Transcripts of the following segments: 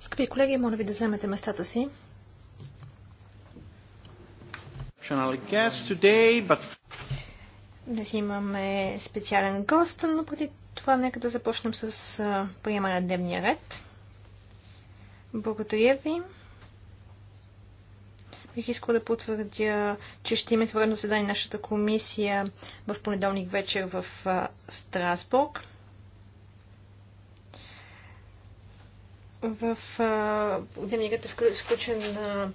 Скъпи колеги, моля ви да вземете местата си. Днес имаме специален гост, но преди това нека да започнем с приемане на дневния ред. Благодаря ви. Бих искала да потвърдя, че ще имаме извънредно заседание на нашата комисия в понеделник вечер в Страсбург. в дневниката е включен на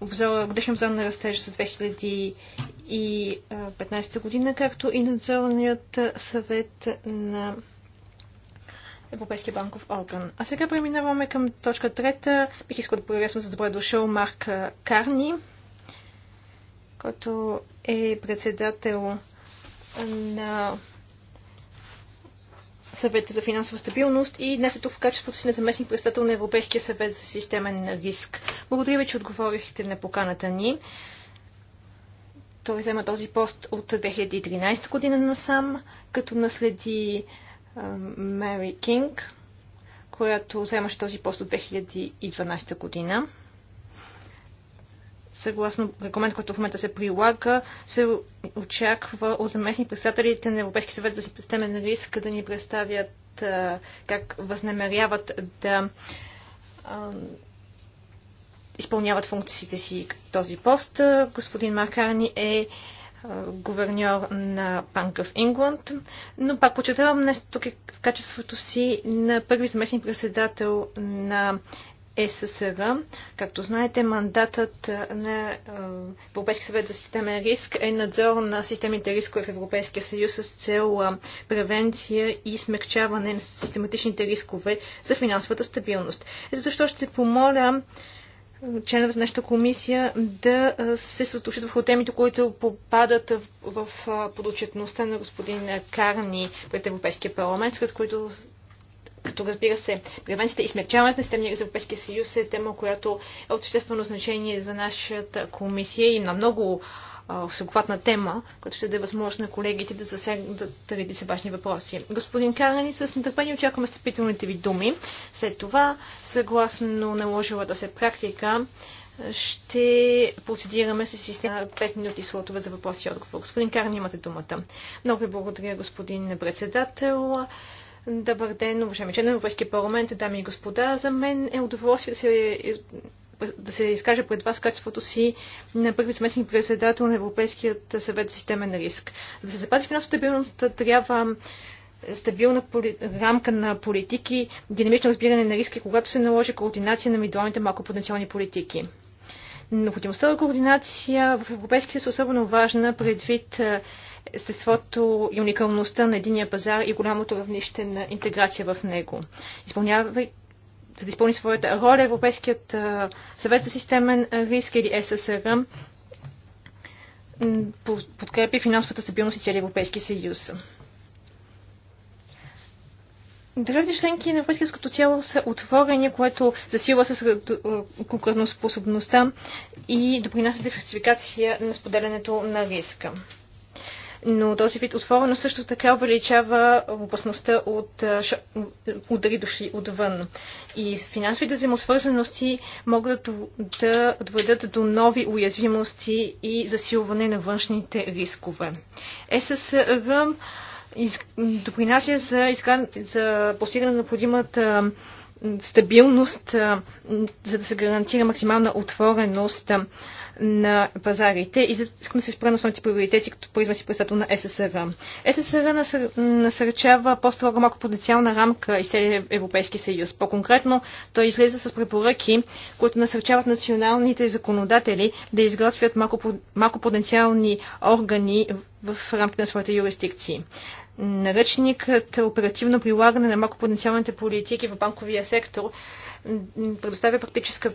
обзора, годишен обзор на растеж за 2015 година, както и надзорният съвет на Европейския банков орган. А сега преминаваме към точка трета. Бих искал да приветствам за добре дошъл Марк Карни, който е председател на съвета за финансова стабилност и днес е тук в качеството си на заместник председател на Европейския съвет за системен риск. Благодаря ви, че отговорихте на поканата ни. Той взема този пост от 2013 година насам, като наследи Мери Кинг, която вземаше този пост от 2012 година съгласно регламент, който в момента се прилага, се очаква от заместни председателите на Европейски съвет за системен риск да ни представят как възнамеряват да изпълняват функциите си този пост. Господин Маркарни е гуверньор на Банк в Ингланд. Но пак почетавам днес тук е в качеството си на първи заместник председател на ЕССР. Както знаете, мандатът на е, Европейския съвет за системен риск е надзор на системните рискове в Европейския съюз с цел е, превенция и смягчаване на систематичните рискове за финансовата стабилност. Ето защо ще помоля е, членове на нашата комисия да се съсредоточат върху темите, които попадат в, в подотчетността на господин Карни пред Европейския парламент, с които като разбира се, превенцията и смягчаването на системния за Европейския съюз е тема, която е от съществено значение за нашата комисия и на много всеобхватна тема, като ще даде възможност на колегите да засегнат редица важни въпроси. Господин Карани, с нетърпение очакваме стъпителните ви думи. След това, съгласно наложилата се практика, ще процедираме с система 5 минути слотове за въпроси и отговор. Господин Карани, имате думата. Много ви благодаря, господин председател. Добър ден, уважаеми член на Европейския парламент, дами и господа. За мен е удоволствие да се, да се изкажа пред вас качеството си на първи заместник председател на Европейският съвет за системен риск. За да се запази финансовата стабилност, трябва стабилна поли... рамка на политики, динамично разбиране на риски, когато се наложи координация на индивидуалните макропотенциални политики. Необходимостта на координация в Европейския съюз е особено важна предвид естеството и уникалността на единия пазар и голямото равнище на интеграция в него. Изпълнявай, за да изпълни своята роля, Европейският съвет за системен риск или ССР подкрепи финансовата стабилност и целия Европейски съюз. Държавите членки на Европейския като цяло са отворени, което засилва с конкурентоспособността и допринася диверсификация на споделянето на риска но този вид отворено също така увеличава опасността от удари души отвън. И финансовите взаимосвързаности могат да доведат до нови уязвимости и засилване на външните рискове. ССР допринася за, изгран... за постигане на необходимата стабилност, за да се гарантира максимална отвореност на пазарите и искам да се спра на основните приоритети, като призма си председател на ССР. ССР насърчава по-строга макропотенциална рамка и целия Европейски съюз. По-конкретно, той излезе с препоръки, които насърчават националните законодатели да изготвят макропотенциални органи в рамките на своите юрисдикции. Наръчникът оперативно прилагане на макропотенциалните политики в банковия сектор предоставя практическа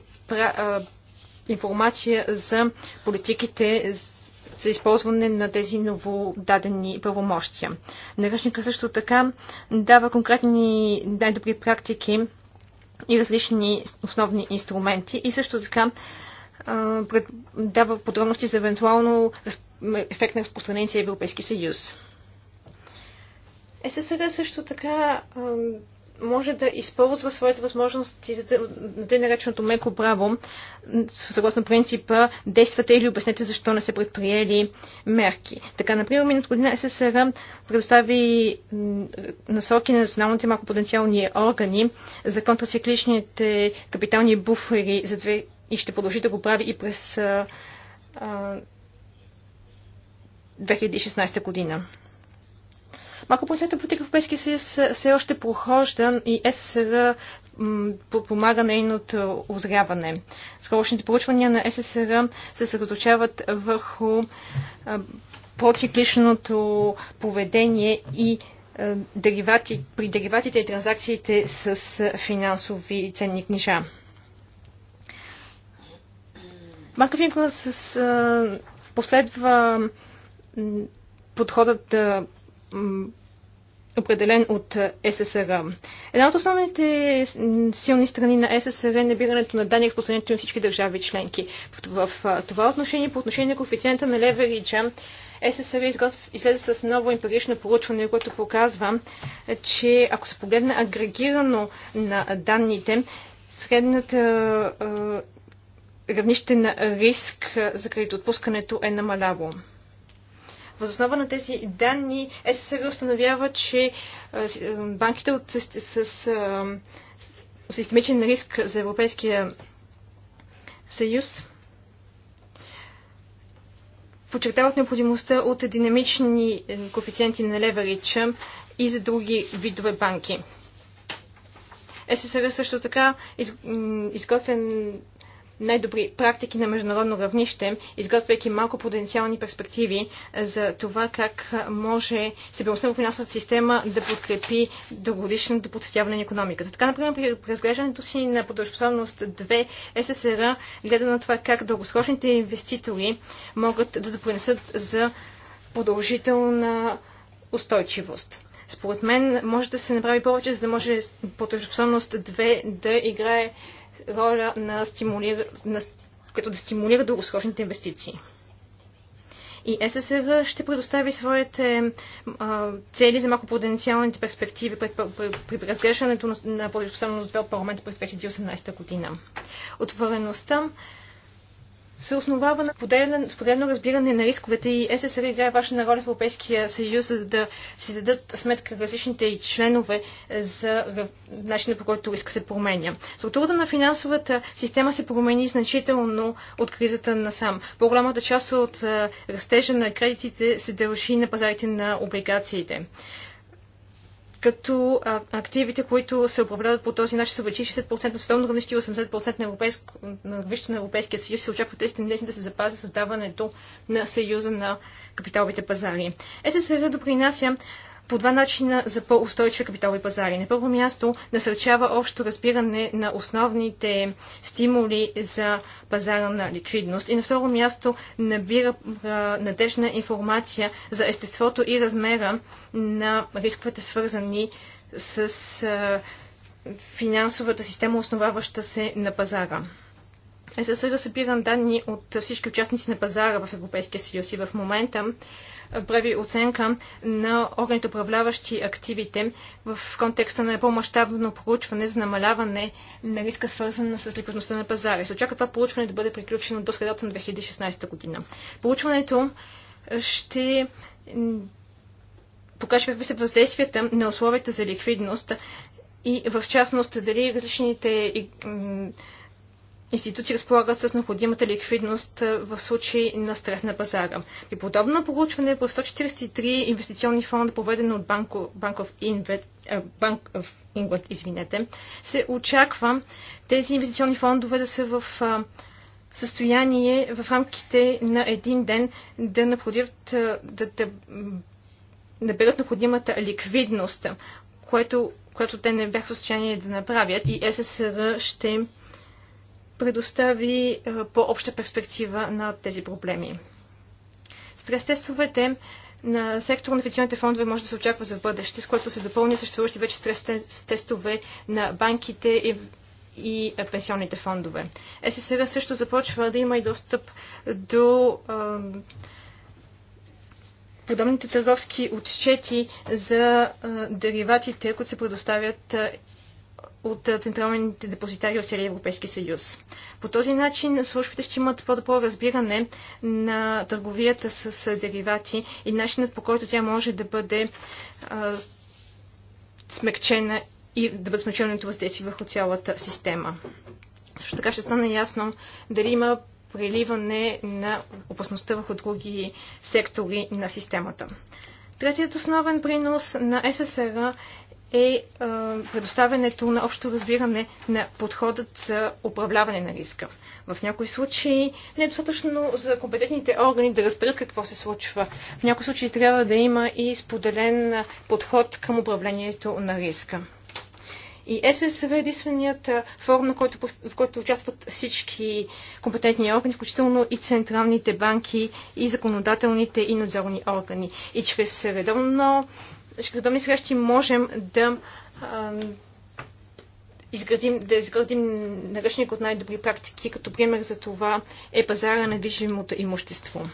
информация за политиките за използване на тези новодадени правомощия. Наръчника също така дава конкретни най-добри практики и различни основни инструменти и също така дава подробности за евентуално ефект на разпространение за Европейски съюз. ССР също така може да използва своите възможности за да те нареченото меко право, съгласно принципа действате или обяснете защо не са предприели мерки. Така, например, миналата година СССР предостави насоки на националните макропотенциални органи за контрацикличните капитални буфери за две и ще продължи да го прави и през а, а, 2016 година. Макропросетната политика в Европейския съюз е все още прохожда и СССР помага нейното озряване. Скорошните проучвания на СССР се съсредоточават върху процикличното поведение и деривати, при дериватите и транзакциите с финансови ценни книжа. Марка Финкова с, а, последва подходът определен от ССР. Една от основните силни страни на СССР е набирането на данни, в последните на всички държави членки. В това отношение, по отношение на коефициента на левериджа, СССР изследва излезе с ново емпирично проучване, което показва, че ако се погледне агрегирано на данните, средната равнище на риск за кредитотпускането е намаляло. Възоснова на тези данни СССР установява, че е, е, банките от, с, с, е, с системичен риск за Европейския съюз подчертават необходимостта от динамични коефициенти на леверича и за други видове банки. СССР също така изготвен най-добри практики на международно равнище, изготвяйки малко потенциални перспективи за това как може себеността в финансовата система да подкрепи дългодишното подсетяване на економиката. Така, например, при разглеждането си на подължоспособност 2 ССР гледа на това как дългосрочните инвеститори могат да допринесат за продължителна устойчивост. Според мен може да се направи повече, за да може подължоспособност 2 да играе роля на стимулира, на, като да стимулира дългосрочните инвестиции. И ССР ще предостави своите а, цели за макропотенциалните перспективи при, при, при разглеждането на, на подвигоспособност от парламента през 2018 година. Отвореността се основава на споделено разбиране на рисковете и СССР играе важна роля в Европейския съюз, за да си дадат сметка различните и членове за начина по който риска се променя. Структурата на финансовата система се промени значително от кризата на сам. По-голямата част от растежа на кредитите се дължи на пазарите на облигациите като активите, които се управляват по този начин, са вече 60% на световно равнище и 80% на, европейско, на на Европейския съюз, се очаква тези тенденции да се запази създаването на съюза на капиталовите пазари. ССР допринася по два начина за по-устойчиви капиталови пазари. На първо място насърчава общо разбиране на основните стимули за пазара на ликвидност и на второ място набира надежна информация за естеството и размера на рисковете свързани с финансовата система, основаваща се на пазара. Е, СССР събирам данни от всички участници на пазара в Европейския съюз и в момента прави оценка на органите управляващи активите в контекста на по-масштабно проучване за намаляване на риска, свързана с ликвидността на пазари. Се очаква това проучване да бъде приключено до средата на 2016 година. Проучването ще покаже какви са въздействията на условията за ликвидност и в частност дали различните институции разполагат с необходимата ликвидност в случай на стрес на пазара. При подобно получване в 143 инвестиционни фонда, поведено от Банко, Банков Банк в Ингланд, извинете, се очаква тези инвестиционни фондове да са в състояние в рамките на един ден да, находят, да, да наберат необходимата ликвидност, което, което те не бяха в състояние да направят и ССР ще предостави е, по-обща перспектива на тези проблеми. Стрес-тестовете на сектора на официалните фондове може да се очаква за бъдеще, с което се допълня съществуващи вече стрес-тестове на банките и и пенсионните фондове. ССР също започва да има и достъп до а, подобните търговски отчети за а, дериватите, които се предоставят от централните депозитари в целия Европейски съюз. По този начин службите ще имат по-добро разбиране на търговията с деривати и начинът по който тя може да бъде а, смекчена и да бъде смекченото въздействие върху цялата система. Също така ще стане ясно дали има преливане на опасността върху други сектори на системата. Третият основен принос на СССР е, е предоставянето на общо разбиране на подходът за управляване на риска. В някои случаи не е достатъчно за компетентните органи да разберат какво се случва. В някои случаи трябва да има и споделен подход към управлението на риска. И ССВ е единственият форум, на който, в който участват всички компетентни органи, включително и централните банки, и законодателните, и надзорни органи. И чрез редовно подобни срещи можем да изградим, да изградим наръчник от най-добри практики, като пример за това е пазара на движимото имущество.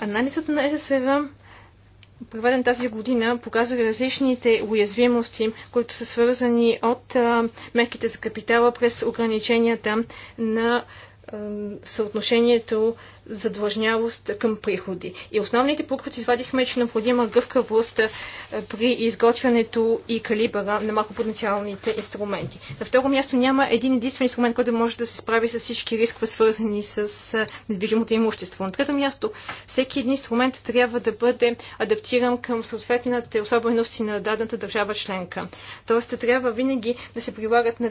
Анализът на ССР, проведен тази година, показва различните уязвимости, които са свързани от мерките за капитала през ограниченията на съотношението за длъжнявост към приходи. И основните пункти извадихме, че е необходима гъвкавост при изготвянето и калибъра на макропотенциалните инструменти. На второ място няма един единствен инструмент, който може да се справи с всички рискове, свързани с недвижимото имущество. На трето място, всеки един инструмент трябва да бъде адаптиран към съответните особености на дадената държава членка. Тоест, трябва винаги да се прилагат на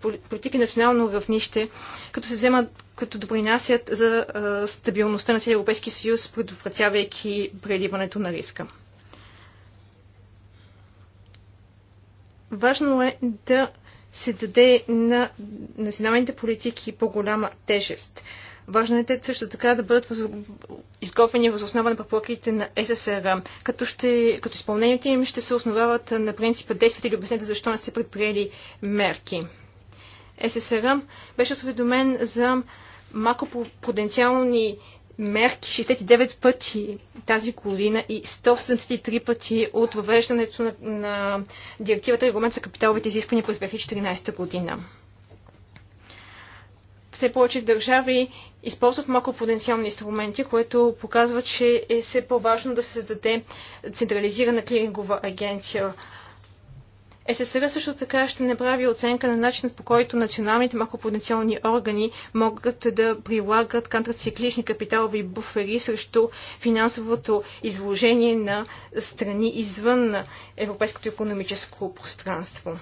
политики национално равнище, като се вземат, като допринасят за стабилността на целия Европейски съюз, предотвратявайки преливането на риска. Важно е да се даде на националните политики по-голяма тежест. Важно е те също така да бъдат въз... изготвени въз основа на препоръките на ССР, като, ще... като изпълнението им ще се основават на принципа действията или обяснете защо не сте предприели мерки. ССРМ беше осведомен за макропруденциални мерки 69 пъти тази година и 173 пъти от въвеждането на, на директивата регламент за капиталовите изисквания през 2014 година. Все повече държави използват макропотенциални инструменти, което показва, че е все по-важно да се създаде централизирана клирингова агенция е, ССР също така ще направи оценка на начинът по който националните макропотенциални органи могат да прилагат контрациклични капиталови буфери срещу финансовото изложение на страни извън европейското економическо пространство.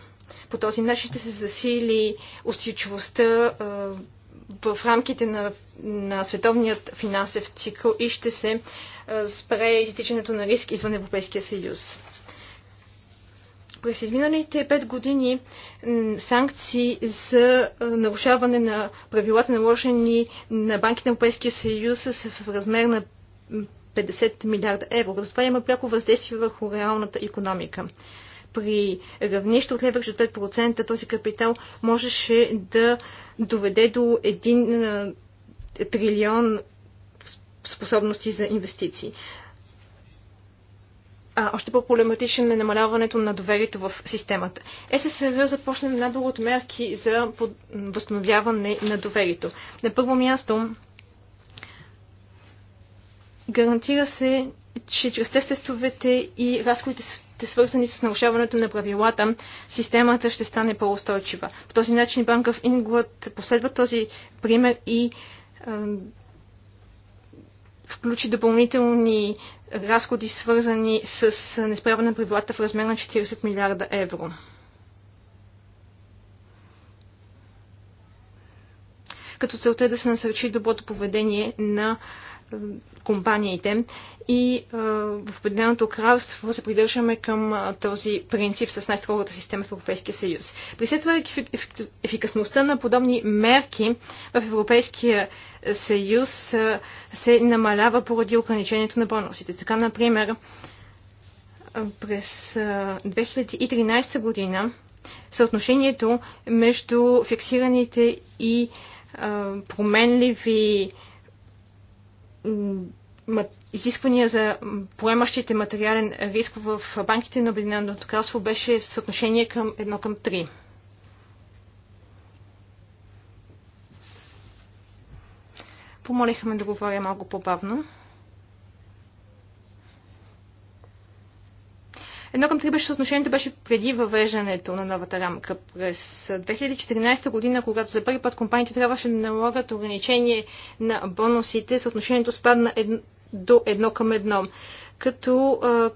По този начин ще се засили устойчивостта в рамките на, на световният финансов цикъл и ще се спре изтичането на риск извън Европейския съюз. През изминалите пет години санкции за нарушаване на правилата, наложени на банките на Европейския съюз, са в размер на 50 милиарда евро. Като това има пряко въздействие върху реалната економика. При равнище от леверидж от 5% този капитал можеше да доведе до 1 трилион способности за инвестиции а, още по-проблематичен е намаляването на доверието в системата. ССР започна набор от мерки за под... възстановяване на доверието. На първо място гарантира се, че чрез тестовете и разходите, свързани с нарушаването на правилата, системата ще стане по-устойчива. По този начин Банка в Инглът последва този пример и включи допълнителни разходи, свързани с несправяне на правилата в размер на 40 милиарда евро. Като целта е да се насърчи доброто поведение на компаниите и в Обединеното кралство се придържаме към този принцип с най-строгата система в Европейския съюз. При след това ефикасността на подобни мерки в Европейския съюз се намалява поради ограничението на бонусите. Така, например, през 2013 година съотношението между фиксираните и променливи изисквания за поемащите материален риск в банките на Обединеното кралство беше съотношение към 1 към 3. Помолихме да говоря малко по-бавно. Едно към три беше съотношението беше преди въвеждането на новата рамка. През 2014 година, когато за първи път компаниите трябваше да налагат ограничение на бонусите, съотношението спадна едно, до едно към едно, като а,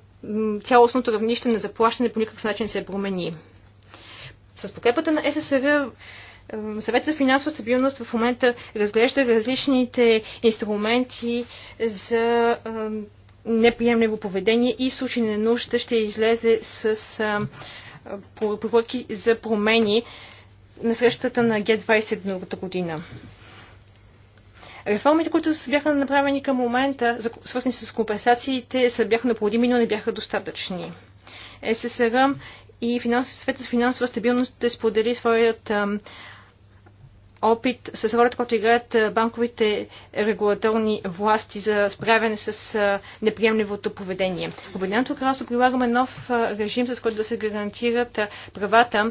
цялостното равнище на заплащане по никакъв начин се промени. С подкрепата на СССР Съвет за финансова стабилност в момента разглежда различните инструменти за неприемливо поведение и в случай на нужда ще излезе с а, препоръки за промени на срещата на Г-20 другата година. Реформите, които бяха направени към момента, свързани с компенсациите, са бяха необходими, но не бяха достатъчни. Е, ССР и финансов, света за финансова стабилност сподели своят ам, опит с ролята, който играят банковите регулаторни власти за справяне с неприемливото поведение. В Обединеното кралство прилагаме нов режим, с който да се гарантират правата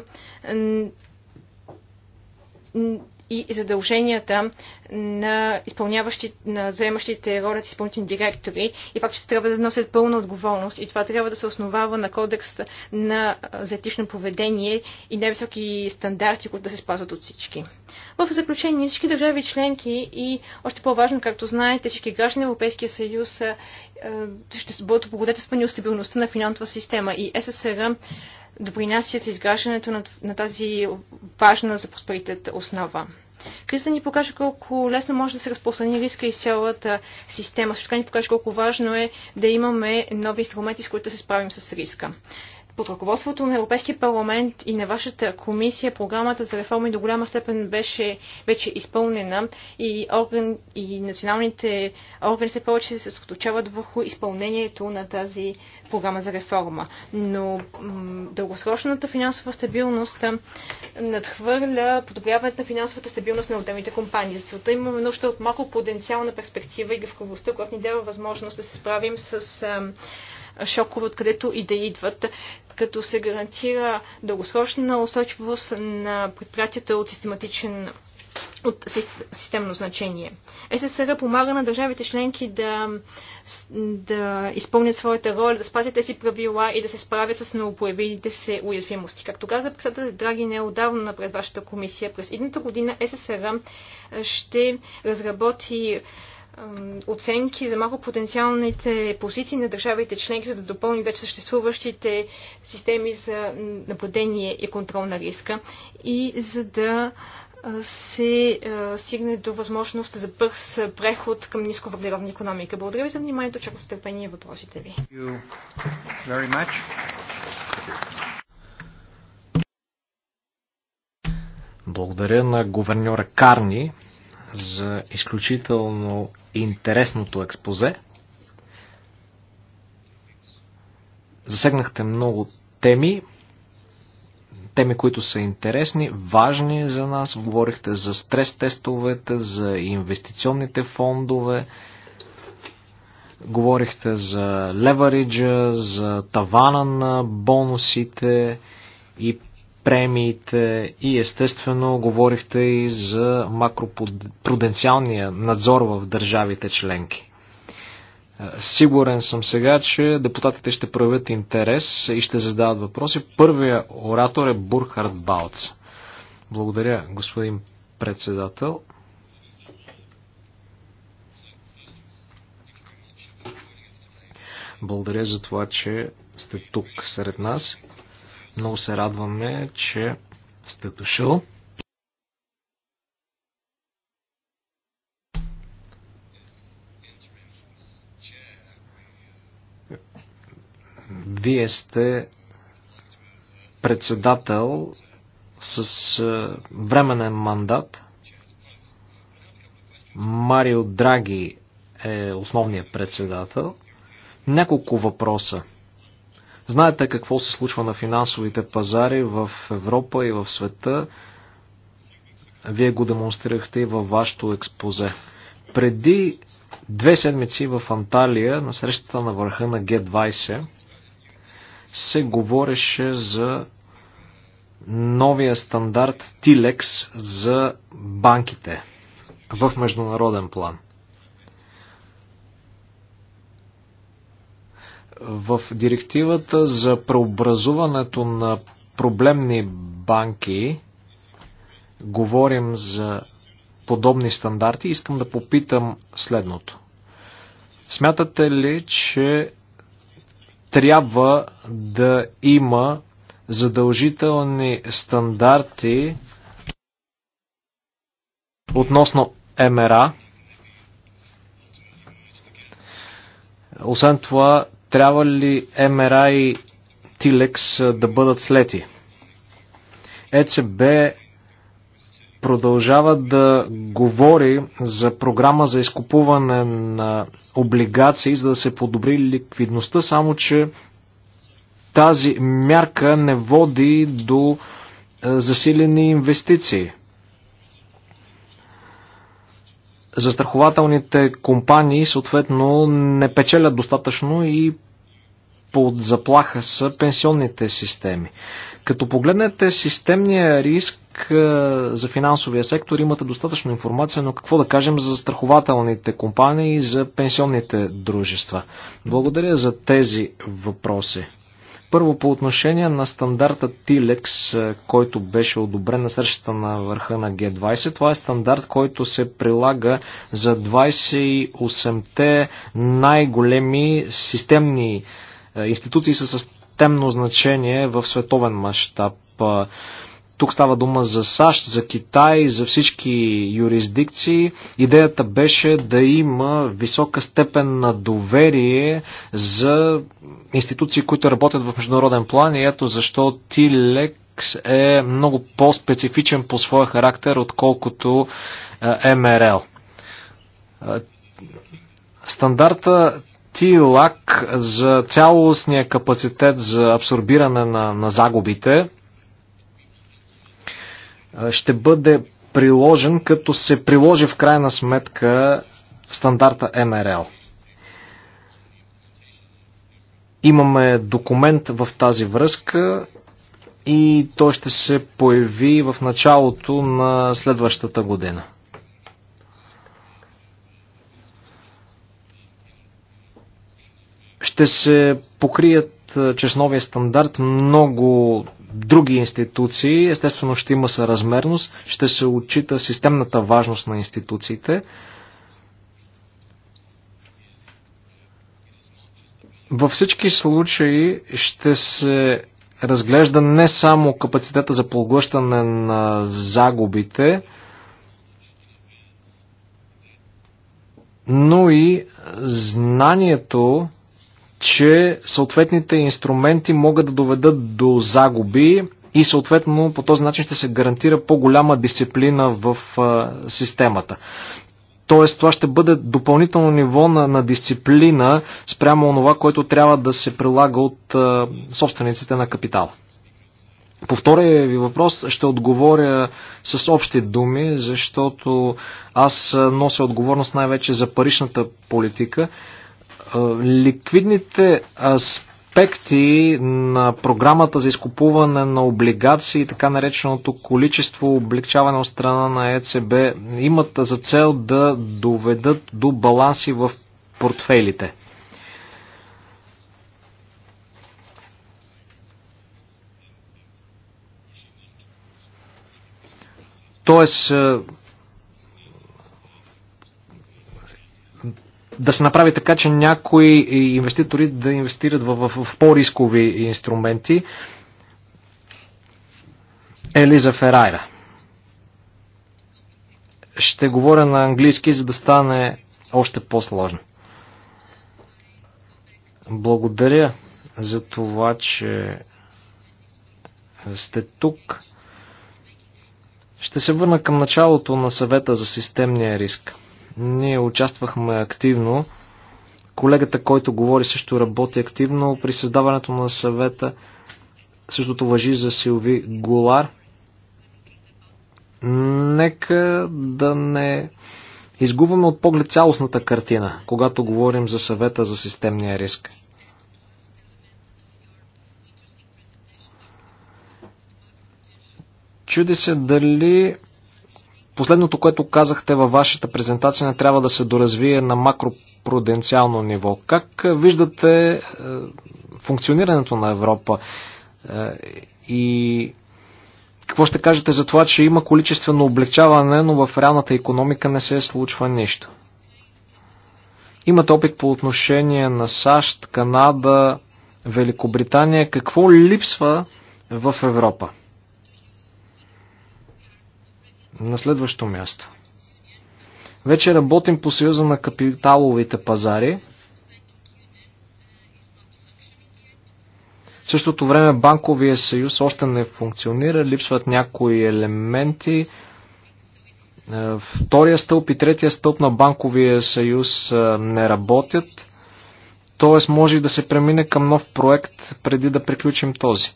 и задълженията на, изпълняващи, на заемащите ролят изпълнителни директори и факт, че трябва да носят пълна отговорност и това трябва да се основава на кодекс на етично поведение и най-високи стандарти, които да се спазват от всички. В заключение всички държави членки и още по-важно, както знаете, всички граждани на Европейския съюз ще бъдат облагодетелствани от стабилността на финансова система и СССР допринасят за изграждането на, на тази важна за просперитет основа. Кризата ни покаже колко лесно може да се разпространи риска и цялата система. Също така ни покаже колко важно е да имаме нови инструменти, с които да се справим с риска под ръководството на Европейския парламент и на вашата комисия програмата за реформи до голяма степен беше вече изпълнена и, орган, и националните органи все повече се съсредоточават върху изпълнението на тази програма за реформа. Но дългосрочната финансова стабилност надхвърля подобряването на финансовата стабилност на отделните компании. За целта имаме нужда от малко потенциална перспектива и гъвкавостта, която ни дава възможност да се справим с шокове, откъдето и да идват, като се гарантира дългосрочна устойчивост на предприятията от систематичен от системно значение. ССР помага на държавите членки да, да изпълнят своята роля, да спазят тези правила и да се справят с новопоявилите се уязвимости. Както каза председател Драги неодавна е пред вашата комисия, през едната година СССР ще разработи оценки за малко потенциалните позиции на държавите членки, за да допълни вече съществуващите системи за наблюдение и контрол на риска и за да се стигне до възможност за бърз преход към нисковъглеродна економика. Благодаря ви за вниманието, очаквам с търпение въпросите ви. Благодаря на гуверньора Карни за изключително интересното експозе. Засегнахте много теми, теми, които са интересни, важни за нас. Говорихте за стрес-тестовете, за инвестиционните фондове, говорихте за левериджа, за тавана на бонусите и премиите и естествено говорихте и за макропруденциалния надзор в държавите членки. Е, сигурен съм сега, че депутатите ще проявят интерес и ще задават въпроси. Първия оратор е Бурхард Балц. Благодаря, господин председател. Благодаря за това, че сте тук сред нас. Много се радваме, че сте дошъл. Вие сте председател с е, временен мандат. Марио Драги е основният председател. Няколко въпроса. Знаете какво се случва на финансовите пазари в Европа и в света. Вие го демонстрирахте и във вашето експозе. Преди две седмици в Анталия, на срещата на върха на Г20, се говореше за новия стандарт Тилекс за банките в международен план – В директивата за преобразуването на проблемни банки говорим за подобни стандарти. Искам да попитам следното. Смятате ли, че трябва да има задължителни стандарти относно МРА. Освен това, трябва ли МРА и Тилекс да бъдат слети? ЕЦБ продължава да говори за програма за изкупуване на облигации, за да се подобри ликвидността, само че тази мярка не води до засилени инвестиции. застрахователните компании съответно не печелят достатъчно и под заплаха са пенсионните системи. Като погледнете системния риск е, за финансовия сектор, имате достатъчно информация, но какво да кажем за страхователните компании и за пенсионните дружества? Благодаря за тези въпроси. Първо по отношение на стандарта TILEX, е, който беше одобрен на срещата на върха на G20. Това е стандарт, който се прилага за 28-те най-големи системни е, институции със системно значение в световен мащаб. Е, тук става дума за САЩ, за Китай, за всички юрисдикции. Идеята беше да има висока степен на доверие за институции, които работят в международен план и ето защо ТИЛЕКС е много по-специфичен по своя характер, отколкото е, МРЛ. Стандарта ТИЛАК за цялостния капацитет за абсорбиране на, на загубите ще бъде приложен, като се приложи в крайна сметка стандарта МРЛ. Имаме документ в тази връзка и той ще се появи в началото на следващата година. Ще се покрият чрез новия стандарт много други институции. Естествено ще има съразмерност, ще се отчита системната важност на институциите. Във всички случаи ще се разглежда не само капацитета за поглъщане на загубите, но и знанието, че съответните инструменти могат да доведат до загуби и съответно по този начин ще се гарантира по-голяма дисциплина в системата. Тоест това ще бъде допълнително ниво на, на дисциплина спрямо това, което трябва да се прилага от а, собствениците на капитала. По втория ви въпрос ще отговоря с общи думи, защото аз нося отговорност най-вече за паричната политика ликвидните аспекти на програмата за изкупуване на облигации, така нареченото количество облегчаване от страна на ЕЦБ, имат за цел да доведат до баланси в портфелите. Тоест, да се направи така, че някои инвеститори да инвестират в, в, в по-рискови инструменти. Елиза Ферайра. Ще говоря на английски, за да стане още по-сложно. Благодаря за това, че сте тук. Ще се върна към началото на съвета за системния риск. Ние участвахме активно. Колегата, който говори, също работи активно при създаването на съвета. Същото въжи за Силви Голар. Нека да не изгубваме от поглед цялостната картина, когато говорим за съвета за системния риск. Чуди се дали Последното, което казахте във вашата презентация, не трябва да се доразвие на макропруденциално ниво. Как е, виждате е, функционирането на Европа е, и какво ще кажете за това, че има количествено облегчаване, но в реалната економика не се случва нищо? Имате опит по отношение на САЩ, Канада, Великобритания. Какво липсва в Европа? На следващо място. Вече работим по Съюза на капиталовите пазари. В същото време банковия съюз още не функционира, липсват някои елементи. Е, втория стълб и третия стълб на банковия съюз е, не работят. Тоест може и да се премине към нов проект преди да приключим този.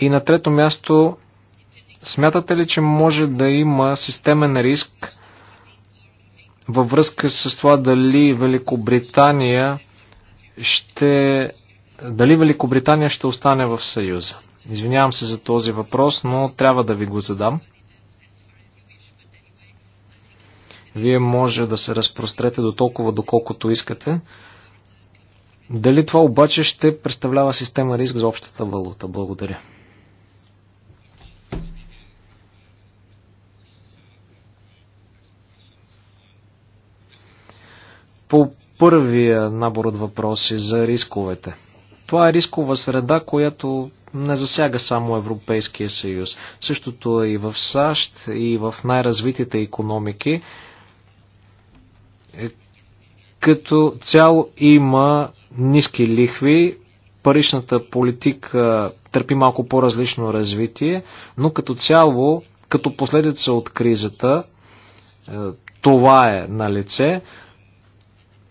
И на трето място Смятате ли, че може да има системен риск във връзка с това дали Великобритания ще дали Великобритания ще остане в Съюза? Извинявам се за този въпрос, но трябва да ви го задам. Вие може да се разпрострете до толкова, доколкото искате. Дали това обаче ще представлява система риск за общата валута? Благодаря. По първия набор от въпроси за рисковете. Това е рискова среда, която не засяга само Европейския съюз. Същото е и в САЩ, и в най-развитите економики. Е, като цяло има ниски лихви, паричната политика търпи малко по-различно развитие, но като цяло, като последица от кризата, е, това е на лице.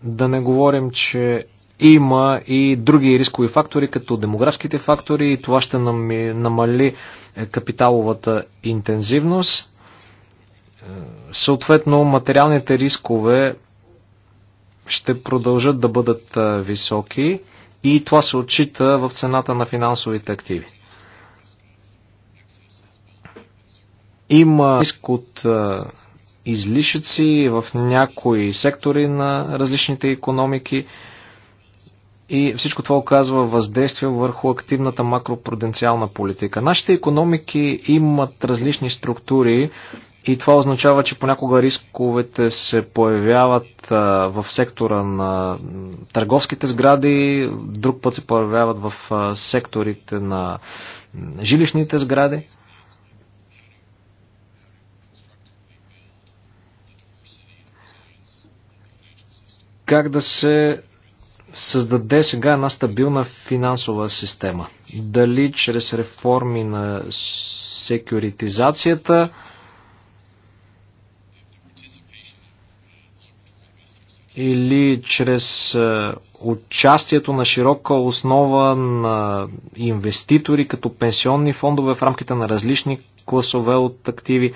Да не говорим, че има и други рискови фактори, като демографските фактори и това ще намали е, капиталовата интензивност. Е, съответно, материалните рискове ще продължат да бъдат е, високи и това се отчита в цената на финансовите активи. Има риск от излишъци в някои сектори на различните економики и всичко това оказва въздействие върху активната макропруденциална политика. Нашите економики имат различни структури и това означава, че понякога рисковете се появяват в сектора на търговските сгради, друг път се появяват в секторите на жилищните сгради. как да се създаде сега една стабилна финансова система. Дали чрез реформи на секюритизацията, или чрез е, участието на широка основа на инвеститори като пенсионни фондове в рамките на различни класове от активи.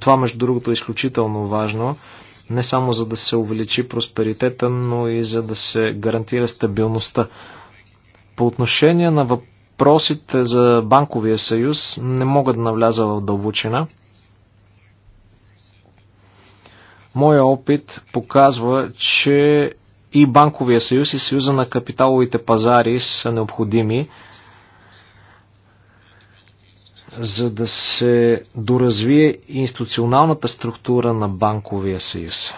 Това, между другото, е изключително важно не само за да се увеличи просперитета, но и за да се гарантира стабилността. По отношение на въпросите за банковия съюз, не мога да навляза в дълбочина. Моя опит показва, че и банковия съюз и съюза на капиталовите пазари са необходими за да се доразвие институционалната структура на банковия съюз.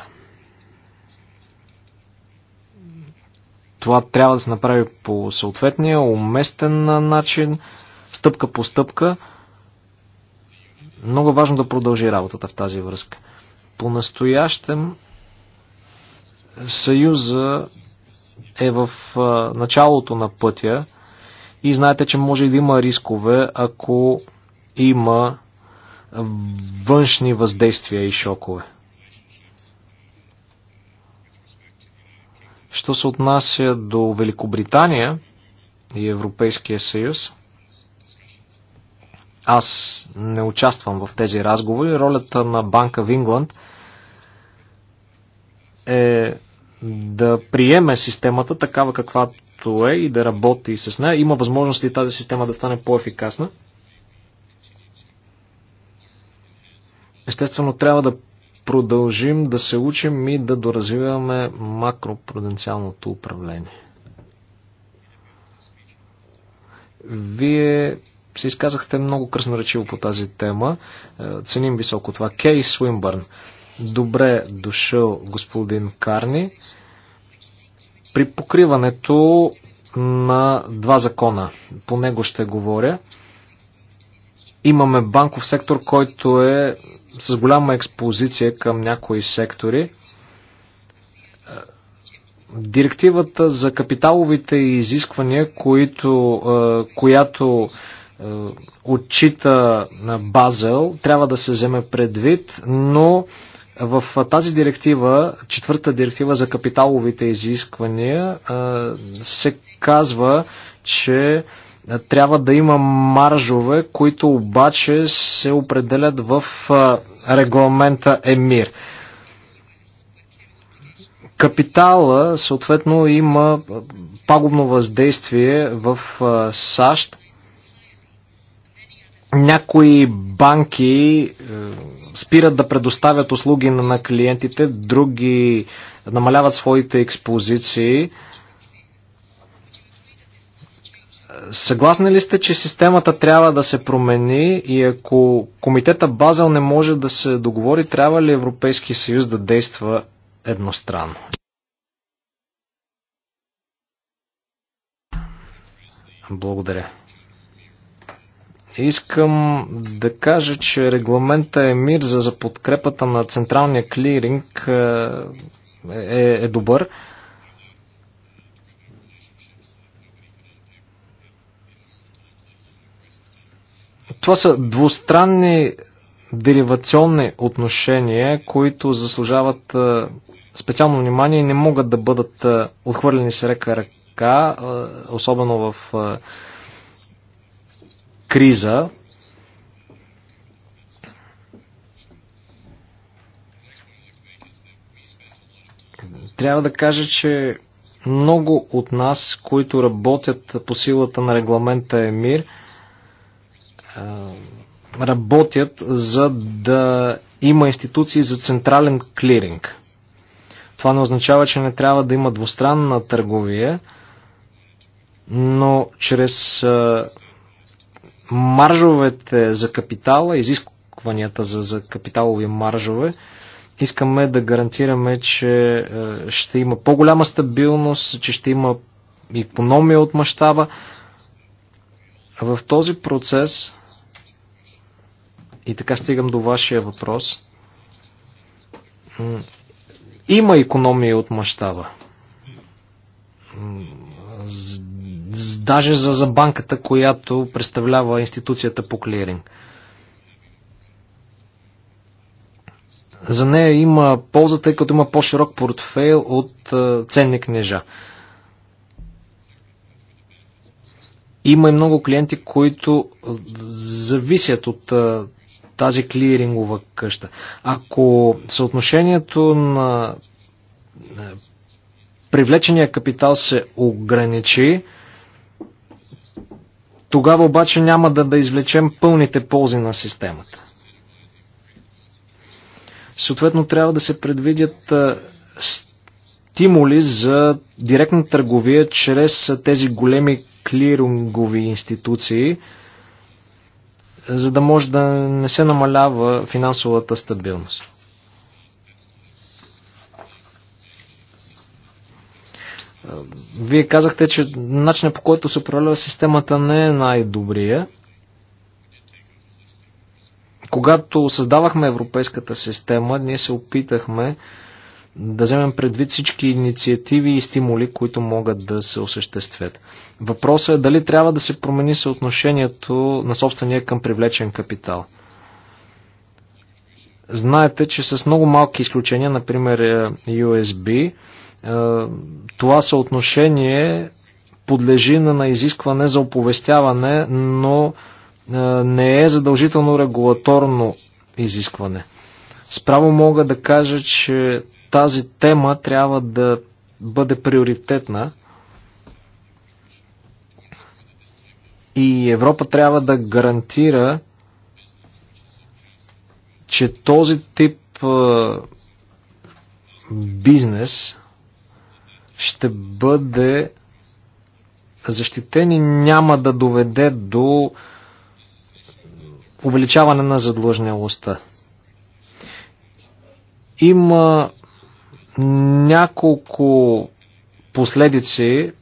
Това трябва да се направи по съответния, уместен начин, стъпка по стъпка. Много важно да продължи работата в тази връзка. По-настоящем Съюза е в началото на пътя и знаете, че може да има рискове, ако има външни въздействия и шокове. Що се отнася до Великобритания и Европейския съюз, аз не участвам в тези разговори. Ролята на Банка в Ингланд е да приеме системата такава каквато е и да работи с нея. Има възможности тази система да стане по-ефикасна. Естествено, трябва да продължим да се учим и да доразвиваме макропруденциалното управление. Вие се изказахте много кръсноречиво по тази тема. Е, ценим високо това. Кей Свинбърн. Добре дошъл господин Карни. При покриването на два закона, по него ще говоря, имаме банков сектор, който е с голяма експозиция към някои сектори. Е, директивата за капиталовите изисквания, които, е, която е, отчита на Базел, трябва да се вземе предвид, но в тази директива, четвърта директива за капиталовите изисквания, се казва, че трябва да има маржове, които обаче се определят в регламента ЕМИР. Капитала, съответно, има пагубно въздействие в САЩ. Някои банки спират да предоставят услуги на клиентите, други намаляват своите експозиции. Съгласни ли сте, че системата трябва да се промени и ако комитета Базел не може да се договори, трябва ли Европейски съюз да действа едностранно? Благодаря. Искам да кажа, че регламента е за, за подкрепата на централния клиринг е, е, е добър. Това са двустранни деривационни отношения, които заслужават специално внимание и не могат да бъдат отхвърлени с река ръка, особено в криза. Трябва да кажа, че много от нас, които работят по силата на регламента ЕМИР, работят за да има институции за централен клиринг. Това не означава, че не трябва да има двустранна търговия, но чрез маржовете за капитала, изискванията за, за капиталови маржове, искаме да гарантираме, че ще има по-голяма стабилност, че ще има економия от мащаба. В този процес и така стигам до вашия въпрос. Има економия от мащаба. Даже за, за банката, която представлява институцията по клиринг. За нея има полза, тъй като има по-широк портфейл от е, ценни книжа. Има и много клиенти, които зависят от е, тази клирингова къща. Ако съотношението на е, привлечения капитал се ограничи, тогава обаче няма да, да извлечем пълните ползи на системата. Съответно трябва да се предвидят е, стимули за директна търговия чрез е, тези големи клирингови институции – за да може да не се намалява финансовата стабилност. Вие казахте, че начинът по който се управлява системата не е най-добрия. Когато създавахме европейската система, ние се опитахме да вземем предвид всички инициативи и стимули, които могат да се осъществят. Въпросът е дали трябва да се промени съотношението на собствения към привлечен капитал. Знаете, че с много малки изключения, например е, USB, е, това съотношение подлежи на изискване за оповестяване, но е, не е задължително регулаторно изискване. Справо мога да кажа, че тази тема трябва да бъде приоритетна и Европа трябва да гарантира, че този тип бизнес ще бъде защитен и няма да доведе до увеличаване на задлъжнялостта. Има няколко последици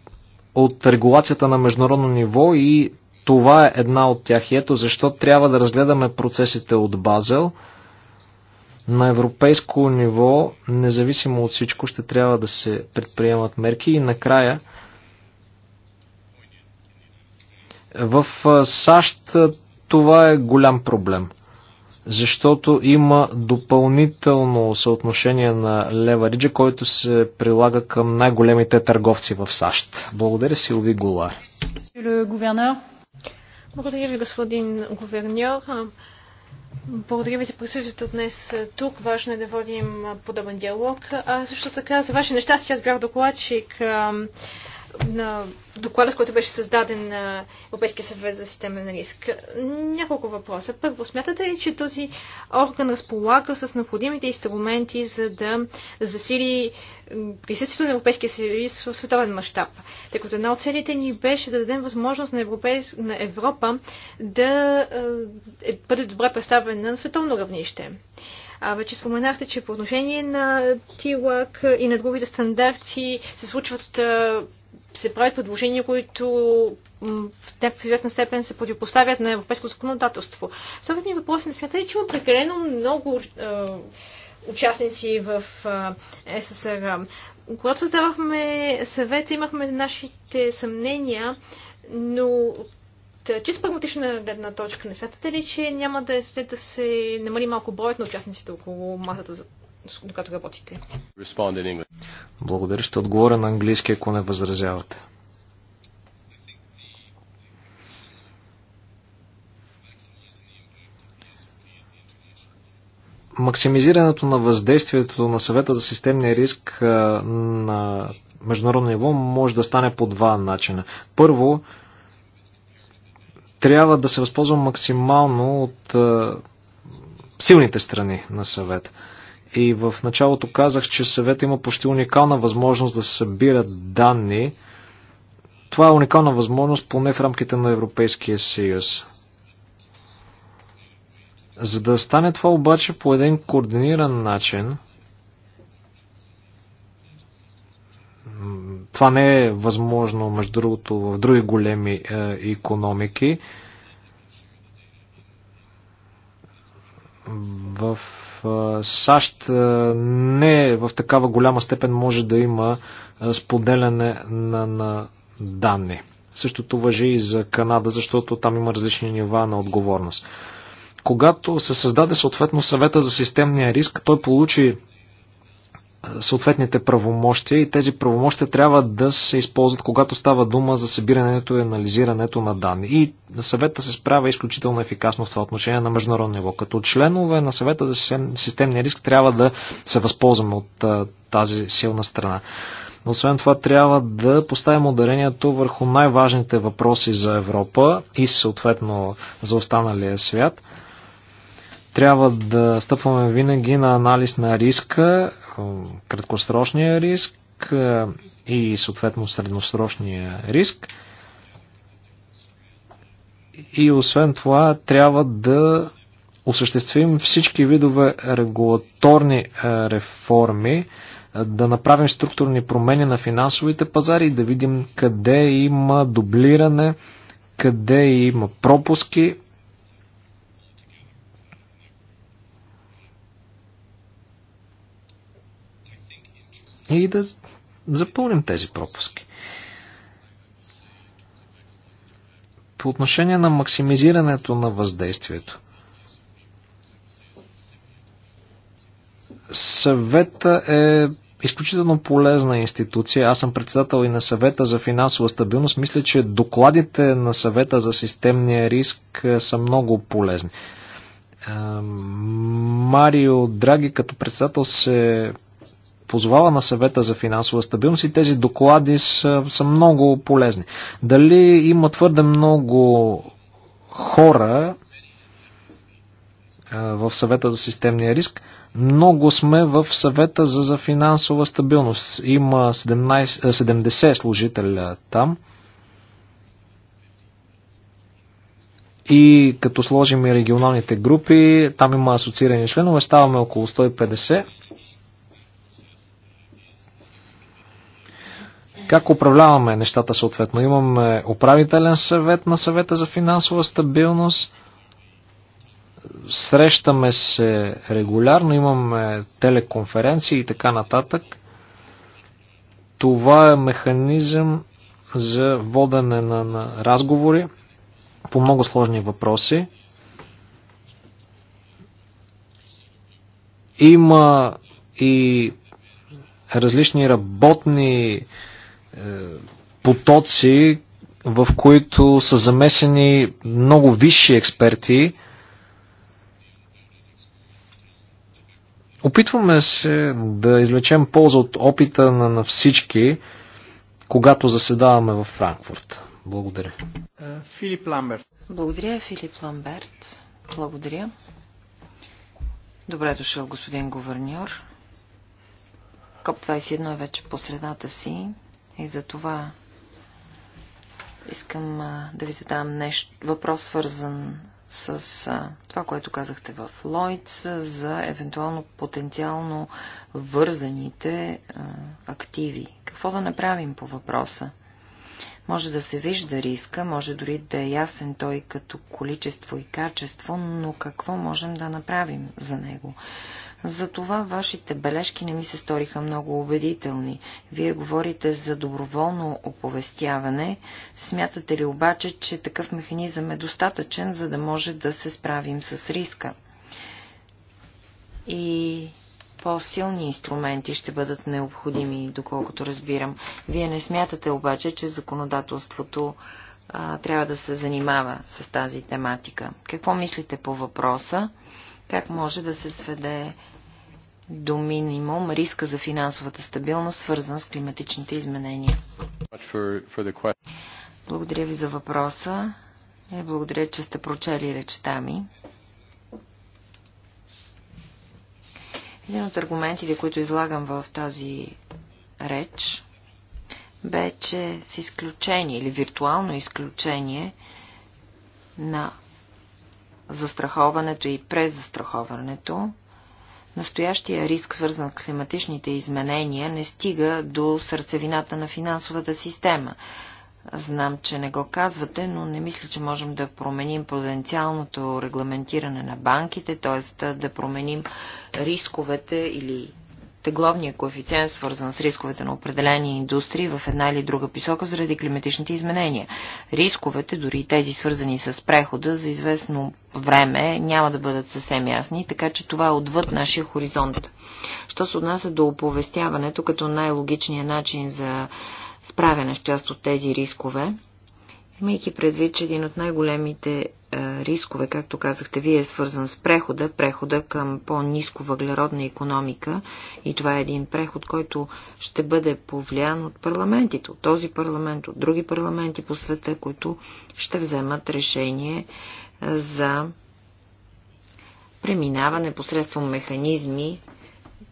от регулацията на международно ниво и това е една от тях. И ето защо трябва да разгледаме процесите от Базел. На европейско ниво, независимо от всичко, ще трябва да се предприемат мерки и накрая в САЩ това е голям проблем защото има допълнително съотношение на левариджа, който се прилага към най-големите търговци в САЩ. Благодаря Лови Гулар. Благодаря ви, господин гуверньор. Благодаря ви за присъствието днес тук. Важно е да водим подобен диалог. А също така, за ваше нещастие, аз бях докладчик на доклада, с който беше създаден на Европейския съвет за система на риск. Няколко въпроса. Първо, смятате ли, че този орган разполага с необходимите инструменти, за да засили присъствието на Европейския съюз в световен мащаб? Тъй като една от целите ни беше да дадем възможност на, Европейс... на Европа да е, бъде добре представена на световно равнище. А вече споменахте, че по отношение на ТИЛАК и на другите стандарти се случват се правят предложения, които в някаква известна степен се противопоставят на европейското законодателство. Съответно ми въпрос не смятате ли, че има прекалено много е, участници в е, СССР? Когато създавахме съвета, имахме нашите съмнения, но е, чисто прагматична гледна точка, не смятате ли, че няма да, е след да се намали малко броят на участниците около масата докато работите. Благодаря, ще отговоря на английски, ако не възразявате. максимизирането на въздействието на съвета за системния риск на международно ниво може да стане по два начина. Първо, трябва да се възползва максимално от силните страни на съвет. И в началото казах, че съвета има почти уникална възможност да се събират данни. Това е уникална възможност поне в рамките на Европейския съюз. За да стане това обаче по един координиран начин, това не е възможно, между другото, в други големи е, економики. В САЩ не в такава голяма степен може да има споделяне на, на данни. Същото въжи и за Канада, защото там има различни нива на отговорност. Когато се създаде съответно съвета за системния риск, той получи съответните правомощия и тези правомощия трябва да се използват, когато става дума за събирането и анализирането на данни. И съвета се справя изключително ефикасно в това отношение на международно ниво. Като членове на съвета за системния риск трябва да се възползваме от а, тази силна страна. Но освен това трябва да поставим ударението върху най-важните въпроси за Европа и съответно за останалия свят – трябва да стъпваме винаги на анализ на риска, краткосрочния риск е, и съответно средносрочния риск. И освен това трябва да осъществим всички видове регулаторни е, реформи, е, да направим структурни промени на финансовите пазари и да видим къде има дублиране, къде има пропуски. и да запълним тези пропуски. По отношение на максимизирането на въздействието. Съвета е изключително полезна институция. Аз съм председател и на съвета за финансова стабилност. Мисля, че докладите на съвета за системния риск е, са много полезни. Марио Драги като председател се позовава на съвета за финансова стабилност и тези доклади са, са много полезни. Дали има твърде много хора в съвета за системния риск, много сме в съвета за, за финансова стабилност. Има 17, 70 служителя там. И като сложим и регионалните групи, там има асоциирани членове, ставаме около 150. как управляваме нещата съответно. Имаме управителен съвет на съвета за финансова стабилност. Срещаме се регулярно, имаме телеконференции и така нататък. Това е механизъм за водене на, на разговори по много сложни въпроси. Има и различни работни потоци, в които са замесени много висши експерти. Опитваме се да извлечем полза от опита на, на всички, когато заседаваме в Франкфурт. Благодаря. Е, Филип Ламберт. Благодаря, Филип Ламберт. Благодаря. Добре дошъл, господин гуверньор. КОП-21 е вече по средата си. И за това искам а, да ви задам нещо, въпрос свързан с а, това, което казахте в Лойц, за евентуално потенциално вързаните а, активи. Какво да направим по въпроса? Може да се вижда риска, може дори да е ясен той като количество и качество, но какво можем да направим за него? Затова вашите бележки не ми се сториха много убедителни. Вие говорите за доброволно оповестяване. Смятате ли обаче, че такъв механизъм е достатъчен, за да може да се справим с риска? И по-силни инструменти ще бъдат необходими, доколкото разбирам. Вие не смятате обаче, че законодателството а, трябва да се занимава с тази тематика. Какво мислите по въпроса? Как може да се сведе до минимум риска за финансовата стабилност, свързан с климатичните изменения. Благодаря ви за въпроса. Е, благодаря, че сте прочели речта ми. Един от аргументите, които излагам в тази реч, бе, че с изключение или виртуално изключение на застраховането и презастраховането, Настоящия риск, свързан с климатичните изменения, не стига до сърцевината на финансовата система. Знам, че не го казвате, но не мисля, че можем да променим потенциалното регламентиране на банките, т.е. да променим рисковете или тегловния коефициент, свързан с рисковете на определени индустрии в една или друга посока заради климатичните изменения. Рисковете, дори и тези свързани с прехода, за известно време няма да бъдат съвсем ясни, така че това е отвъд нашия хоризонт. Що се отнася до оповестяването като най-логичния начин за справяне с част от тези рискове, имайки предвид, че един от най-големите рискове, както казахте вие, е свързан с прехода, прехода към по-низко въглеродна економика и това е един преход, който ще бъде повлиян от парламентите, от този парламент, от други парламенти по света, които ще вземат решение за преминаване посредством механизми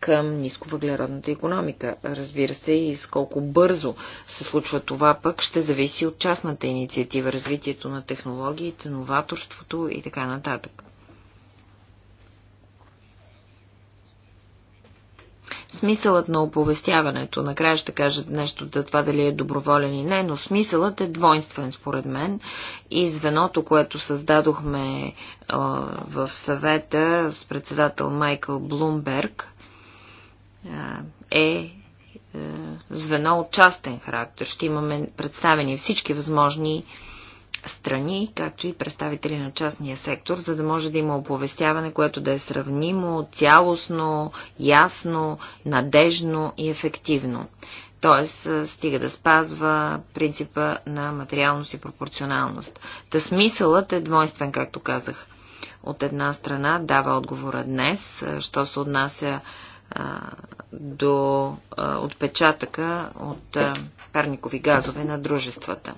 към нисковъглеродната економика. Разбира се и с колко бързо се случва това пък ще зависи от частната инициатива, развитието на технологиите, новаторството и така нататък. Смисълът на оповестяването, накрая ще кажат нещо за това дали е доброволен и не, но смисълът е двойствен според мен и звеното, което създадохме в съвета с председател Майкъл Блумберг, е, е звено от частен характер. Ще имаме представени всички възможни страни, както и представители на частния сектор, за да може да има оповестяване, което да е сравнимо, цялостно, ясно, надежно и ефективно. Тоест, е, стига да спазва принципа на материалност и пропорционалност. Та смисълът е двойствен, както казах. От една страна дава отговора днес, е, що се отнася до отпечатъка от парникови газове на дружествата.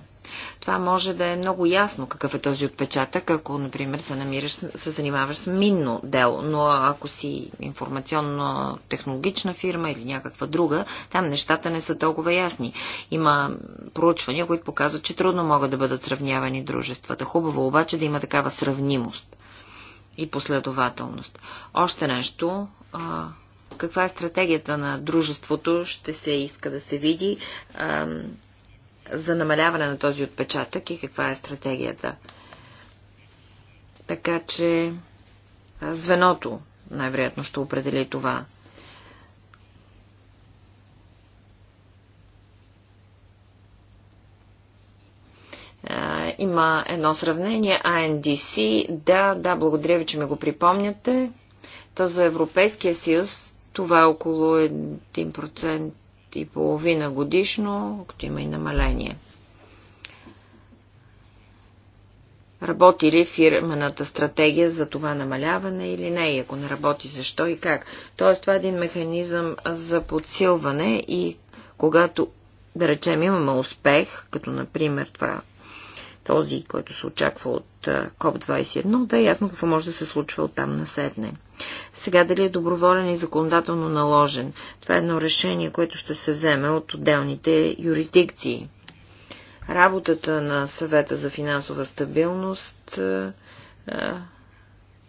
Това може да е много ясно какъв е този отпечатък, ако, например, се, намираш, се занимаваш с минно дело, но ако си информационно-технологична фирма или някаква друга, там нещата не са толкова ясни. Има проучвания, които показват, че трудно могат да бъдат сравнявани дружествата. Хубаво обаче да има такава сравнимост и последователност. Още нещо, каква е стратегията на дружеството, ще се иска да се види а, за намаляване на този отпечатък и каква е стратегията. Така че звеното най-вероятно ще определи това. има едно сравнение. INDC. да, да, благодаря ви, че ми го припомняте. Та за Европейския съюз това е около 1% и половина годишно, като има и намаление. Работи ли фирмената стратегия за това намаляване или не? И ако не работи, защо и как? Тоест, това е един механизъм за подсилване и когато, да речем, имаме успех, като например това, този, който се очаква от COP21, да е ясно какво може да се случва от там насетне. Сега дали е доброволен и законодателно наложен. Това е едно решение, което ще се вземе от отделните юрисдикции. Работата на съвета за финансова стабилност е,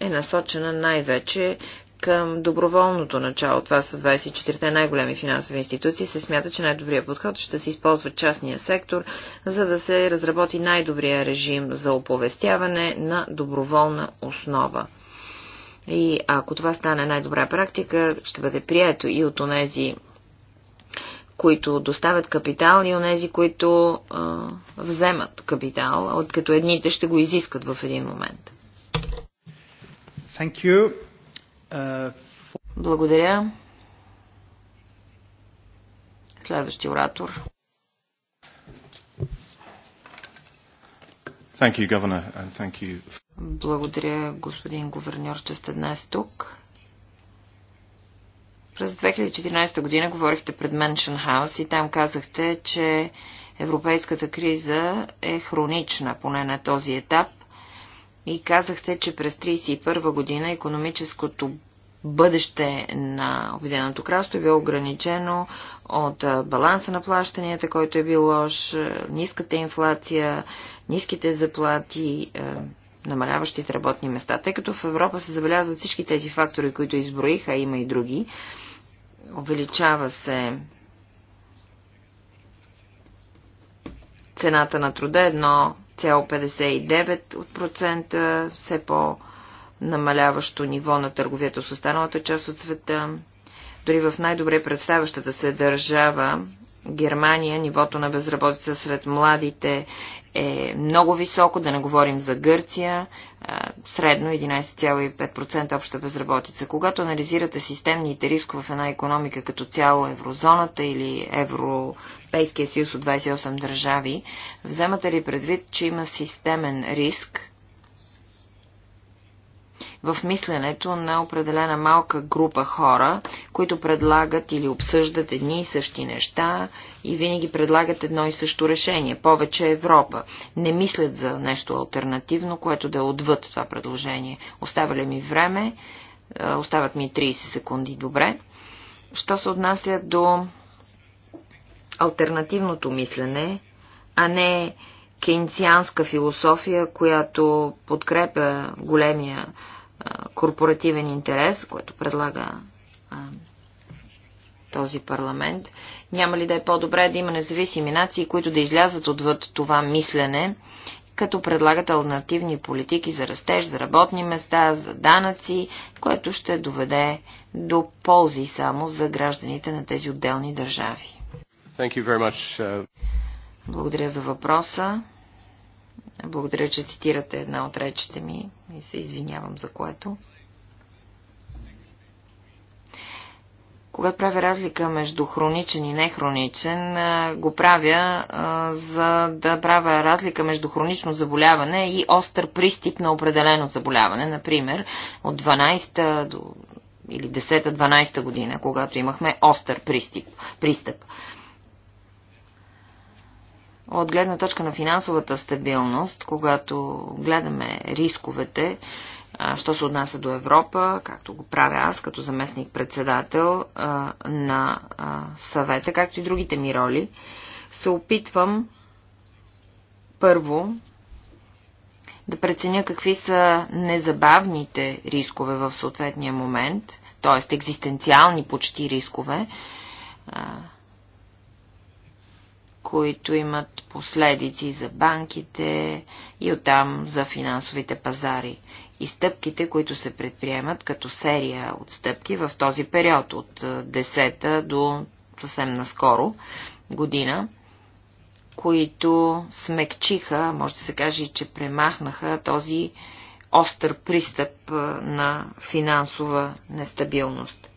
е насочена най-вече към доброволното начало. Това са 24-те най-големи финансови институции. Се смята, че най-добрият подход ще се използва частния сектор, за да се разработи най-добрия режим за оповестяване на доброволна основа. И ако това стане най-добра практика, ще бъде прието и от онези, които доставят капитал и онези, които а, вземат капитал, от като едните ще го изискат в един момент. Thank you. Uh, for... Благодаря. Следващи оратор. Thank you, Governor, and thank you. Благодаря, господин гуверньор, че сте днес тук. През 2014 година говорихте пред Меншен Хаус и там казахте, че европейската криза е хронична, поне на този етап, и казахте, че през 1931 година економическото бъдеще на Обединеното кралство е било ограничено от баланса на плащанията, който е бил лош, ниската инфлация, ниските заплати, намаляващите работни места. Тъй като в Европа се забелязват всички тези фактори, които изброиха, а има и други, увеличава се цената на труда 1,59% все по- намаляващо ниво на търговията с останалата част от света. Дори в най-добре представящата се държава, Германия, нивото на безработица сред младите е много високо, да не говорим за Гърция, средно 11,5% обща безработица. Когато анализирате системните рискове в една економика като цяло еврозоната или Европейския съюз от 28 държави, вземате ли предвид, че има системен риск в мисленето на определена малка група хора, които предлагат или обсъждат едни и същи неща и винаги предлагат едно и също решение. Повече Европа. Не мислят за нещо альтернативно, което да е отвъд това предложение. Оставя ли ми време? Е, остават ми 30 секунди. Добре. Що се отнася до альтернативното мислене, а не кейнцианска философия, която подкрепя големия корпоративен интерес, което предлага а, този парламент. Няма ли да е по-добре да има независими нации, които да излязат отвъд това мислене, като предлагат альтернативни политики за растеж, за работни места, за данъци, което ще доведе до ползи само за гражданите на тези отделни държави? Uh, Благодаря за въпроса. Благодаря, че цитирате една от речите ми и се извинявам за което. Когато правя разлика между хроничен и нехроничен, го правя за да правя разлика между хронично заболяване и остър пристип на определено заболяване. Например, от 12 до или 10-12 година, когато имахме остър пристип. пристъп. От гледна точка на финансовата стабилност, когато гледаме рисковете, що се отнася до Европа, както го правя аз като заместник-председател на съвета, както и другите ми роли, се опитвам първо да преценя какви са незабавните рискове в съответния момент, т.е. екзистенциални почти рискове, които имат последици за банките и оттам за финансовите пазари. И стъпките, които се предприемат като серия от стъпки в този период от 10-та до съвсем наскоро година, които смекчиха, може да се каже, че премахнаха този остър пристъп на финансова нестабилност.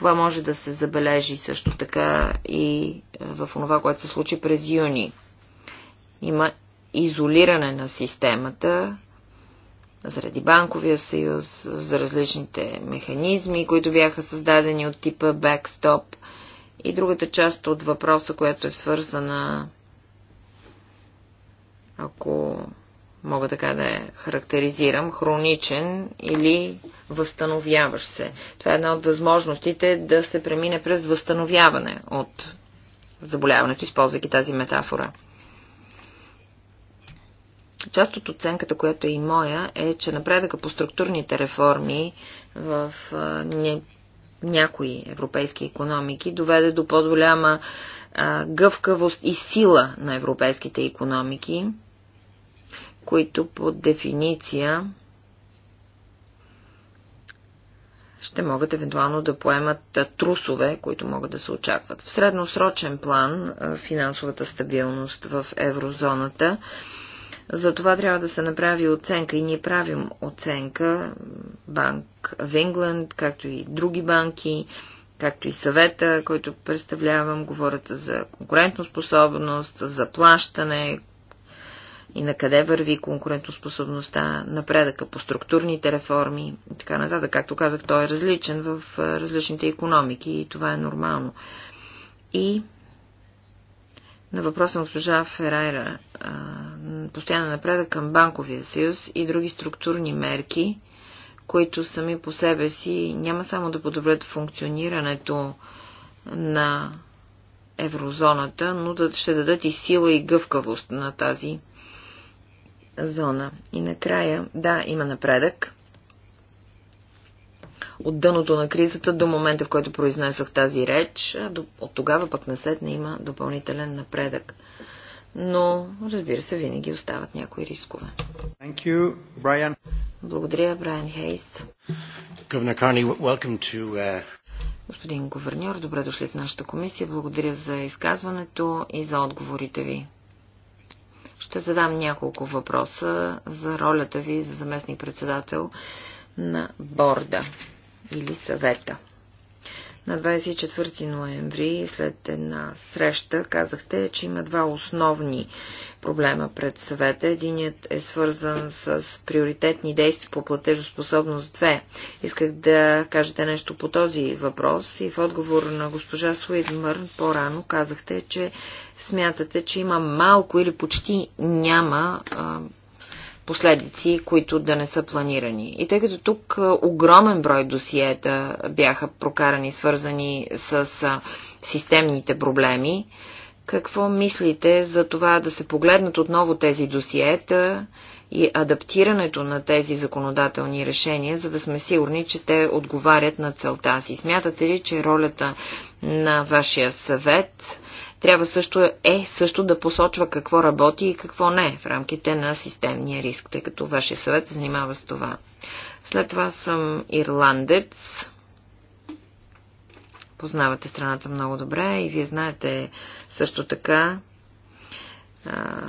Това може да се забележи също така и е, в това, което се случи през юни. Има изолиране на системата заради банковия съюз, за различните механизми, които бяха създадени от типа бекстоп. И другата част от въпроса, която е свързана ако мога така да я характеризирам, хроничен или възстановяващ се. Това е една от възможностите да се премине през възстановяване от заболяването, използвайки тази метафора. Част от оценката, която е и моя, е, че напредъка по структурните реформи в някои европейски економики доведе до по-голяма гъвкавост и сила на европейските економики, които по дефиниция ще могат евентуално да поемат трусове, които могат да се очакват. В средносрочен план финансовата стабилност в еврозоната. За това трябва да се направи оценка и ние правим оценка. Банк в Ингланд, както и други банки, както и съвета, който представлявам, говорят за конкурентоспособност, за плащане, и на къде върви конкурентоспособността, напредъка по структурните реформи и така нататък. Както казах, той е различен в различните економики и това е нормално. И на въпроса на госпожа Ферайра, постоянна напредък към банковия съюз и други структурни мерки, които сами по себе си няма само да подобрят функционирането на еврозоната, но да, ще дадат и сила и гъвкавост на тази зона. И накрая, да, има напредък. От дъното на кризата до момента, в който произнесох тази реч, от тогава пък насетне има допълнителен напредък. Но, разбира се, винаги остават някои рискове. Thank you, Brian. Благодаря, Брайан Хейс. Uh, Господин Говерньор, добре дошли в нашата комисия. Благодаря за изказването и за отговорите ви. Ще задам няколко въпроса за ролята ви за заместник-председател на борда или съвета. На 24 ноември, след една среща, казахте, че има два основни проблема пред съвета. Единият е свързан с приоритетни действия по платежоспособност 2. Исках да кажете нещо по този въпрос и в отговор на госпожа Суидмърн по-рано казахте, че смятате, че има малко или почти няма последици, които да не са планирани. И тъй като тук огромен брой досиета бяха прокарани, свързани с системните проблеми, какво мислите за това да се погледнат отново тези досиета и адаптирането на тези законодателни решения, за да сме сигурни, че те отговарят на целта си? Смятате ли, че ролята на вашия съвет трябва също е също да посочва какво работи и какво не е в рамките на системния риск, тъй като вашия съвет се занимава с това. След това съм ирландец. Познавате страната много добре и вие знаете също така а,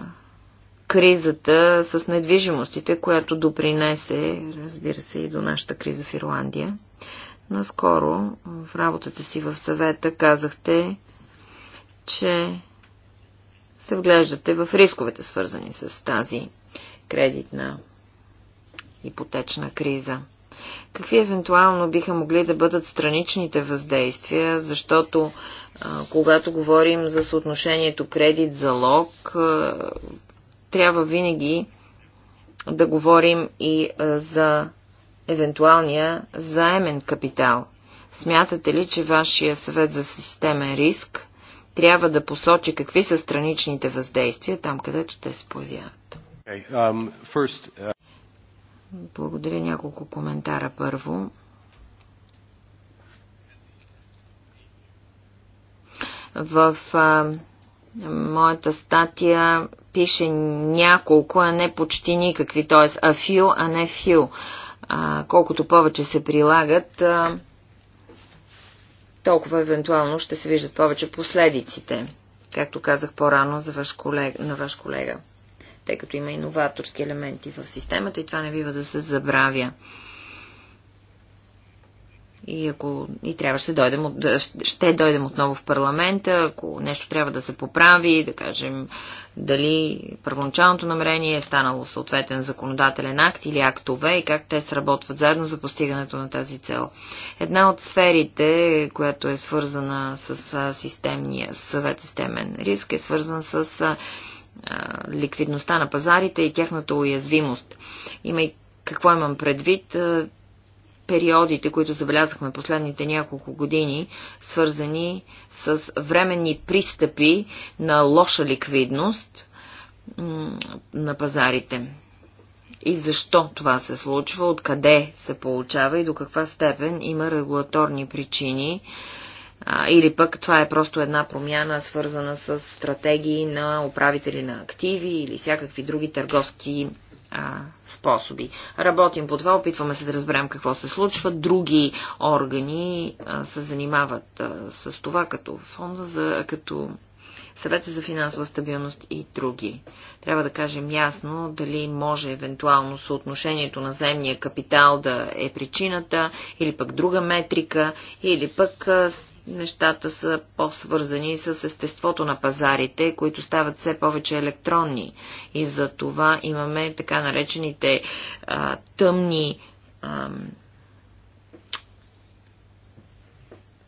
кризата с недвижимостите, която допринесе, разбира се, и до нашата криза в Ирландия. Наскоро в работата си в съвета казахте, че се вглеждате в рисковете, свързани с тази кредитна ипотечна криза. Какви евентуално биха могли да бъдат страничните въздействия, защото когато говорим за съотношението кредит-залог, трябва винаги да говорим и за евентуалния заемен капитал. Смятате ли, че вашия съвет за системен риск трябва да посочи какви са страничните въздействия там, където те се появяват. Okay. Um, first, uh... Благодаря няколко коментара първо. В а, моята статия пише няколко, а не почти никакви, т.е. a few, а не few. А, колкото повече се прилагат, а, толкова евентуално ще се виждат повече последиците, както казах по-рано за ваш колега, на ваш колега, тъй като има иноваторски елементи в системата и това не бива да се забравя. И ако и трябва ще дойдем, от... ще дойдем отново в парламента, ако нещо трябва да се поправи, да кажем дали първоначалното намерение е станало съответен законодателен акт или актове и как те сработват заедно за постигането на тази цел. Една от сферите, която е свързана с системния съвет, системен риск, е свързан с ликвидността на пазарите и тяхната уязвимост. Имай какво имам предвид? периодите, които забелязахме последните няколко години, свързани с временни пристъпи на лоша ликвидност на пазарите. И защо това се случва, откъде се получава и до каква степен има регулаторни причини, или пък това е просто една промяна, свързана с стратегии на управители на активи или всякакви други търговски а, способи. Работим по това, опитваме се да разберем какво се случва. Други органи а, се занимават а, с това, като фонда за, като съвет за финансова стабилност и други. Трябва да кажем ясно дали може евентуално съотношението на земния капитал да е причината, или пък друга метрика, или пък нещата са по-свързани с естеството на пазарите, които стават все повече електронни. И за това имаме така наречените а, тъмни а,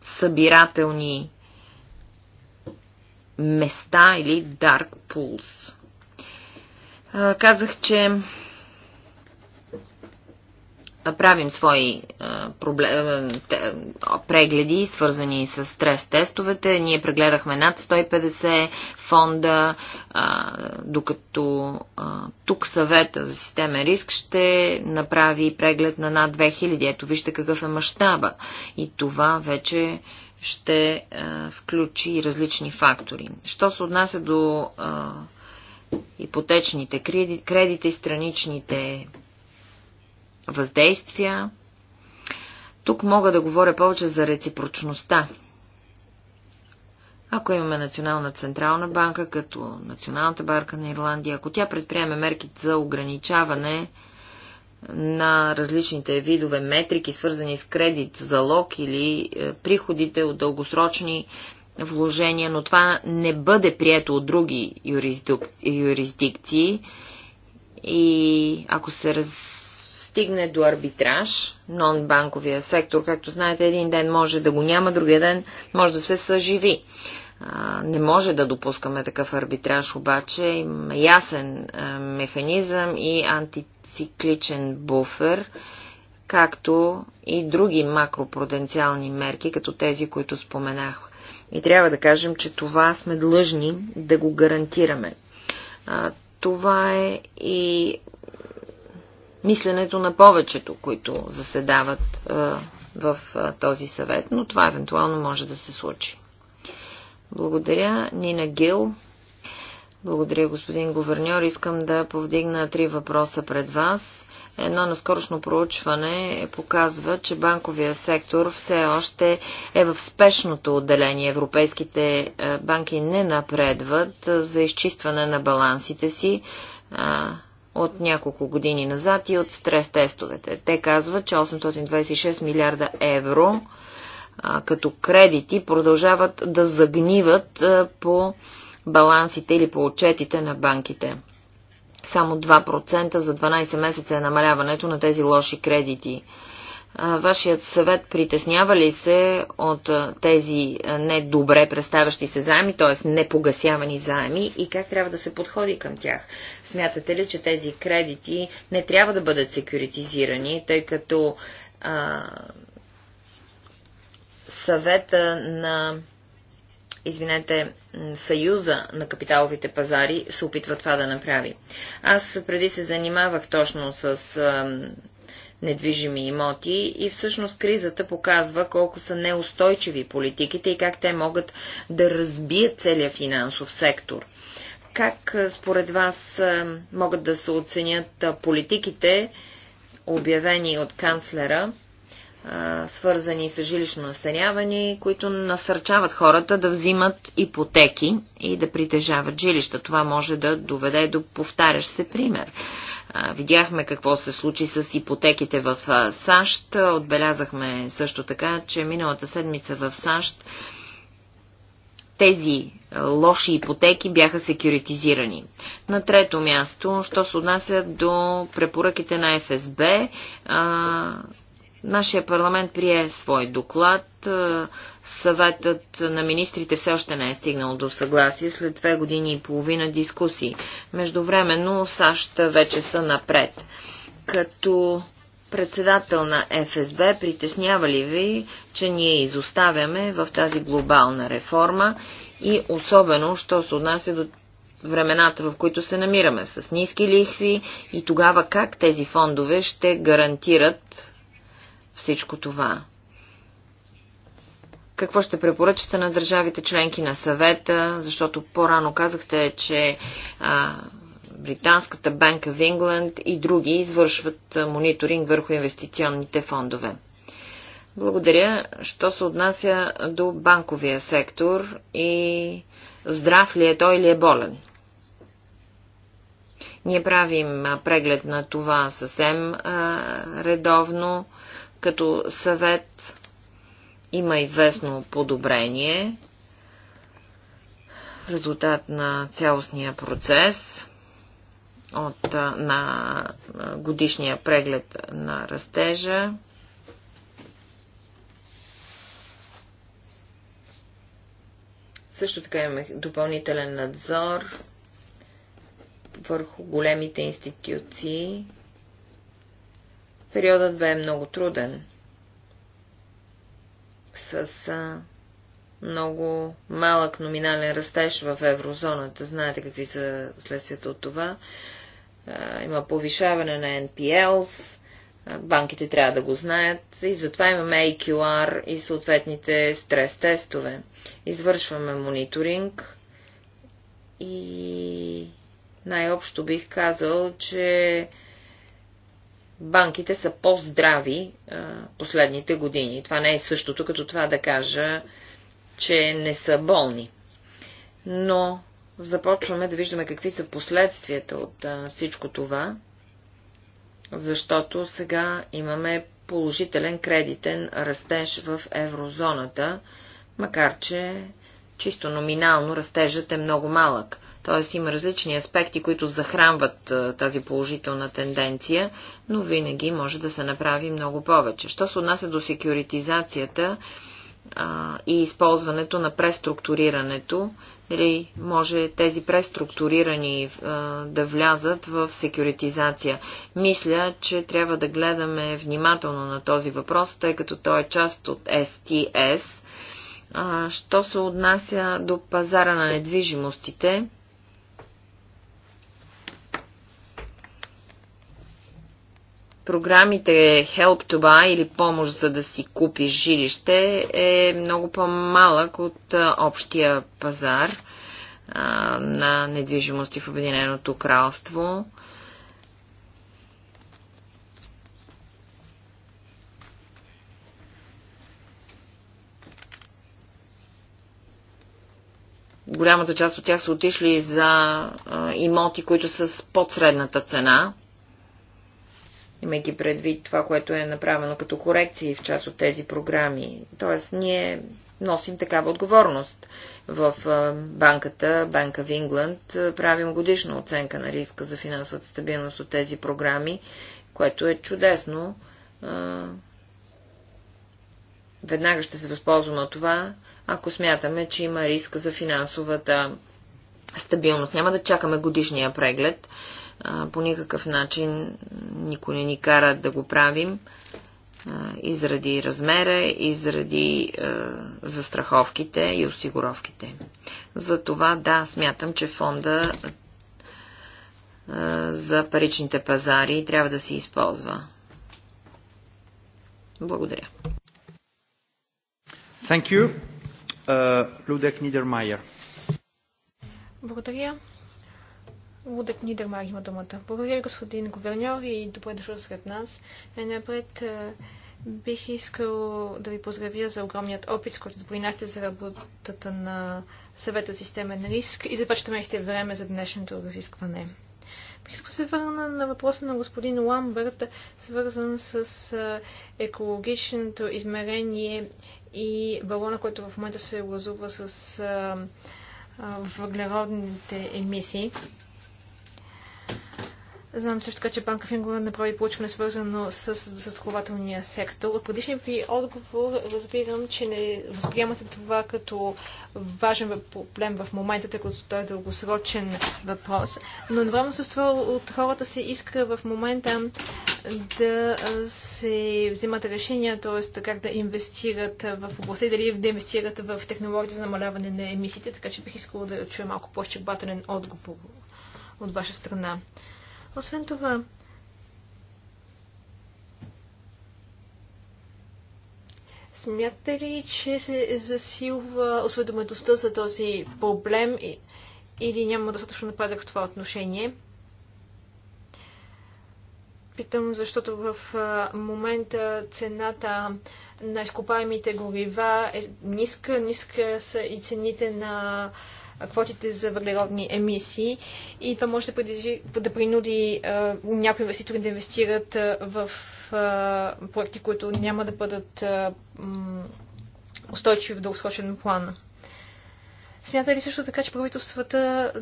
събирателни места или dark pools. А, казах, че правим свои проблем, прегледи, свързани с стрес-тестовете. Ние прегледахме над 150 фонда, докато тук съвета за системен риск ще направи преглед на над 2000. Ето вижте какъв е мащаба. И това вече ще включи различни фактори. Що се отнася до ипотечните кредити страничните въздействия. Тук мога да говоря повече за реципрочността. Ако имаме Национална централна банка, като Националната банка на Ирландия, ако тя предприеме мерки за ограничаване на различните видове метрики, свързани с кредит, залог или е, приходите от дългосрочни вложения, но това не бъде прието от други юрисдикции и ако се раз стигне до арбитраж, нон-банковия сектор, както знаете, един ден може да го няма, другия ден може да се съживи. Не може да допускаме такъв арбитраж, обаче има ясен механизъм и антицикличен буфер, както и други макропруденциални мерки, като тези, които споменах. И трябва да кажем, че това сме длъжни да го гарантираме. Това е и мисленето на повечето, които заседават е, в е, този съвет, но това евентуално може да се случи. Благодаря, Нина Гил. Благодаря, господин говерньор. Искам да повдигна три въпроса пред вас. Едно наскорошно проучване показва, че банковия сектор все още е в спешното отделение. Европейските е, банки не напредват за изчистване на балансите си от няколко години назад и от стрес-тестовете. Те казват, че 826 милиарда евро като кредити продължават да загниват по балансите или по отчетите на банките. Само 2% за 12 месеца е намаляването на тези лоши кредити. Вашият съвет притеснява ли се от тези недобре представящи се заеми, т.е. непогасявани заеми и как трябва да се подходи към тях? Смятате ли, че тези кредити не трябва да бъдат секюритизирани, тъй като а, съвета на извинете, Съюза на капиталовите пазари се опитва това да направи. Аз преди се занимавах точно с недвижими имоти и всъщност кризата показва колко са неустойчиви политиките и как те могат да разбият целият финансов сектор. Как според вас могат да се оценят политиките, обявени от канцлера, свързани с жилищно настаняване, които насърчават хората да взимат ипотеки и да притежават жилища. Това може да доведе до повтарящ се пример. Видяхме какво се случи с ипотеките в САЩ. Отбелязахме също така, че миналата седмица в САЩ тези лоши ипотеки бяха секюритизирани. На трето място, що се отнася до препоръките на ФСБ, Нашия парламент прие свой доклад. Е, съветът на министрите все още не е стигнал до съгласие след две години и половина дискусии. Междувременно САЩ вече са напред. Като председател на ФСБ, притеснява ли ви, че ние изоставяме в тази глобална реформа и особено, що се отнася до времената, в които се намираме, с ниски лихви и тогава как тези фондове ще гарантират всичко това? Какво ще препоръчате на държавите членки на съвета? Защото по-рано казахте, че а, Британската банка в Ингланд и други извършват мониторинг върху инвестиционните фондове. Благодаря. Що се отнася до банковия сектор и здрав ли е той или е болен? Ние правим преглед на това съвсем а, редовно. Като съвет има известно подобрение в резултат на цялостния процес от, на годишния преглед на растежа. Също така имаме допълнителен надзор върху големите институции, Периодът бе много труден. С а, много малък номинален растеж в еврозоната. Знаете какви са следствията от това. А, има повишаване на NPLs, банките трябва да го знаят и затова имаме AQR и съответните стрес тестове. Извършваме мониторинг и най-общо бих казал, че банките са по-здрави последните години. Това не е същото, като това да кажа, че не са болни. Но започваме да виждаме какви са последствията от а, всичко това, защото сега имаме положителен кредитен растеж в еврозоната, макар че чисто номинално растежът е много малък. Тоест има различни аспекти, които захранват тази положителна тенденция, но винаги може да се направи много повече. Що се отнася до секюритизацията а, и използването на преструктурирането, или нали, може тези преструктурирани а, да влязат в секюритизация. Мисля, че трябва да гледаме внимателно на този въпрос, тъй като той е част от STS. А, що се отнася до пазара на недвижимостите, програмите Help to Buy или помощ за да си купиш жилище е много по-малък от общия пазар на недвижимости в Обединеното кралство. Голямата част от тях са отишли за имоти, които са с подсредната цена имайки предвид това, което е направено като корекции в част от тези програми. Тоест, ние носим такава отговорност. В банката, Банка в Ингланд, правим годишна оценка на риска за финансовата стабилност от тези програми, което е чудесно. Веднага ще се възползваме от това, ако смятаме, че има риск за финансовата стабилност. Няма да чакаме годишния преглед, по никакъв начин никой не ни кара да го правим и заради размера, и заради застраховките и осигуровките. Затова, да, смятам, че фонда за паричните пазари трябва да се използва. Благодаря. Thank you. Uh, Ludek Niedermayer. Благодаря. Лудък Нидермар има думата. Благодаря ви, господин Говерньор и добре дошъл сред нас. Най-напред е, бих искал да ви поздравя за огромният опит, с който допринахте за работата на съвета за системен риск и за това, че намерихте време за днешното разискване. Бих искал се върна на въпроса на господин Ламбърт, свързан с е, екологичното измерение и балона, който в момента се образува с е, въглеродните емисии. Знам също така, че Банка Фингова направи получване свързано с застрахователния сектор. От предишния ви отговор разбирам, че не възприемате това като важен проблем в момента, тъй като той е дългосрочен въпрос. Но едновременно с това от хората се иска в момента да се взимат решения, т.е. как да инвестират в областта и дали да инвестират в технологията за намаляване на емисиите, така че бих искала да чуя малко по-щебателен отговор от ваша страна. Освен това, смятате ли, че се засилва осведомедостта за този проблем или няма достатъчно нападък в това отношение? Питам, защото в момента цената на изкопаемите горива е ниска, ниска са и цените на квотите за въглеродни емисии и това може да, предизви, да принуди а, някои инвеститори да инвестират а, в а, проекти, които няма да бъдат устойчиви в дългосрочен план. Смята ли също така, че правителствата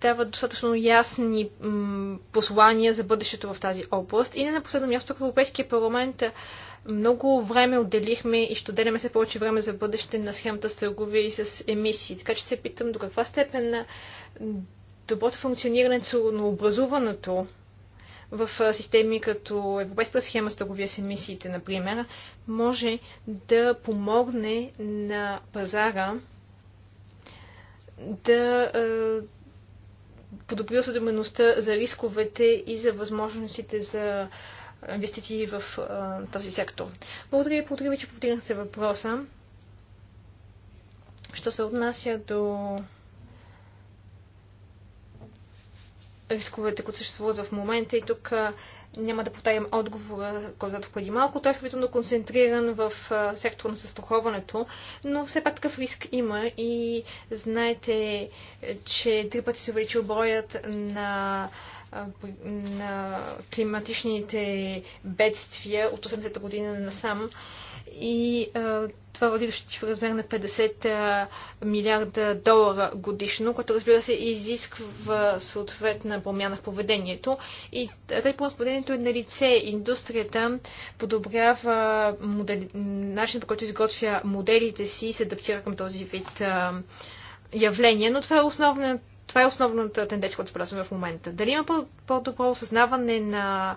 дават достатъчно ясни послания за бъдещето в тази област? И не на последно място, Европейския парламент много време отделихме и ще отделяме се повече време за бъдеще на схемата с търговия и с емисии. Така че се питам до каква степен на доброто функциониране на образуването в системи като Европейската схема с търговия с емисиите, например, може да помогне на пазара да подобри осведомеността за рисковете и за възможностите за инвестиции в а, този сектор. Благодаря, благодаря ви, че повдигнахте въпроса. Що се отнася до рисковете, които съществуват в момента и тук няма да повтарям отговора, който дадох преди малко. Той е сравнително концентриран в сектора на застраховането, но все пак такъв риск има и знаете, че три пъти се увеличил броят на на климатичните бедствия от 80-та година насам и а, това води до щети в размер на 50 милиарда долара годишно, което разбира се изисква съответна промяна в поведението. И тази промяна в поведението е на лице. Индустрията подобрява модели... начинът, по който изготвя моделите си и се адаптира към този вид а, явление, но това е основната това е основната тенденция, която спрашваме в момента. Дали има по-добро -по осъзнаване на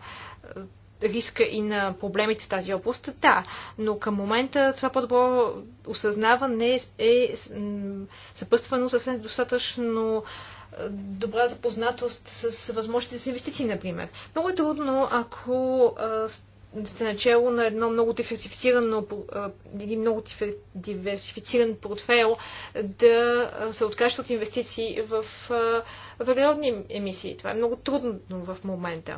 е, риска и на проблемите в тази област, да, но към момента това по-добро осъзнаване е съпъствано с недостатъчно е, добра запознатост с възможните за инвестиции, например. Много е трудно, ако е, сте начало на едно много диверсифицирано, един много диверсифициран портфел да се откаже от инвестиции в въглеродни емисии. Това е много трудно в момента.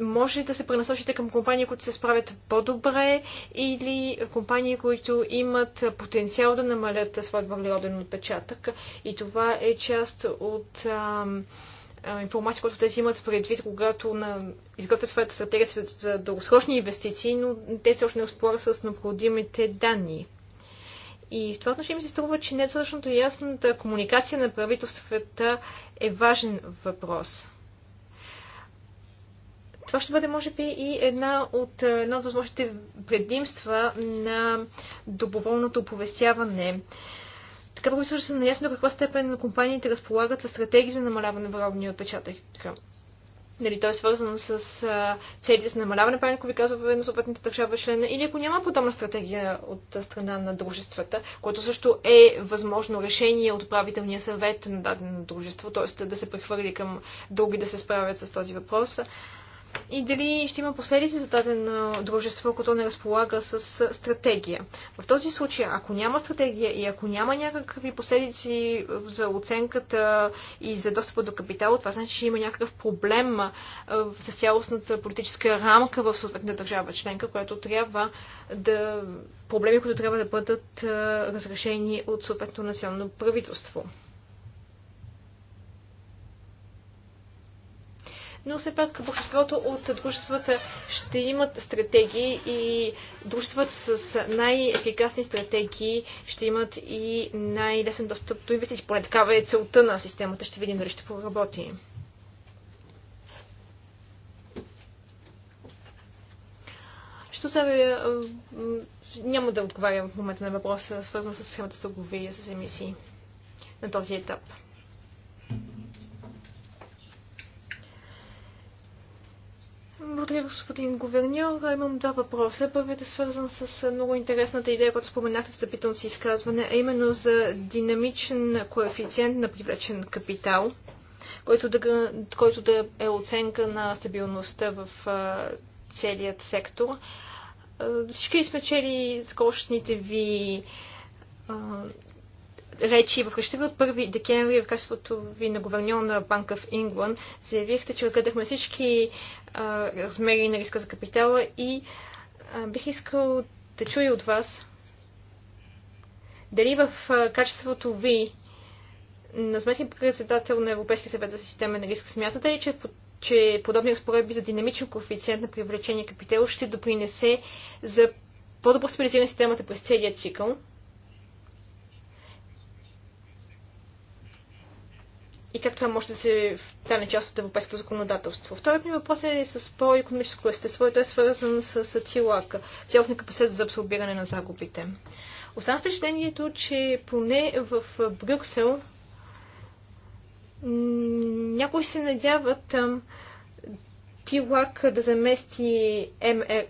Може да се пренасочите към компании, които се справят по-добре или компании, които имат потенциал да намалят своят въглероден отпечатък. И това е част от ам, информация, която те си имат предвид, когато на... изготвят своята стратегия за, дългосрочни инвестиции, но те все още не разполагат с необходимите данни. И в това отношение ми се струва, че недостатъчното ясната комуникация на правителствата е важен въпрос. Това ще бъде, може би, и една от, една от възможните предимства на доброволното оповестяване така професор съм наясно каква степен на компаниите разполагат с стратегии за намаляване на въровния отпечатък. Нали, той е свързан с а, целите за намаляване на паникови газове на съответната държава члена или ако няма подобна стратегия от страна на дружествата, което също е възможно решение от управителния съвет на дадено дружество, т.е. да се прехвърли към други да се справят с този въпрос. А, и дали ще има последици за дадено дружество, като не разполага с стратегия. В този случай, ако няма стратегия и ако няма някакви последици за оценката и за достъпа до капитал, това значи, че има някакъв проблем с цялостната политическа рамка в съответната държава членка, която трябва да проблеми, които трябва да бъдат разрешени от съответното национално правителство. но все пак обществото от дружествата ще имат стратегии и дружествата с най-ефикасни стратегии ще имат и най-лесен достъп до инвестиции. Поне такава е целта на системата. Ще видим дали ще поработи. Що се е, няма да отговарям в момента на въпроса, свързан с схемата с търговия с емисии на този етап. Благодаря, господин гуверньор. Имам два въпроса. Първият е свързан с много интересната идея, която споменахте в стъпителното си изказване, а именно за динамичен коефициент на привлечен капитал, който да, който да е оценка на стабилността в целият сектор. Всички сме чели скорошните ви речи в речта ви от 1 декември в качеството ви на гуверньор на Банка в Ингланд заявихте, че разгледахме всички а, размери на риска за капитала и а, бих искал да чуя от вас дали в а, качеството ви на заместник председател на Европейския съвет за система на риск смятате ли, че, че подобни разпоредби за динамичен коефициент на привлечение капитал ще допринесе за по-добро стабилизиране системата през целия цикъл? и как това може да се стане е част от европейското законодателство. Вторият ми въпрос е с по-економическо естество и той е свързан с, с ТИЛАК, цялостния капацитет за абсорбиране на загубите. Оставам впечатлението, че поне в Брюксел някои се надяват ТИЛАК да замести МР,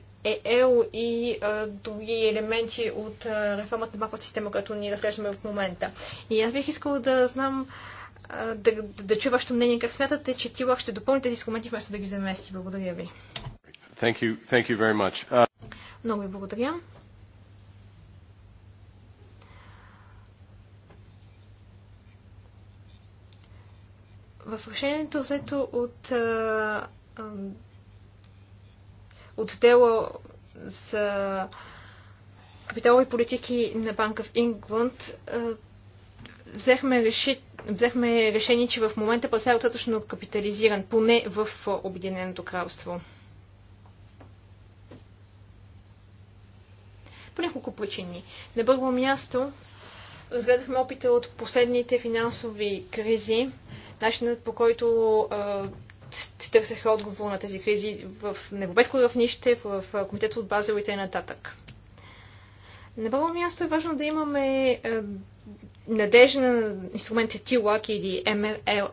ЕЛ и а, други елементи от а, реформата на банковата система, която ние разглеждаме в момента. И аз бих искала да знам да, да, да чуя вашето мнение. Как смятате, че Тилах ще допълни тези документи вместо да ги замести? Благодаря ви. Thank you. Thank you very much. Uh... Много ви благодаря. В решението взето от, от дело за капиталови политики на Банка в Ингланд, взехме решит, взехме решение, че в момента пазарът е достатъчно капитализиран, поне в Обединеното кралство. По няколко причини. На първо място разгледахме опита от последните финансови кризи, начинът по който се търсеха отговор на тези кризи в европейско равнище, в комитет от Базел и т.н. На първо място е важно да имаме надежна инструментите t TLAC или MLL,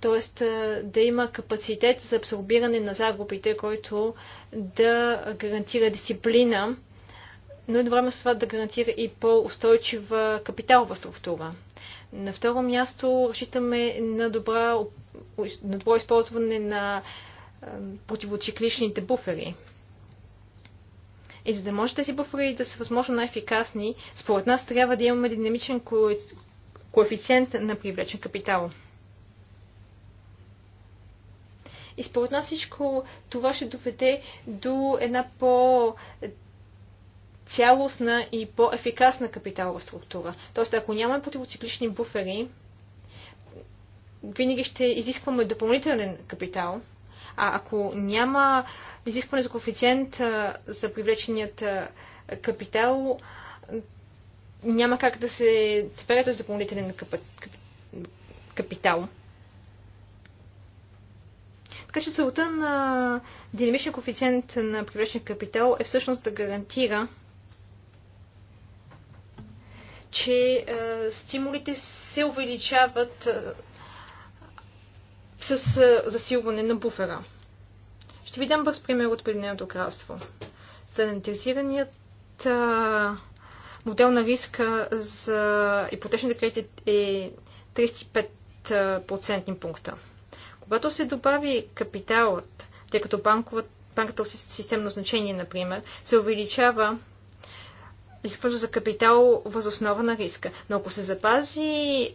Тоест да има капацитет за абсорбиране на загубите, който да гарантира дисциплина, но едновременно с това да гарантира и по-устойчива капиталова структура. На второ място разчитаме на, добра, на добро използване на противоцикличните буфери. И за да може тези буфери да са възможно най-ефикасни, според нас трябва да имаме динамичен коефициент на привлечен капитал. И според нас всичко това ще доведе до една по- цялостна и по-ефикасна капиталова структура. Тоест, ако нямаме противоциклични буфери, винаги ще изискваме допълнителен капитал, а ако няма изискване за коефициент за привлеченият капитал, няма как да се събере този допълнителен капитал. Така че целта на динамичния коефициент на привлечен капитал е всъщност да гарантира, че стимулите се увеличават с засилване на буфера. Ще ви дам бърз пример от Обединеното кралство. Стандартизираният модел на риска за ипотечните кредити е 35% пункта. Когато се добави капиталът, тъй като банковата банката системно значение, например, се увеличава изискването за капитал възоснова на риска. Но ако се запази е,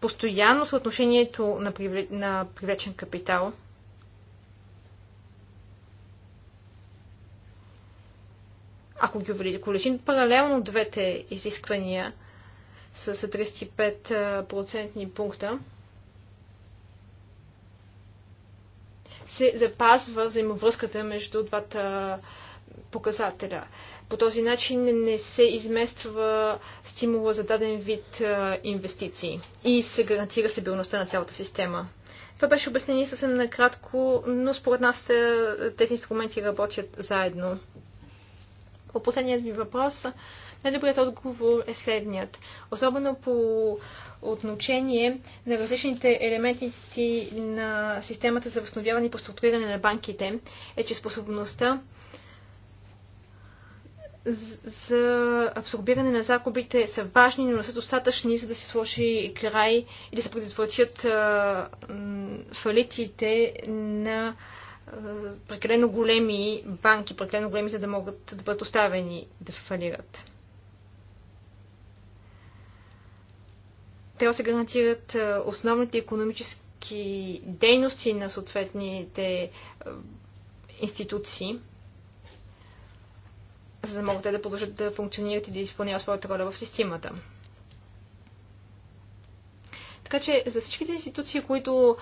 постоянно съотношението на, привле, на привлечен капитал, ако ги увеличим паралелно двете изисквания с 35% пункта, се запазва взаимовръзката между двата е, показателя. По този начин не се измества стимула за даден вид инвестиции и се гарантира стабилността на цялата система. Това беше обяснение съвсем накратко, но според нас тези инструменти работят заедно. По последният ви въпрос, най-добрият отговор е следният. Особено по отношение на различните елементи на системата за възстановяване и преструктуриране на банките, е, че способността за абсорбиране на загубите са важни, но не са достатъчни, за да се сложи край и да се предотвратят фалитите на прекалено големи банки, прекалено големи, за да могат да бъдат оставени да фалират. Трябва да се гарантират основните економически дейности на съответните институции за да могат те да продължат да функционират и да изпълняват своята роля в системата. Така че за всичките институции, които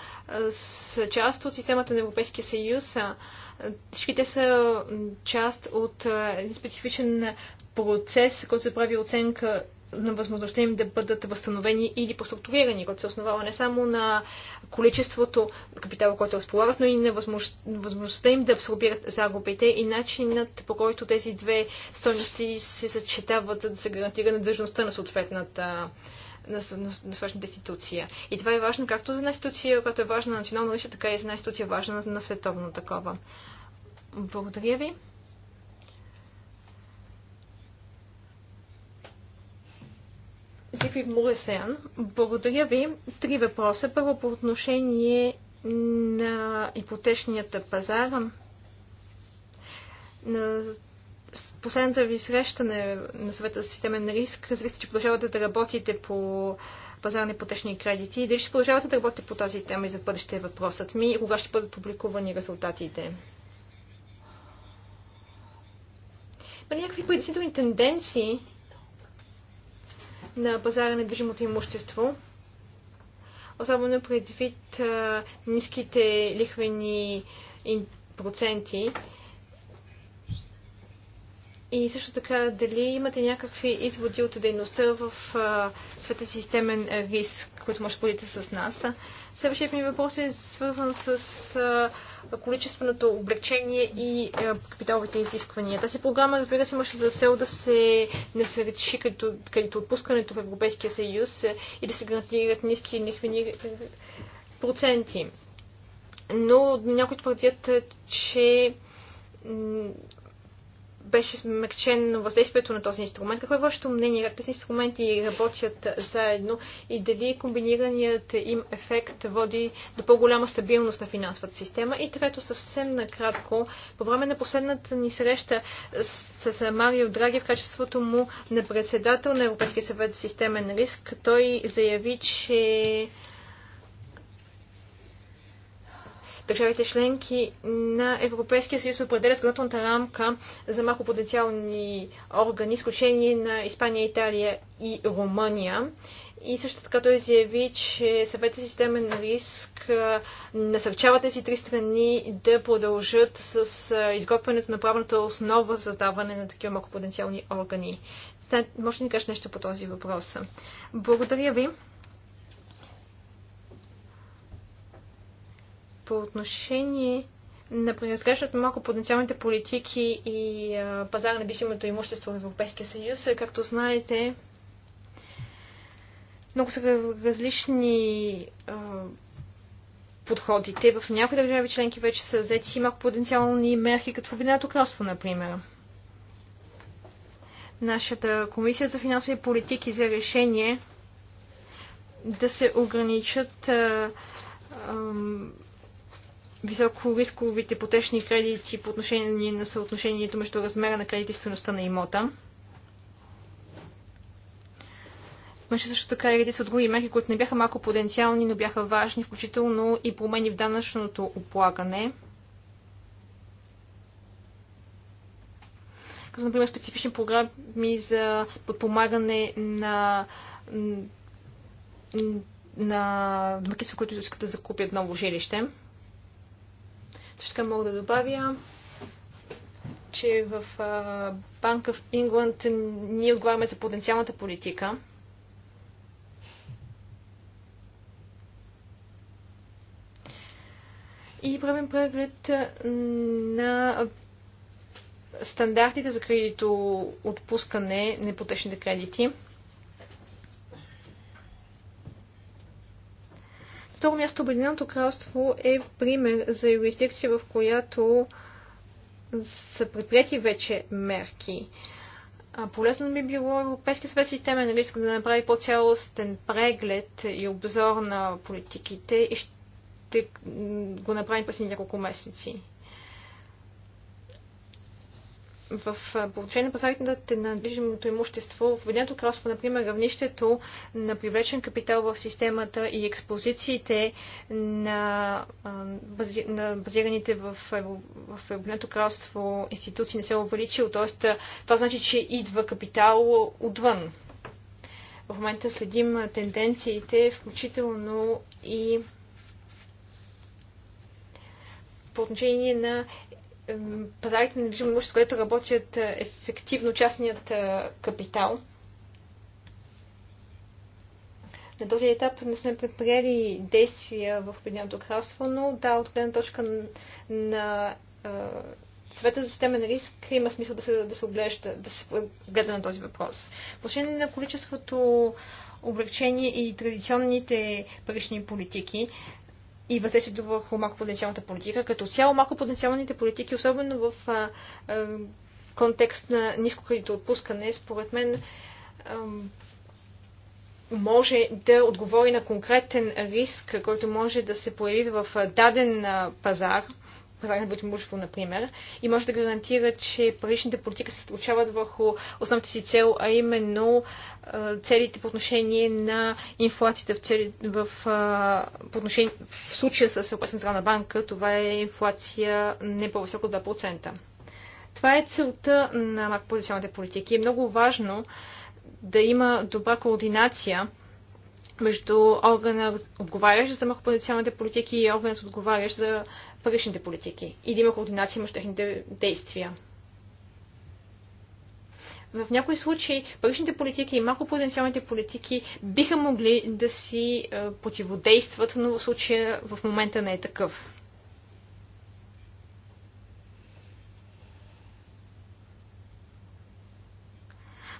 са част от системата на Европейския съюз, всичките са част от един специфичен процес, който се прави оценка на възможността им да бъдат възстановени или поструктурирани, което се основава не само на количеството капитала, който разполагат, но и на възможност, възможността им да абсорбират загубите и начинът по който тези две стойности се съчетават, за да се гарантира надвижността на съответната на, на, на срочната институция. И това е важно както за една институция, която е важна на национално нищо, така и за една институция важна на, на световно такова. Благодаря ви. Сифи Муресеян. Благодаря ви. Три въпроса. Първо по отношение на ипотечнията пазар. На последната ви среща на, съвета за системен риск, развихте, че продължавате да работите по пазар на ипотечни кредити. Дали ще продължавате да работите по тази тема и за бъдеще е въпросът ми кога ще бъдат публикувани резултатите? Има някакви предизвикателни тенденции на пазара на движимото имущество. Особено предвид а, ниските лихвени проценти и също така, дали имате някакви изводи от дейността в света системен риск, който може да бъдете с нас? Следващият ми въпрос е свързан с а, количественото облегчение и а, капиталовите изисквания. Тази програма, разбира се, имаше за цел да се насречи като, като отпускането в Европейския съюз и да се гарантират ниски лихвени проценти. Но някои твърдят, че беше смекчено въздействието на този инструмент. Какво е вашето мнение? Как тези инструменти работят заедно и дали комбинираният им ефект води до по-голяма стабилност на финансовата система? И трето, съвсем накратко, по време на последната ни среща с, с Марио Драги в качеството му на председател на Европейския съвет за системен риск, той заяви, че държавите членки на Европейския съюз определя законодателната рамка за макропотенциални органи, изключение на Испания, Италия и Румъния. И също така той заяви, че съветът е системен риск насърчава тези три страни да продължат с изготвянето на правната основа за създаване на такива макропотенциални органи. Може ли да ни кажеш нещо по този въпрос? Благодаря ви. По отношение на принадлежащото малко потенциалните политики и пазара на движимото имущество в Европейския съюз, както знаете, много са различни а, подходите. В някои държави членки вече са взети малко потенциални мерки, като в Обединеното кралство, например. Нашата комисия за финансови политики за решение да се ограничат а, а, високорисковите ипотечни кредити по отношение на съотношението между размера на кредит и стоеността на имота. Имаше също така и редица от други мерки, които не бяха малко потенциални, но бяха важни, включително и промени в данъчното оплакане. Като, например, специфични програми за подпомагане на на домакинства, които искат да закупят ново жилище. Също мога да добавя, че в Банка в Ингланд ние отговаряме за потенциалната политика. И правим преглед на стандартите за кредито отпускане на ипотечните кредити. второ място, Обединеното кралство е пример за юрисдикция, в която са предприяти вече мерки. А, полезно би било Европейския съвет системен риск нали, да направи по-цялостен преглед и обзор на политиките и ще го направим през няколко месеци в получение на пазарите на движимото имущество, в Обединеното кралство, например, равнището на привлечен капитал в системата и експозициите на, бази, на базираните в, в Обединеното кралство институции не се е увеличил. това значи, че идва капитал отвън. В момента следим тенденциите, включително и по отношение на пазарите на недвижимо имущество, където работят е, ефективно частният е, капитал. На този етап не сме предприели действия в Обединеното кралство, но да, от гледна точка на, на е, съвета за системен риск има смисъл да се, да се, оглежда, да се гледа на този въпрос. По отношение на количеството облегчение и традиционните парични политики, и въздействието върху макропотенциалната политика. Като цяло макропотенциалните политики, особено в а, а, контекст на ниско отпускане, според мен а, може да отговори на конкретен риск, който може да се появи в даден пазар – пазарна бъдмущество, например, и може да гарантира, че паричните политики се случават върху основната си цел, а именно целите по отношение на инфлацията в, цели, в, по отношение, в случая с Европейска централна банка, това е инфлация не по-високо от 2%. Това е целта на макропозиционните политики. Е много важно да има добра координация между органа, отговарящ за макропозиционните политики и органът, отговарящ за паричните политики и да има координация между техните действия. В някои случаи паричните политики и макропотенциалните политики биха могли да си е, противодействат, но в случая в момента не е такъв.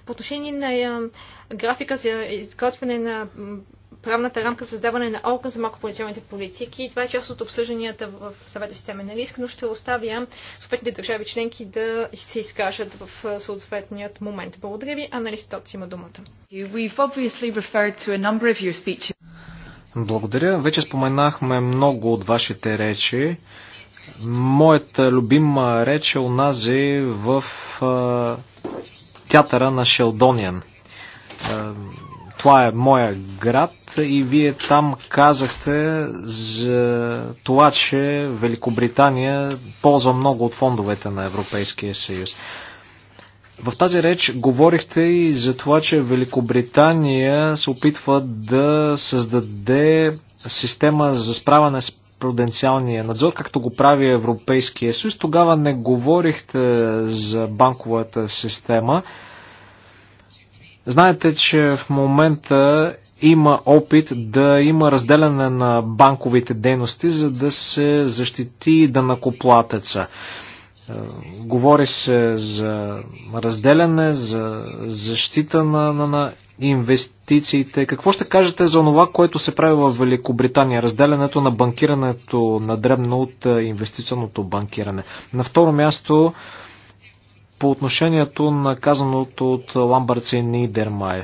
По отношение на е, графика за изготвяне на правната рамка за създаване на орган за макрополяционните политики. И това е част от обсъжданията в съвета системен на риск, но ще оставя съответните държави членки да се изкажат в съответният момент. Благодаря ви. Аналистът има думата. Благодаря. Вече споменахме много от вашите речи. Моята любима реч е унази в е, театъра на Шелдониан. Това е моя град и вие там казахте за това, че Великобритания ползва много от фондовете на Европейския съюз. В тази реч говорихте и за това, че Великобритания се опитва да създаде система за справяне с пруденциалния надзор, както го прави Европейския съюз. Тогава не говорихте за банковата система. Знаете, че в момента има опит да има разделяне на банковите дейности, за да се защити данакоплатеца. Е, говори се за разделяне, за защита на, на, на инвестициите. Какво ще кажете за това, което се прави в Великобритания? Разделянето на банкирането на дребно от е, инвестиционното банкиране. На второ място, по отношението на казаното от Ламбъртс и Дермай.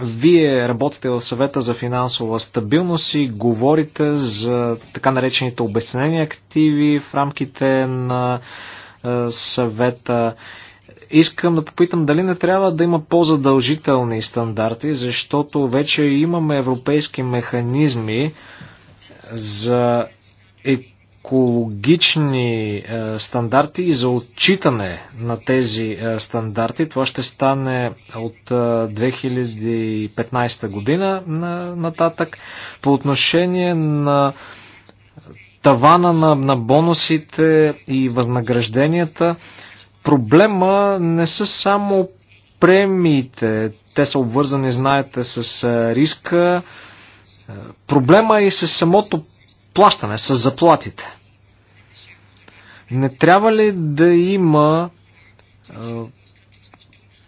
Вие работите в съвета за финансова стабилност и говорите за така наречените обесценени активи в рамките на е, съвета. Искам да попитам дали не трябва да има по-задължителни стандарти, защото вече имаме европейски механизми за екологични е, стандарти и за отчитане на тези е, стандарти. Това ще стане от е, 2015 година на, нататък. По отношение на тавана на, на бонусите и възнагражденията, проблема не са само премиите. Те са обвързани, знаете, с е, риска. Е, проблема е и с самото плащане, с заплатите. Не трябва ли да има е,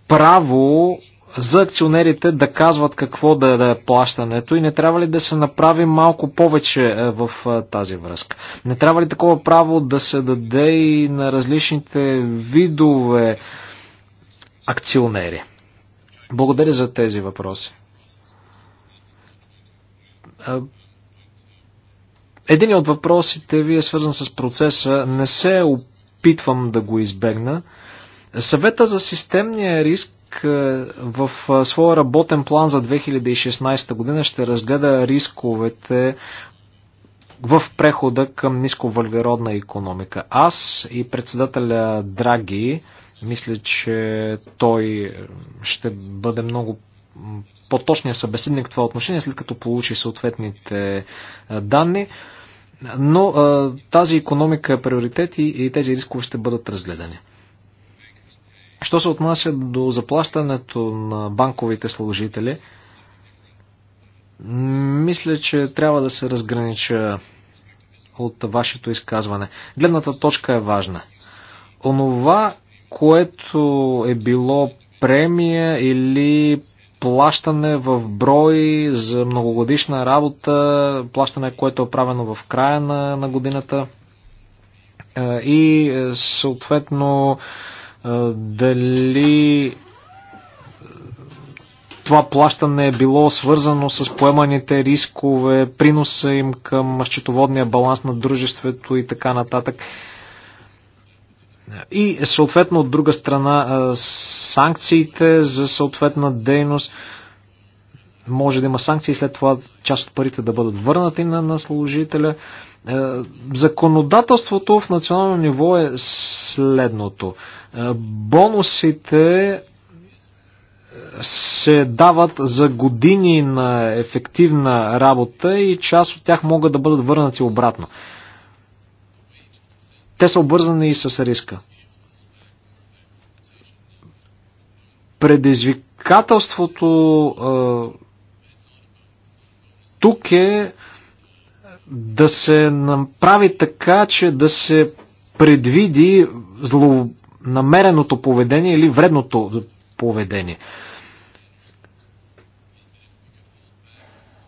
право за акционерите да казват какво да, да е плащането и не трябва ли да се направи малко повече в тази връзка? Не трябва ли такова право да се даде и на различните видове акционери? Благодаря за тези въпроси един от въпросите ви е свързан с процеса. Не се опитвам да го избегна. Съвета за системния риск е, в е, своя работен план за 2016 година ще разгледа рисковете в прехода към нисковъглеродна економика. Аз и председателя Драги, мисля, че той ще бъде много по-точния събеседник в това отношение, след като получи съответните данни. Но тази економика е приоритет и тези рискове ще бъдат разгледани. Що се отнася до заплащането на банковите служители, мисля, че трябва да се разгранича от вашето изказване. Гледната точка е важна. Онова, което е било премия или плащане в брой за многогодишна работа, плащане, което е правено в края на, на годината е, и е, съответно е, дали това плащане е било свързано с поеманите рискове, приноса им към счетоводния баланс на дружеството и така нататък. И съответно от друга страна санкциите за съответна дейност. Може да има санкции, след това част от парите да бъдат върнати на, на служителя. Законодателството в национално ниво е следното. Бонусите се дават за години на ефективна работа и част от тях могат да бъдат върнати обратно те са обвързани и с риска. Предизвикателството тук е да се направи така, че да се предвиди злонамереното поведение или вредното поведение.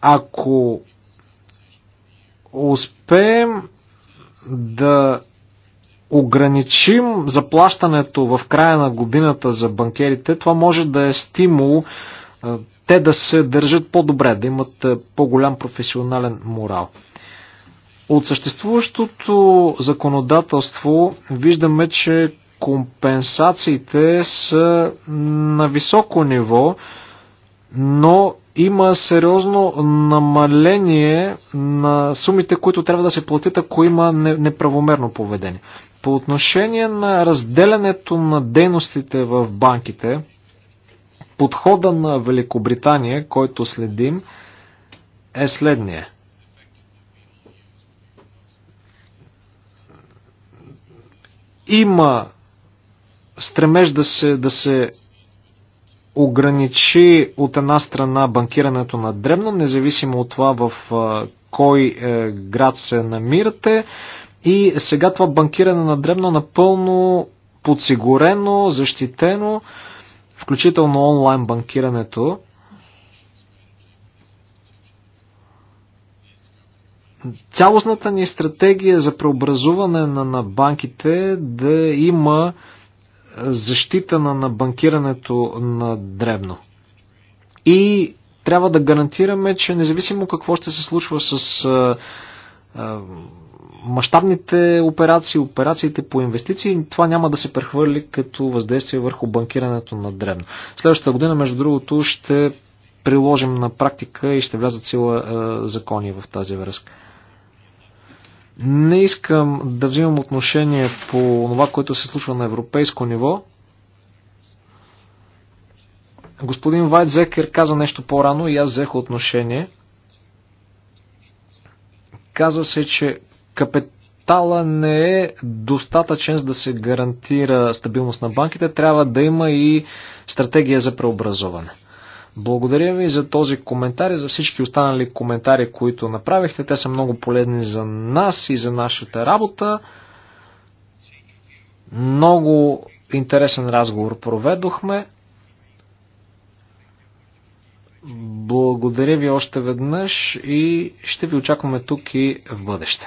Ако успеем да ограничим заплащането в края на годината за банкерите, това може да е стимул е, те да се държат по-добре, да имат е, по-голям професионален морал. От съществуващото законодателство виждаме, че компенсациите са на високо ниво, но има сериозно намаление на сумите, които трябва да се платят, ако има неправомерно поведение. По отношение на разделянето на дейностите в банките, подхода на Великобритания, който следим, е следния. Има стремеж да се, да се ограничи от една страна банкирането на дребно, независимо от това в кой е, град се намирате. И сега това банкиране на дребно напълно подсигурено, защитено, включително онлайн банкирането. Цялостната ни стратегия за преобразуване на, на банките да има защита на, на банкирането на дребно. И трябва да гарантираме, че независимо какво ще се случва с а, а, мащабните операции, операциите по инвестиции, това няма да се прехвърли като въздействие върху банкирането на древно. Следващата година, между другото, ще приложим на практика и ще влязат сила е, закони в тази връзка. Не искам да взимам отношение по това, което се случва на европейско ниво. Господин Вайтзекер каза нещо по-рано и аз взех отношение. Каза се, че Капитала не е достатъчен за да се гарантира стабилност на банките. Трябва да има и стратегия за преобразуване. Благодаря ви за този коментар и за всички останали коментари, които направихте. Те са много полезни за нас и за нашата работа. Много интересен разговор проведохме. Благодаря ви още веднъж и ще ви очакваме тук и в бъдеще.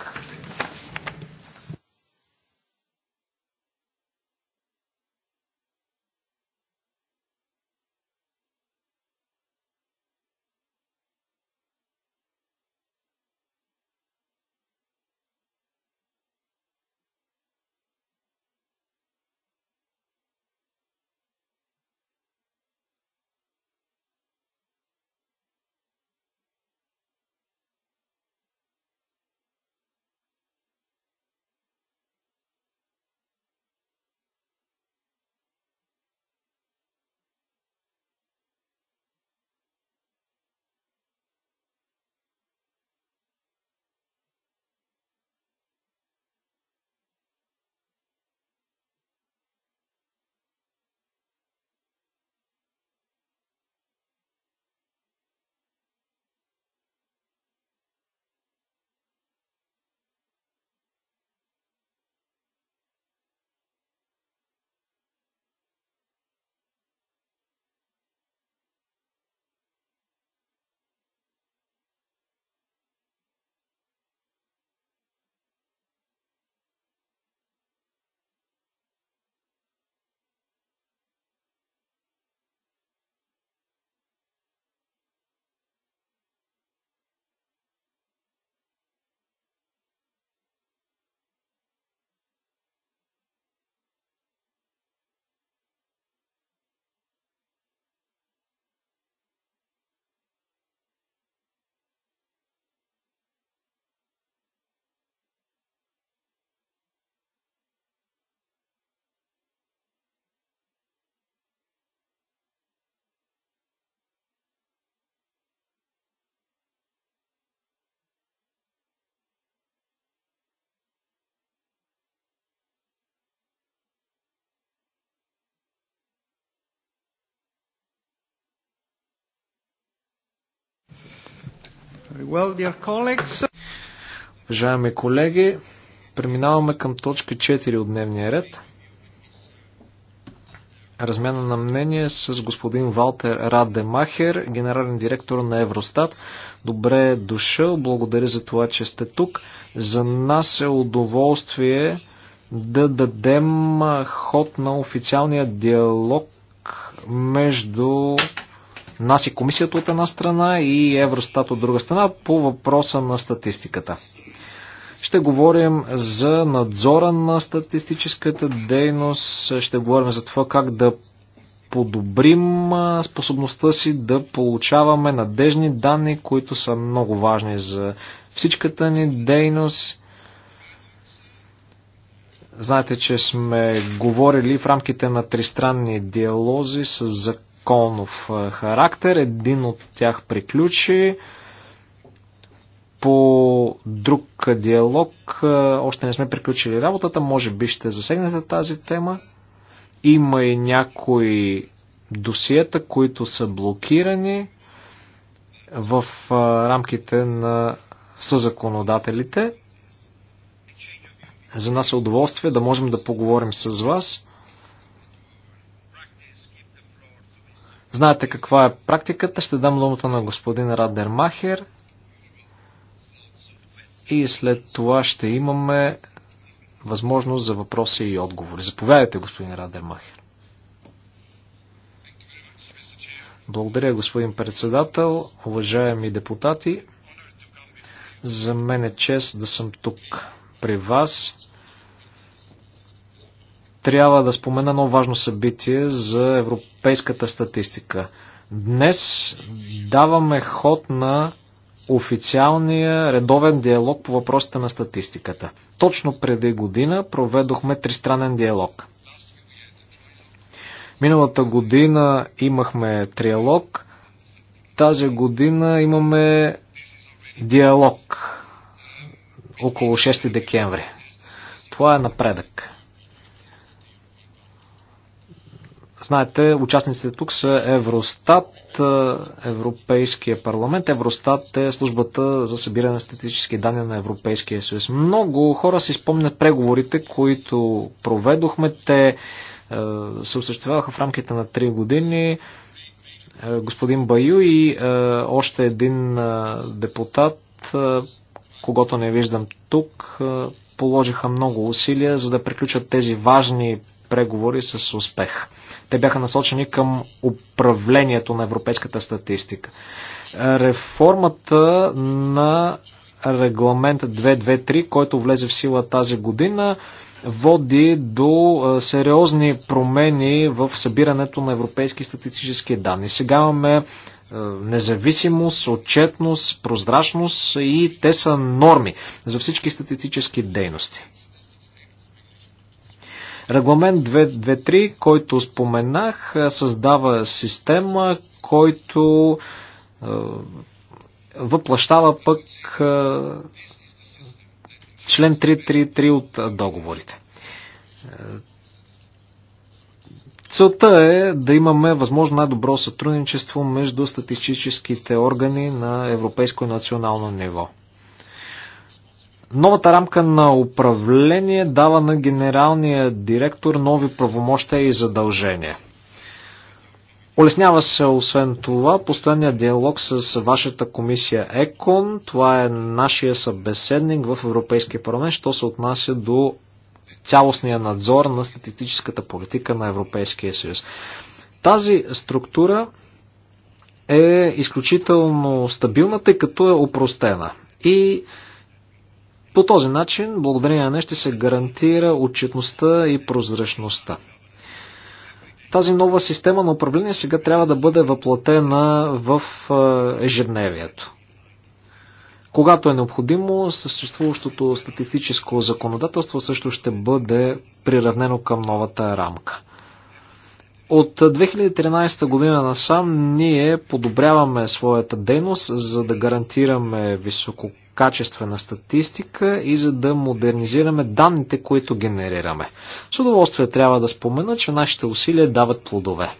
Уважаеми колеги, преминаваме към точка 4 от дневния ред. Размяна на мнение с господин Валтер Радемахер, генерален директор на Евростат. Добре е дошъл, благодаря за това, че сте тук. За нас е удоволствие да дадем ход на официалния диалог между нас и комисията от една страна и Евростат от друга страна по въпроса на статистиката. Ще говорим за надзора на статистическата дейност, ще говорим за това как да подобрим способността си да получаваме надежни данни, които са много важни за всичката ни дейност. Знаете, че сме говорили в рамките на тристранни диалози с законов характер. Един от тях приключи. По друг диалог още не сме приключили работата. Може би ще засегнете тази тема. Има и някои досиета, които са блокирани в рамките на съзаконодателите. За нас е удоволствие да можем да поговорим с вас. Знаете каква е практиката. Ще дам думата на господин Радермахер. И след това ще имаме възможност за въпроси и отговори. Заповядайте, господин Радермахер. Благодаря, господин председател, уважаеми депутати. За мен е чест да съм тук при вас трябва да спомена едно важно събитие за европейската статистика. Днес даваме ход на официалния редовен диалог по въпросите на статистиката. Точно преди година проведохме тристранен диалог. Миналата година имахме триалог, тази година имаме диалог около 6 декември. Това е напредък. Знаете, участниците тук са Евростат, е, Европейския парламент. Евростат е службата за събиране на статистически данни на Европейския съюз. Много хора си спомнят преговорите, които проведохме. Те е, се осъществяваха в рамките на 3 години. Е, господин Баю и още един депутат, когато не виждам тук, положиха много усилия, за да приключат тези важни преговори с успех. Те бяха насочени към управлението на европейската статистика. Реформата на регламент 223, който влезе в сила тази година, води до сериозни промени в събирането на европейски статистически данни. Сега имаме независимост, отчетност, прозрачност и те са норми за всички статистически дейности. Регламент 2.3, който споменах, създава система, който въплащава пък член 333 от договорите. Целта е да имаме възможно най-добро сътрудничество между статистическите органи на европейско и национално ниво. Новата рамка на управление дава на генералния директор нови правомощия и задължения. Олеснява се освен това постоянният диалог с вашата комисия ЕКОН. Това е нашия събеседник в Европейския парламент, що се отнася до цялостния надзор на статистическата политика на Европейския съюз. Тази структура е изключително стабилна, тъй като е опростена и по този начин, благодарение на ще се гарантира отчетността и прозрачността. Тази нова система на управление сега трябва да бъде въплатена в ежедневието. Когато е необходимо, съществуващото статистическо законодателство също ще бъде приравнено към новата рамка. От 2013 година насам ние подобряваме своята дейност, за да гарантираме високо качествена статистика и за да модернизираме данните, които генерираме. С удоволствие трябва да спомена, че нашите усилия дават плодове.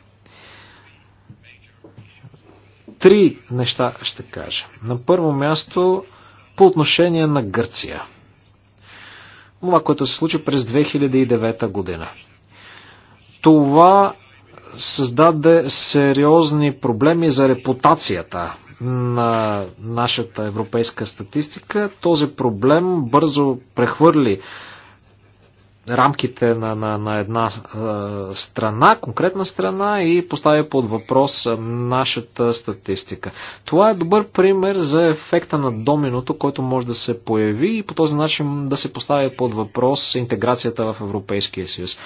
Три неща ще кажа. На първо място по отношение на Гърция. Това, което се случи през 2009 година. Това създаде сериозни проблеми за репутацията на нашата европейска статистика, този проблем бързо прехвърли рамките на, на, на една е, страна, конкретна страна и поставя под въпрос нашата статистика. Това е добър пример за ефекта на доминото, който може да се появи и по този начин да се поставя под въпрос интеграцията в Европейския съюз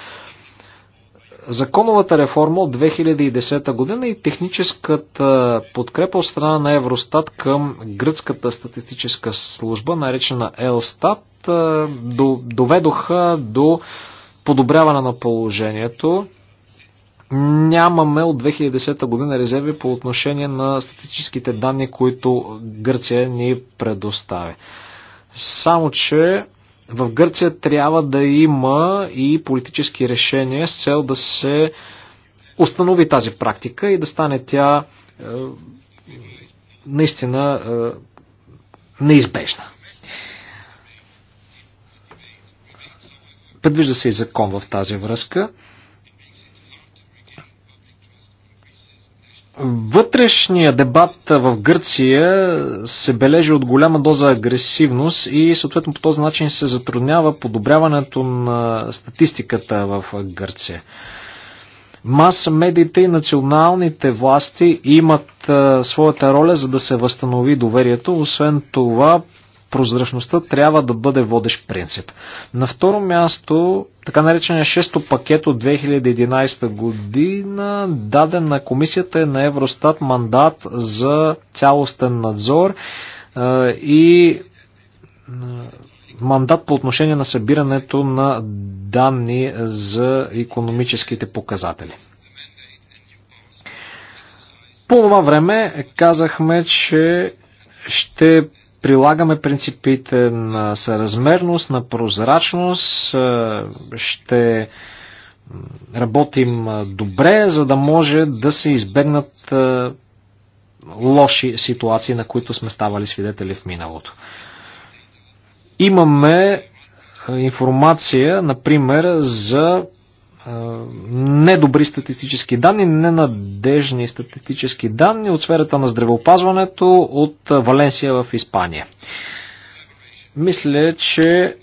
законовата реформа от 2010 година и техническата подкрепа от страна на Евростат към гръцката статистическа служба, наречена Елстат, доведоха до подобряване на положението. Нямаме от 2010 година резерви по отношение на статистическите данни, които Гърция ни предостави. Само, че в Гърция трябва да има и политически решения с цел да се установи тази практика и да стане тя е, наистина е, неизбежна. Предвижда се и закон в тази връзка. Вътрешния дебат в Гърция се бележи от голяма доза агресивност и съответно по този начин се затруднява подобряването на статистиката в Гърция. Маса, медиите и националните власти имат своята роля за да се възстанови доверието. Освен това, прозрачността трябва да бъде водещ принцип. На второ място, така наречения шесто пакет от 2011 година даден на комисията е на Евростат мандат за цялостен надзор и мандат по отношение на събирането на данни за економическите показатели. По това време казахме, че ще прилагаме принципите на съразмерност, на прозрачност, е, ще работим е, добре, за да може да се избегнат е, лоши ситуации, на които сме ставали свидетели в миналото. Имаме информация, например, за недобри статистически данни, ненадежни статистически данни от сферата на здравеопазването от Валенсия в Испания. Мисля, че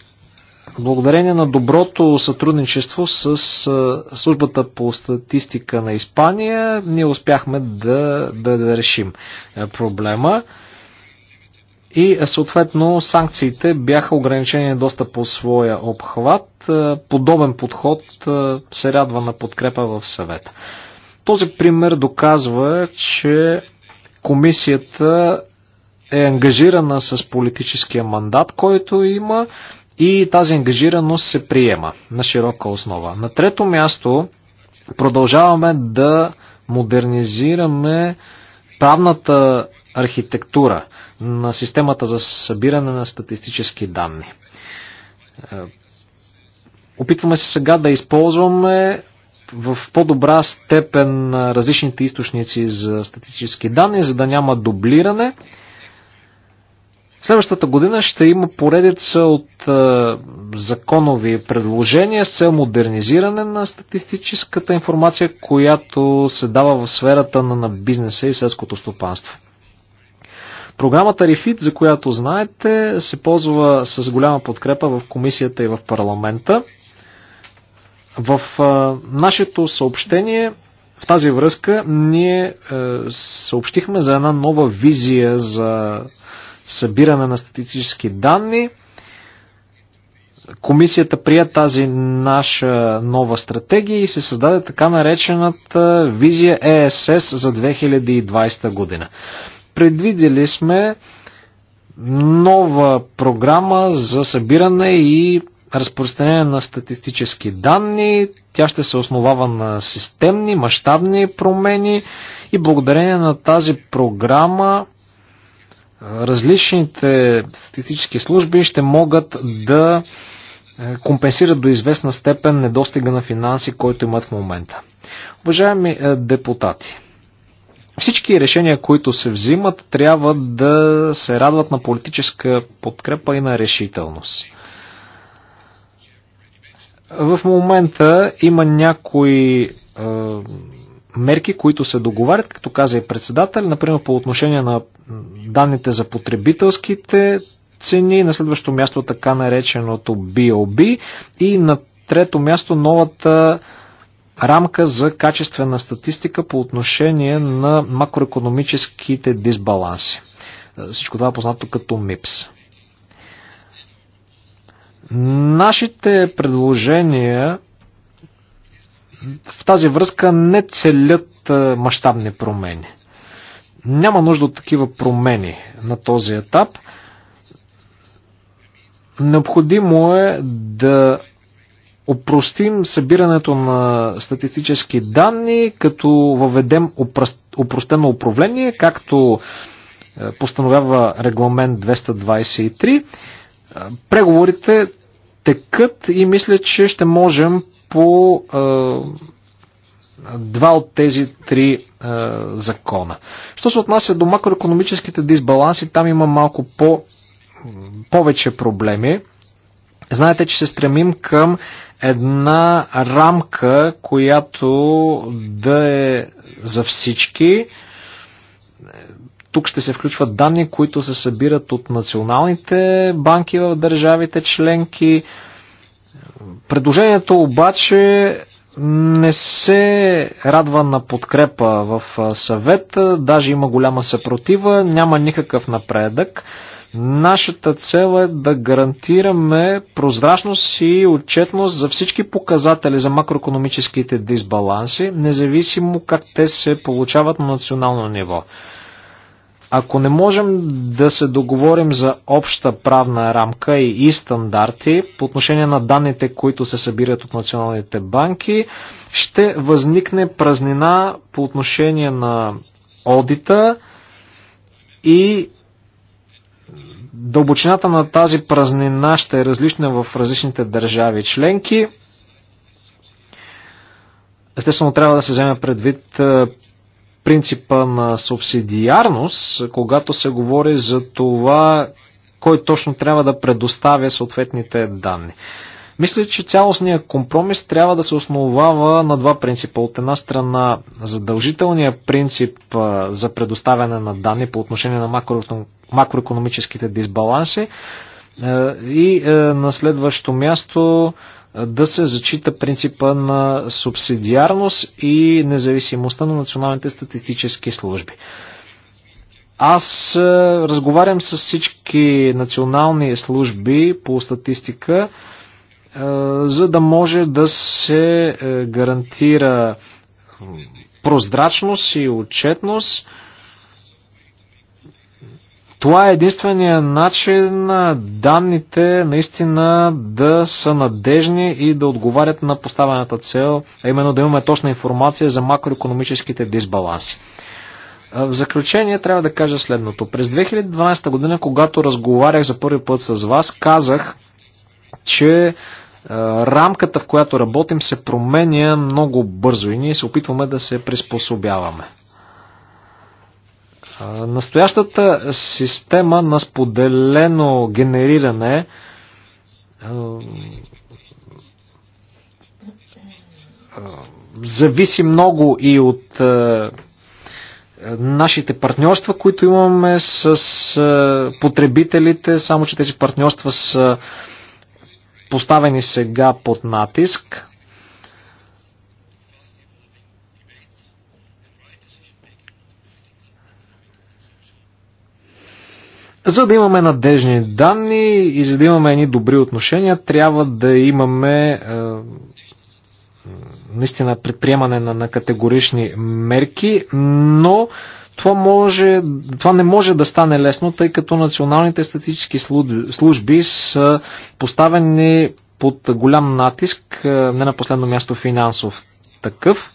благодарение на доброто сътрудничество с службата по статистика на Испания, ние успяхме да, да, да решим проблема и е, съответно санкциите бяха ограничени доста по своя обхват. Е, подобен подход е, се рядва на подкрепа в съвета. Този пример доказва, че комисията е ангажирана с политическия мандат, който има и тази ангажираност се приема на широка основа. На трето място продължаваме да модернизираме правната архитектура на системата за събиране на статистически данни. Е, опитваме се сега да използваме в по-добра степен различните източници за статистически данни, за да няма дублиране. В следващата година ще има поредица от е, законови предложения с цел модернизиране на статистическата информация, която се дава в сферата на, на бизнеса и селското стопанство. Програмата Рефит, за която знаете, се ползва с голяма подкрепа в комисията и в парламента. В а, нашето съобщение в тази връзка ние е, съобщихме за една нова визия за събиране на статистически данни. Комисията прие тази наша нова стратегия и се създаде така наречената визия ЕСС за 2020 година. Предвидели сме нова програма за събиране и разпространение на статистически данни. Тя ще се основава на системни, мащабни промени и благодарение на тази програма различните статистически служби ще могат да е, компенсират до известна степен недостига на финанси, който имат в момента. Уважаеми е, депутати, всички решения, които се взимат, трябва да се радват на политическа подкрепа и на решителност. В момента има някои е, мерки, които се договарят, като каза и председател, например по отношение на данните за потребителските цени, на следващо място така нареченото BOB и на трето място новата е, рамка за качествена статистика по отношение на макроекономическите дисбаланси. Е, всичко това е познато като МИПС. Нашите предложения в тази връзка не целят е, мащабни промени. Няма нужда от такива промени на този етап. Необходимо е да опростим събирането на статистически данни, като въведем опростено управление, както е, постановява регламент 223. Е, преговорите текат и мисля, че ще можем по е, два от тези три е, закона. Що се отнася до макроекономическите дисбаланси, там има малко по, повече проблеми. Знаете, че се стремим към една рамка, която да е за всички. Тук ще се включват данни, които се събират от националните банки в държавите членки. Предложението обаче не се радва на подкрепа в съвет, даже има голяма съпротива, няма никакъв напредък. Нашата цел е да гарантираме прозрачност и отчетност за всички показатели за макроекономическите дисбаланси, независимо как те се получават на национално ниво. Ако не можем да се договорим за обща правна рамка и, и стандарти по отношение на данните, които се събират от националните банки, ще възникне празнина по отношение на одита и Дълбочината на тази празнина ще е различна в различните държави членки. Естествено, трябва да се вземе предвид е, принципа на субсидиарност, когато се говори за това, кой точно трябва да предоставя съответните данни. Мисля, че цялостният компромис трябва да се основава на два принципа. От една страна задължителния принцип за предоставяне на данни по отношение на макро... макроекономическите дисбаланси и на следващо място да се зачита принципа на субсидиарност и независимостта на националните статистически служби. Аз разговарям с всички национални служби по статистика за да може да се е, гарантира прозрачност и отчетност. Това е единствения начин данните наистина да са надежни и да отговарят на поставената цел, а именно да имаме точна информация за макроекономическите дисбаланси. В заключение трябва да кажа следното. През 2012 година, когато разговарях за първи път с вас, казах, че е, рамката, в която работим, се променя много бързо и ние се опитваме да се приспособяваме. Е, настоящата система на споделено генериране е, зависи много и от нашите партньорства, които имаме с потребителите, само че тези партньорства са поставени сега под натиск. За да имаме надежни данни и за да имаме едни добри отношения, трябва да имаме е, наистина предприемане на, на категорични мерки, но е, това, може, това не може да стане лесно, тъй като националните статистически служби са поставени под голям натиск, е, не на последно място финансов такъв.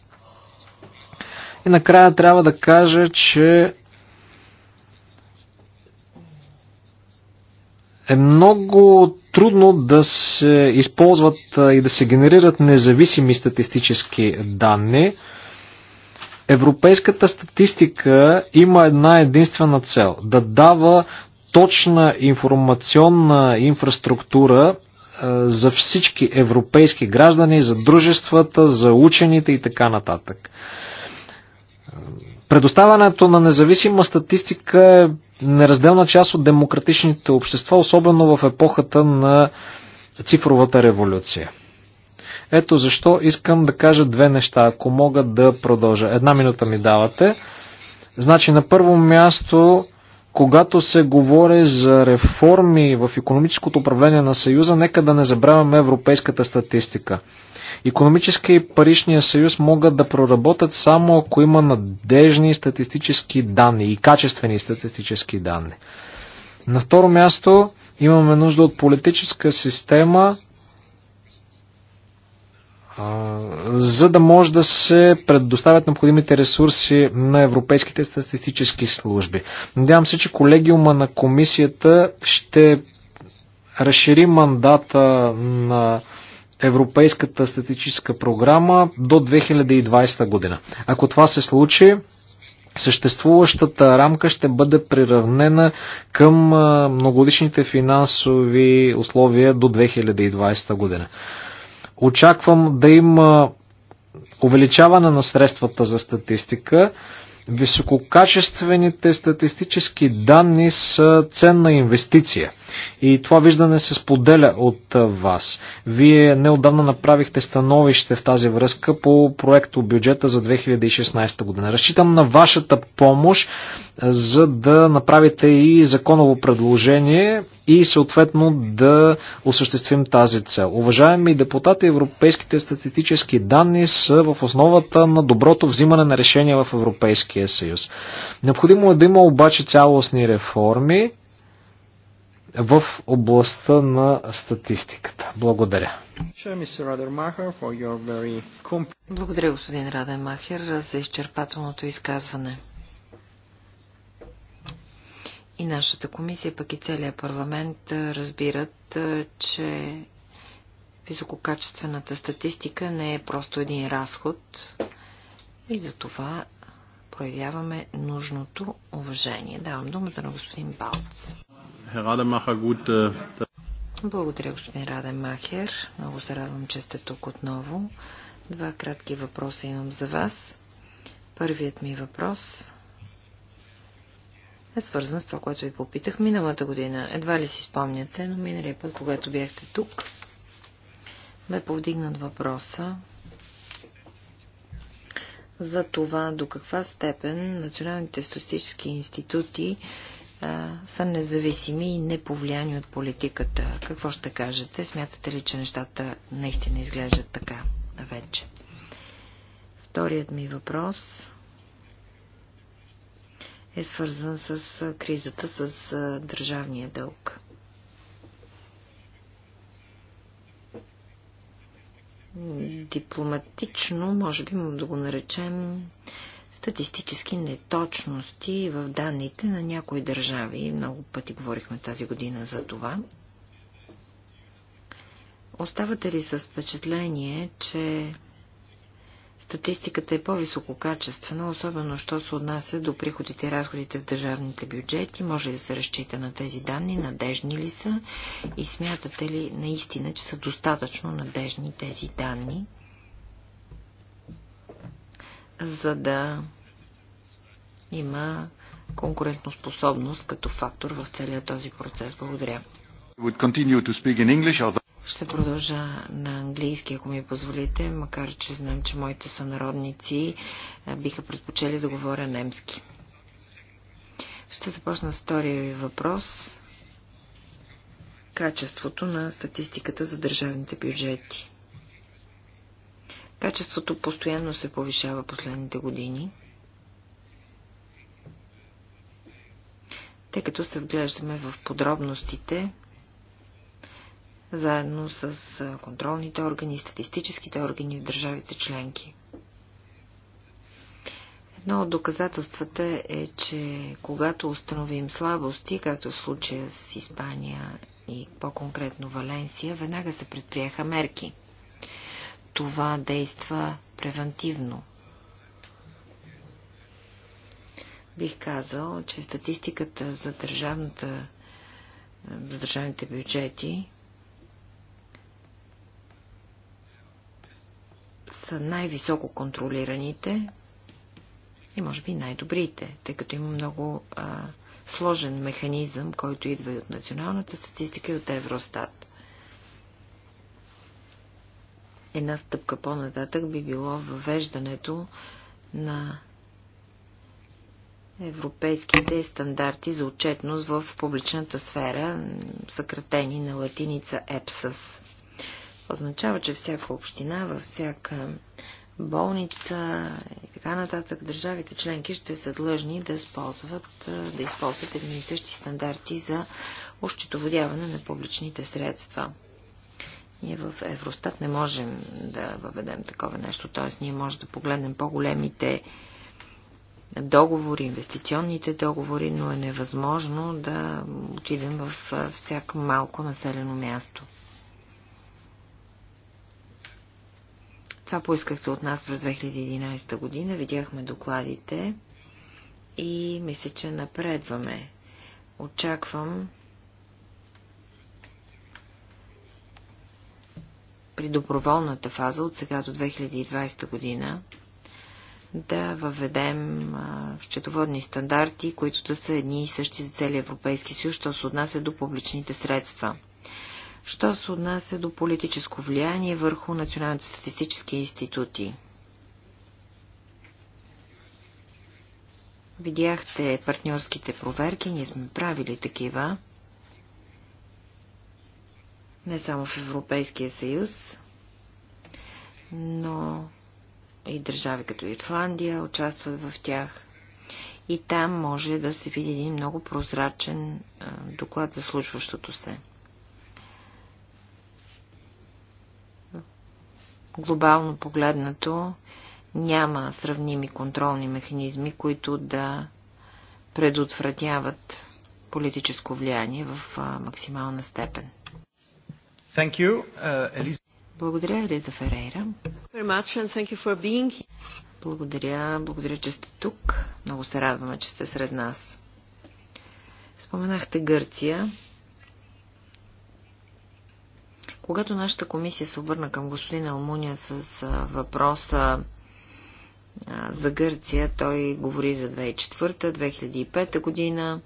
И накрая трябва да кажа, че е много трудно да се използват е, и да се генерират независими статистически данни. Европейската статистика има една единствена цел да дава точна информационна инфраструктура е, за всички европейски граждани, за дружествата, за учените и така нататък. Предоставянето на независима статистика е неразделна част от демократичните общества, особено в епохата на цифровата революция. Ето защо искам да кажа две неща, ако мога да продължа. Една минута ми давате. Значи на първо място, когато се говори за реформи в економическото управление на Съюза, нека да не забравяме европейската статистика. Економическия и паричния съюз могат да проработят само ако има надежни статистически данни и качествени статистически данни. На второ място имаме нужда от политическа система, за да може да се предоставят необходимите ресурси на европейските статистически служби. Надявам се, че колегиума на комисията ще разшири мандата на Европейската статистическа програма до 2020 година. Ако това се случи, съществуващата рамка ще бъде приравнена към многодишните финансови условия до 2020 година. Очаквам да има увеличаване на средствата за статистика. Висококачествените статистически данни са ценна инвестиция. И това виждане се споделя от вас. Вие неодавна направихте становище в тази връзка по проекто бюджета за 2016 година. Разчитам на вашата помощ, за да направите и законово предложение и съответно да осъществим тази цел. Уважаеми депутати, европейските статистически данни са в основата на доброто взимане на решения в Европейския Европейския съюз. Необходимо е да има обаче цялостни реформи в областта на статистиката. Благодаря. Благодаря, господин Махер, за изчерпателното изказване. И нашата комисия, пък и целият парламент разбират, че висококачествената статистика не е просто един разход и за това проявяваме нужното уважение. Давам думата на господин Балц. Е, Благодаря, господин Раден Махер. Много се радвам, че сте тук отново. Два кратки въпроса имам за вас. Първият ми въпрос е свързан с това, което ви попитах миналата година. Едва ли си спомняте, но миналия път, когато бяхте тук, бе повдигнат въпроса за това до каква степен националните статистически институти а, са независими и не повлияни от политиката. Какво ще кажете? Смятате ли, че нещата наистина изглеждат така вече? Вторият ми въпрос е свързан с кризата с държавния дълг. дипломатично, може би да го наречем статистически неточности в данните на някои държави. Много пъти говорихме тази година за това. Оставате ли с впечатление, че Статистиката е по-висококачествена, особено що се отнася до приходите и разходите в държавните бюджети. Може ли да се разчита на тези данни? Надежни ли са? И смятате ли наистина, че са достатъчно надежни тези данни, за да има конкурентоспособност като фактор в целия този процес? Благодаря. Ще продължа на английски, ако ми позволите, макар че знам, че моите сънародници биха предпочели да говоря немски. Ще започна с втория ви въпрос. Качеството на статистиката за държавните бюджети. Качеството постоянно се повишава последните години, тъй като се вглеждаме в подробностите заедно с контролните органи и статистическите органи в държавите членки. Едно от доказателствата е, че когато установим слабости, както в случая с Испания и по-конкретно Валенсия, веднага се предприеха мерки. Това действа превентивно. Бих казал, че статистиката за, държавната, за държавните бюджети са най-високо контролираните и може би най-добрите, тъй като има много а, сложен механизъм, който идва и от националната статистика и от Евростат. Една стъпка по-нататък би било въвеждането на европейските стандарти за отчетност в публичната сфера, съкратени на латиница EPSAS означава, че всяка община, във всяка болница и така нататък, държавите членки ще са длъжни да използват, да използват едни и същи стандарти за ощетоводяване на публичните средства. Ние в Евростат не можем да въведем такова нещо, т.е. ние можем да погледнем по-големите договори, инвестиционните договори, но е невъзможно да отидем в всяко малко населено място. Това поискахте от нас през 2011 година. Видяхме докладите и мисля, че напредваме. Очаквам при доброволната фаза от сега до 2020 година да въведем счетоводни стандарти, които да са едни и същи за целия Европейски съюз, що се отнася до публичните средства що се отнася до политическо влияние върху националните статистически институти. Видяхте партньорските проверки, ние сме правили такива, не само в Европейския съюз, но и държави като Исландия участват в тях. И там може да се види един много прозрачен доклад за случващото се. Глобално погледнато няма сравними контролни механизми, които да предотвратяват политическо влияние в максимална степен. Thank you, uh, Благодаря, Елиза Ферейра. Благодаря, благодаря, че сте тук. Много се радваме, че сте сред нас. Споменахте Гърция. Когато нашата комисия се обърна към господин Алмуния с въпроса за Гърция, той говори за 2004-2005 година.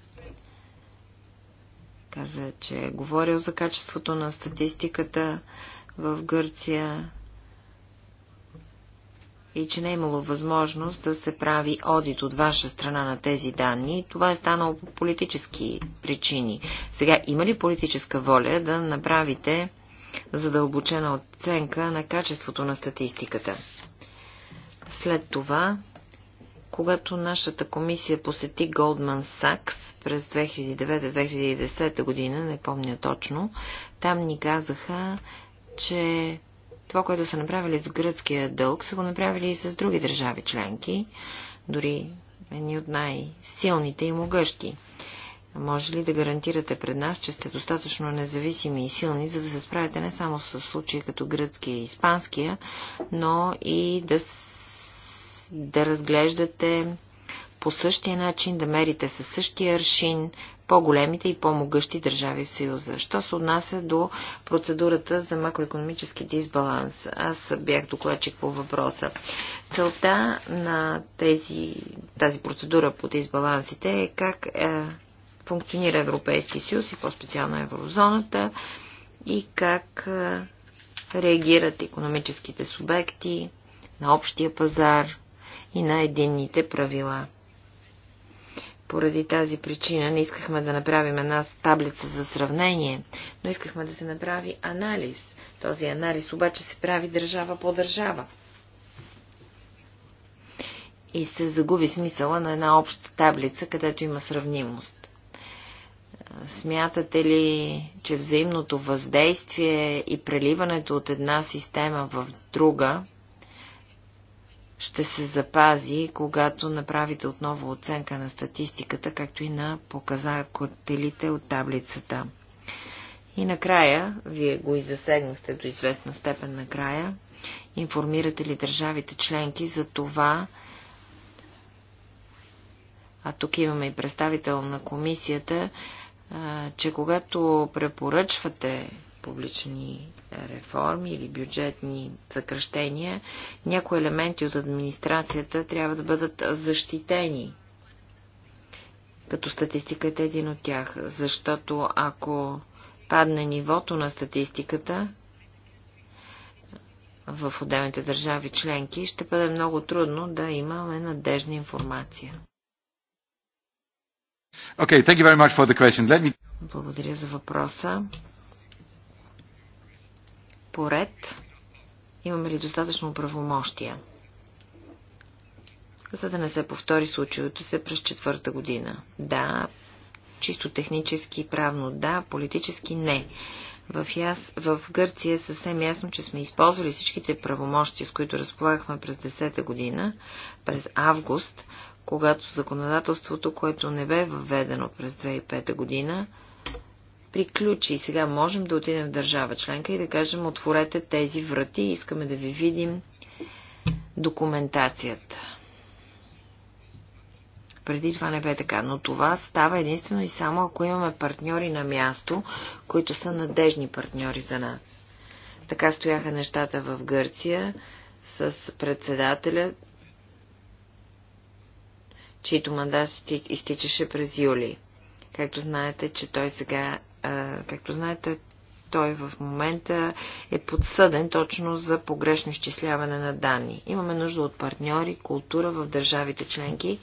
Каза, че е говорил за качеството на статистиката в Гърция и че не е имало възможност да се прави одит от ваша страна на тези данни. Това е станало по политически причини. Сега има ли политическа воля да направите задълбочена оценка на качеството на статистиката. След това, когато нашата комисия посети Goldman Sachs през 2009-2010 година, не помня точно, там ни казаха, че това, което са направили с гръцкия дълг, са го направили и с други държави членки, дори едни от най-силните и могъщи. Може ли да гарантирате пред нас, че сте достатъчно независими и силни, за да се справите не само с случаи като гръцкия и испанския, но и да, да разглеждате по същия начин, да мерите със същия аршин по-големите и по-могъщи държави в Съюза. Що се отнася до процедурата за макроекономически дисбаланс? Аз бях докладчик по въпроса. Целта на тези, тази процедура по дисбалансите е как е, функционира Европейски съюз и по-специално еврозоната и как реагират економическите субекти на общия пазар и на единните правила. Поради тази причина не искахме да направим една таблица за сравнение, но искахме да се направи анализ. Този анализ обаче се прави държава по държава. И се загуби смисъла на една обща таблица, където има сравнимост. Смятате ли, че взаимното въздействие и преливането от една система в друга ще се запази, когато направите отново оценка на статистиката, както и на показателите от таблицата? И накрая, вие го и засегнахте до известна степен накрая, информирате ли държавите членки за това, а тук имаме и представител на комисията, че когато препоръчвате публични реформи или бюджетни съкръщения, някои елементи от администрацията трябва да бъдат защитени. Като статистиката е един от тях, защото ако падне нивото на статистиката в отделните държави членки, ще бъде много трудно да имаме надежна информация. Okay, thank you very much for the question. Let me... Благодаря за въпроса. Поред, имаме ли достатъчно правомощия? За да не се повтори случилото се през четвърта година. Да, чисто технически и правно да, политически не. В, яс... в Гърция е съвсем ясно, че сме използвали всичките правомощи, с които разполагахме през 10-та година, през август, когато законодателството, което не бе въведено през 2005 година, приключи. Сега можем да отидем в държава членка и да кажем, отворете тези врати, и искаме да ви видим документацията. Преди това не бе така, но това става единствено и само ако имаме партньори на място, които са надежни партньори за нас. Така стояха нещата в Гърция с председателя чийто мандат изтичаше през юли. Както знаете, че той сега, както знаете, той в момента е подсъден точно за погрешно изчисляване на данни. Имаме нужда от партньори, култура в държавите членки,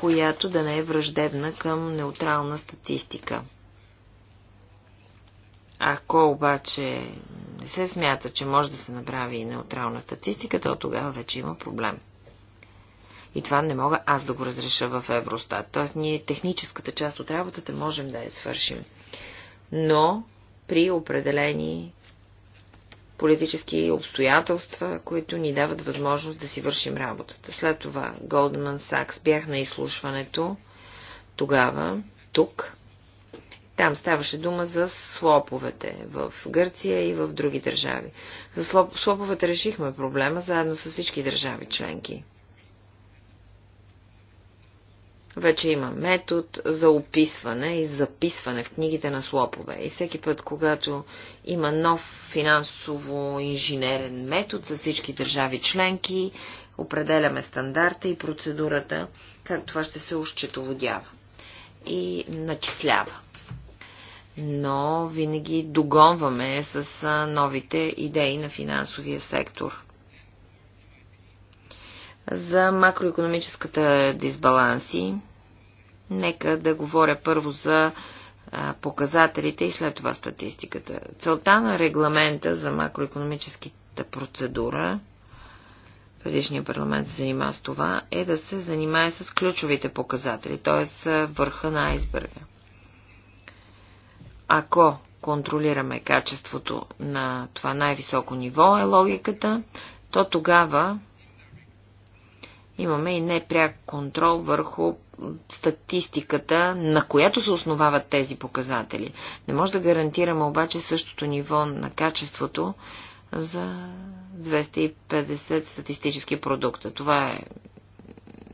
която да не е враждебна към неутрална статистика. Ако обаче не се смята, че може да се направи и неутрална статистика, то тогава вече има проблем. И това не мога аз да го разреша в Евростат. Тоест, ние техническата част от работата можем да я свършим. Но при определени политически обстоятелства, които ни дават възможност да си вършим работата. След това Голдман Сакс бях на изслушването тогава, тук. Там ставаше дума за слоповете в Гърция и в други държави. За слоповете решихме проблема заедно с всички държави членки. Вече има метод за описване и записване в книгите на слопове. И всеки път, когато има нов финансово-инженерен метод за всички държави членки, определяме стандарта и процедурата, как това ще се ощетоводява и начислява. Но винаги догонваме с новите идеи на финансовия сектор – за макроекономическата дисбаланси, нека да говоря първо за показателите и след това статистиката. Целта на регламента за макроекономическата процедура, предишния парламент се занимава с това, е да се занимае с ключовите показатели, т.е. върха на айсберга. Ако контролираме качеството на това най-високо ниво, е логиката, то тогава Имаме и непряк контрол върху статистиката, на която се основават тези показатели. Не може да гарантираме обаче същото ниво на качеството за 250 статистически продукта. Това е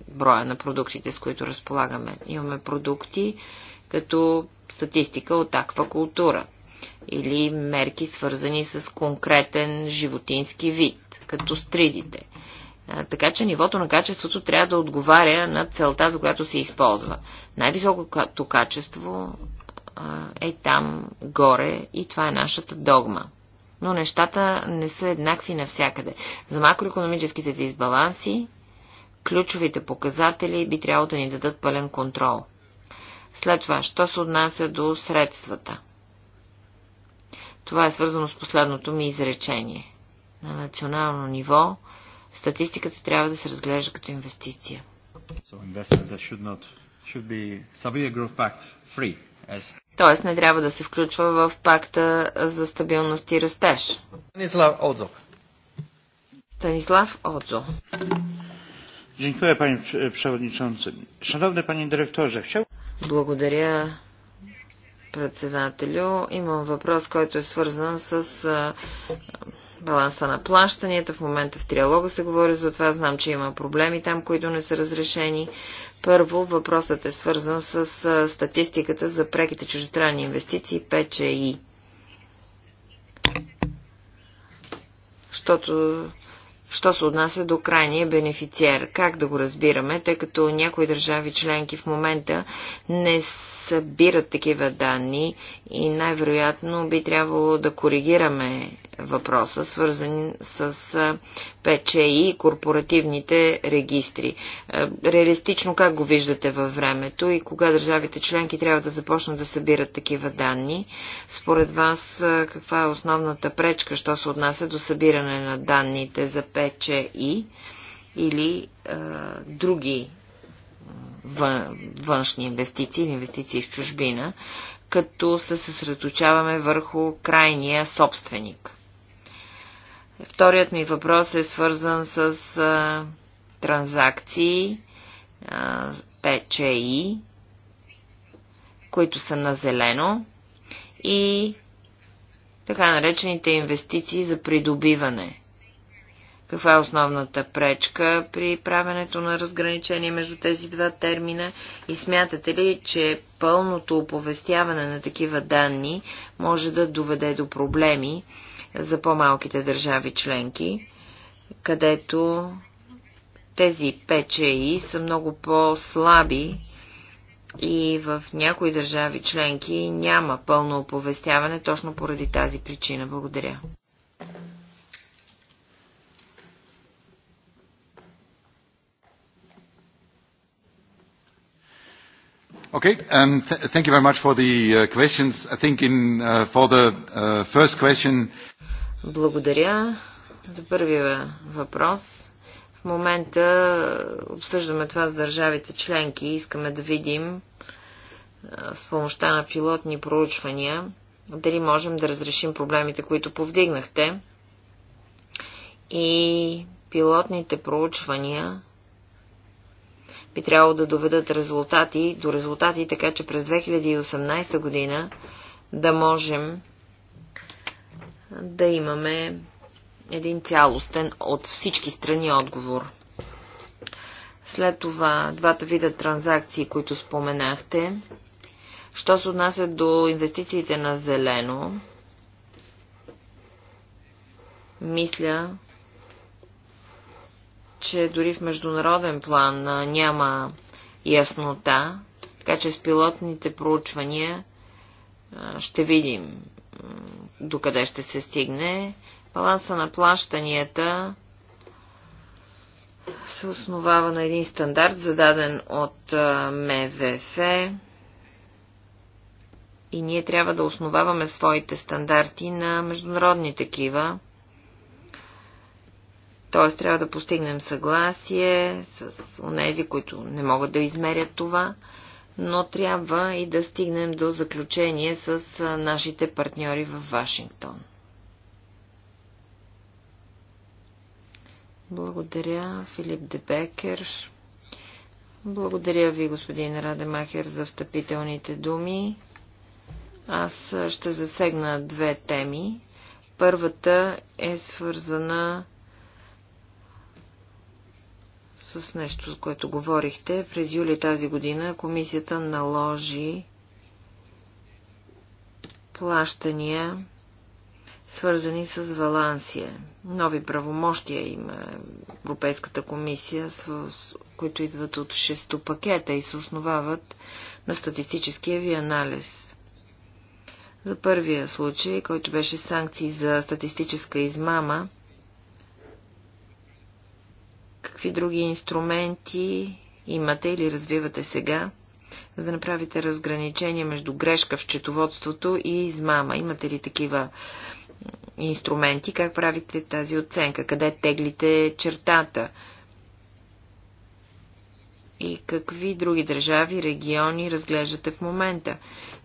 броя на продуктите, с които разполагаме. Имаме продукти като статистика от аквакултура или мерки свързани с конкретен животински вид, като стридите така че нивото на качеството трябва да отговаря на целта, за която се използва. Най-високото качество е там горе и това е нашата догма. Но нещата не са еднакви навсякъде. За макроекономическите дисбаланси, ключовите показатели би трябвало да ни дадат пълен контрол. След това, що се отнася до средствата? Това е свързано с последното ми изречение. На национално ниво Статистиката трябва да се разглежда като инвестиция. Тоест не трябва да се включва в пакта за стабилност и растеж. Станислав Одзо. Станислав Одзо. Благодаря, председателю. Имам въпрос, който е свързан с баланса на плащанията. В момента в триалога се говори за това. Знам, че има проблеми там, които не са разрешени. Първо, въпросът е свързан с статистиката за преките чуждестранни инвестиции ПЧИ. Щото що се отнася до крайния бенефициер. Как да го разбираме, тъй като някои държави членки в момента не събират такива данни и най-вероятно би трябвало да коригираме въпроса, свързан с ПЧИ и корпоративните регистри. Реалистично как го виждате във времето и кога държавите членки трябва да започнат да събират такива данни? Според вас каква е основната пречка, що се отнася до събиране на данните за ПЧИ или е, други външни инвестиции или инвестиции в чужбина, като се съсредоточаваме върху крайния собственик. Вторият ми въпрос е свързан с а, транзакции а, ПЧИ, които са на зелено и така наречените инвестиции за придобиване. Каква е основната пречка при правенето на разграничение между тези два термина и смятате ли, че пълното оповестяване на такива данни може да доведе до проблеми за по-малките държави членки, където тези ПЧИ са много по-слаби и в някои държави членки няма пълно оповестяване точно поради тази причина. Благодаря. Okay. Thank you very much for the uh, questions. I think in uh, for the uh, first question. Благодаря за първия въпрос. В момента э, обсъждаме това с държавите членки. Искаме да видим э, с помощта на пилотни проучвания дали можем да разрешим проблемите, които повдигнахте. И пилотните проучвания би трябвало да доведат резултати, до резултати, така че през 2018 година да можем да имаме един цялостен от всички страни отговор. След това двата вида транзакции, които споменахте, що се отнася до инвестициите на зелено, мисля, че дори в международен план няма яснота, така че с пилотните проучвания ще видим докъде ще се стигне. Баланса на плащанията се основава на един стандарт, зададен от МВФ. И ние трябва да основаваме своите стандарти на международни такива. Т.е. трябва да постигнем съгласие с онези, които не могат да измерят това, но трябва и да стигнем до заключение с нашите партньори в Вашингтон. Благодаря, Филип Дебекер. Благодаря ви, господин Радемахер, за встъпителните думи. Аз ще засегна две теми. Първата е свързана с нещо, с което говорихте. През юли тази година комисията наложи плащания, свързани с Валансия. Нови правомощия има Европейската комисия, с, които идват от шесто пакета и се основават на статистическия ви анализ. За първия случай, който беше санкции за статистическа измама, Какви други инструменти имате или развивате сега, за да направите разграничение между грешка в счетоводството и измама? Имате ли такива инструменти? Как правите тази оценка? Къде теглите чертата? и какви други държави, региони разглеждате в момента.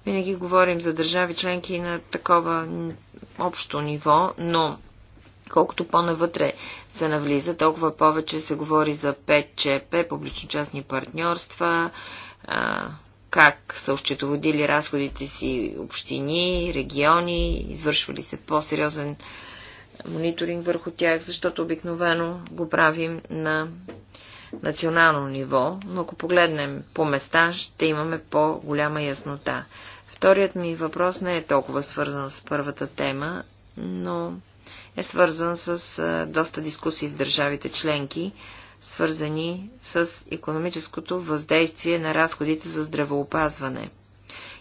Винаги говорим за държави членки на такова общо ниво, но Колкото по-навътре се навлиза, толкова повече се говори за 5ЧП, публично-частни партньорства, как са ощетоводили разходите си общини, региони, извършвали се по-сериозен мониторинг върху тях, защото обикновено го правим на национално ниво, но ако погледнем по места, ще имаме по-голяма яснота. Вторият ми въпрос не е толкова свързан с първата тема, но е свързан с доста дискусии в държавите членки, свързани с економическото въздействие на разходите за здравеопазване –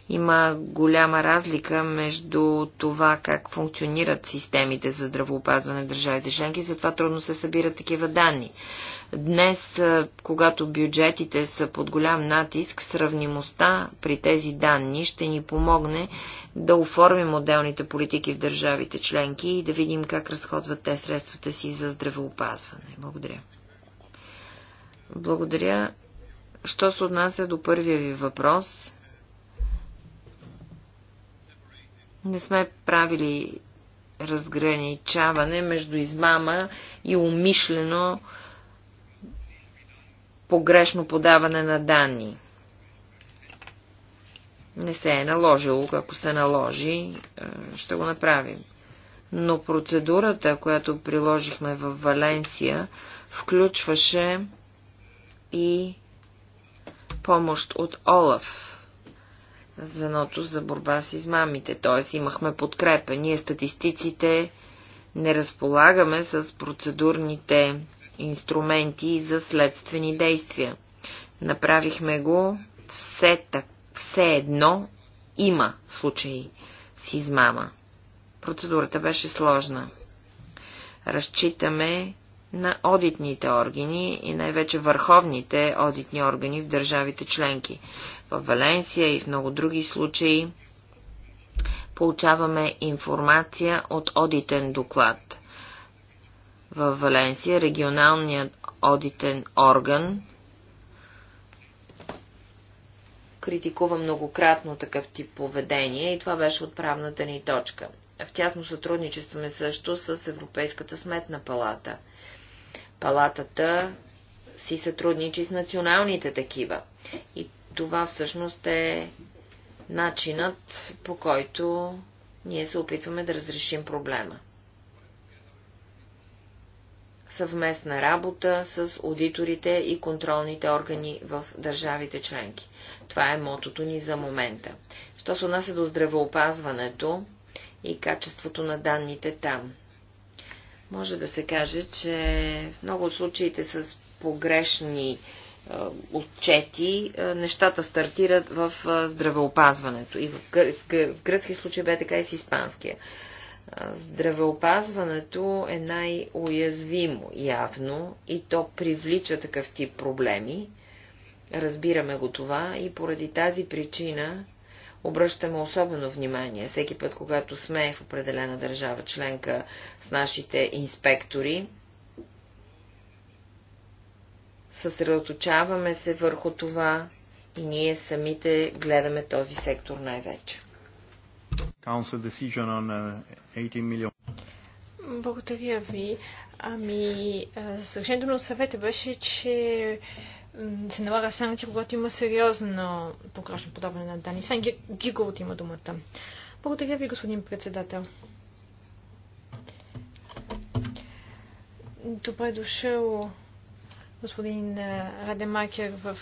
има голяма разлика между това как функционират системите за здравоопазване в държавите членки, затова трудно се събират такива данни. Днес, когато бюджетите са под голям натиск, сравнимостта при тези данни ще ни помогне да оформим отделните политики в държавите членки и да видим как разходват те средствата си за здравеопазване. Благодаря. Благодаря. Що се отнася до първия ви въпрос, Не сме правили разграничаване между измама и умишлено погрешно подаване на данни. Не се е наложило, ако се наложи, е, ще го направим. Но процедурата, която приложихме в Валенсия, включваше и помощ от Олаф звеното за борба с измамите, т.е. имахме подкрепа. Ние статистиците не разполагаме с процедурните инструменти за следствени действия. Направихме го все, так, все едно има случаи с измама. Процедурата беше сложна. Разчитаме на одитните органи и най-вече върховните одитни органи в държавите членки. В Валенсия и в много други случаи получаваме информация от одитен доклад. В Валенсия регионалният одитен орган критикува многократно такъв тип поведение и това беше отправната ни точка. В тясно сътрудничестваме също с Европейската сметна палата – Палатата си сътрудничи с националните такива. И това всъщност е начинът, по който ние се опитваме да разрешим проблема. Съвместна работа с аудиторите и контролните органи в държавите членки. Това е мотото ни за момента. Що се отнася до здравеопазването и качеството на данните там – може да се каже, че в много от случаите с погрешни е, отчети, е, нещата стартират в е, здравеопазването. И в, в гръцки случай бе така и с испанския. Здравеопазването е най-уязвимо явно и то привлича такъв тип проблеми. Разбираме го това и поради тази причина обръщаме особено внимание. Всеки път, когато сме в определена държава членка с нашите инспектори, съсредоточаваме се върху това и ние самите гледаме този сектор най-вече. Uh, Благодаря ви. Ами, съвършението на съвета беше, че се налага санкция, когато има сериозно погрешно подаване на данни. Свен Гиголт има думата. Благодаря ви, господин председател. Добре дошъл господин Радемакер в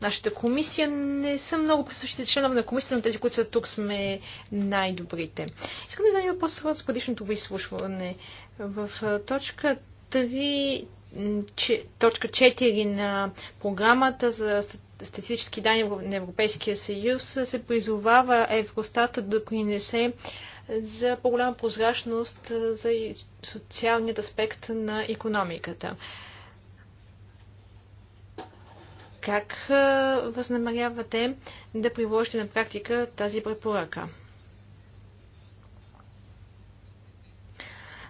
нашата комисия. Не съм много присъщите членове на комисията, но тези, които са тук, сме най-добрите. Искам да задам въпрос с предишното ви изслушване. В точка точка 4 на програмата за статистически данни на Европейския съюз се призовава Евростата да принесе за по-голяма прозрачност за социалният аспект на економиката. Как възнамерявате да приложите на практика тази препоръка?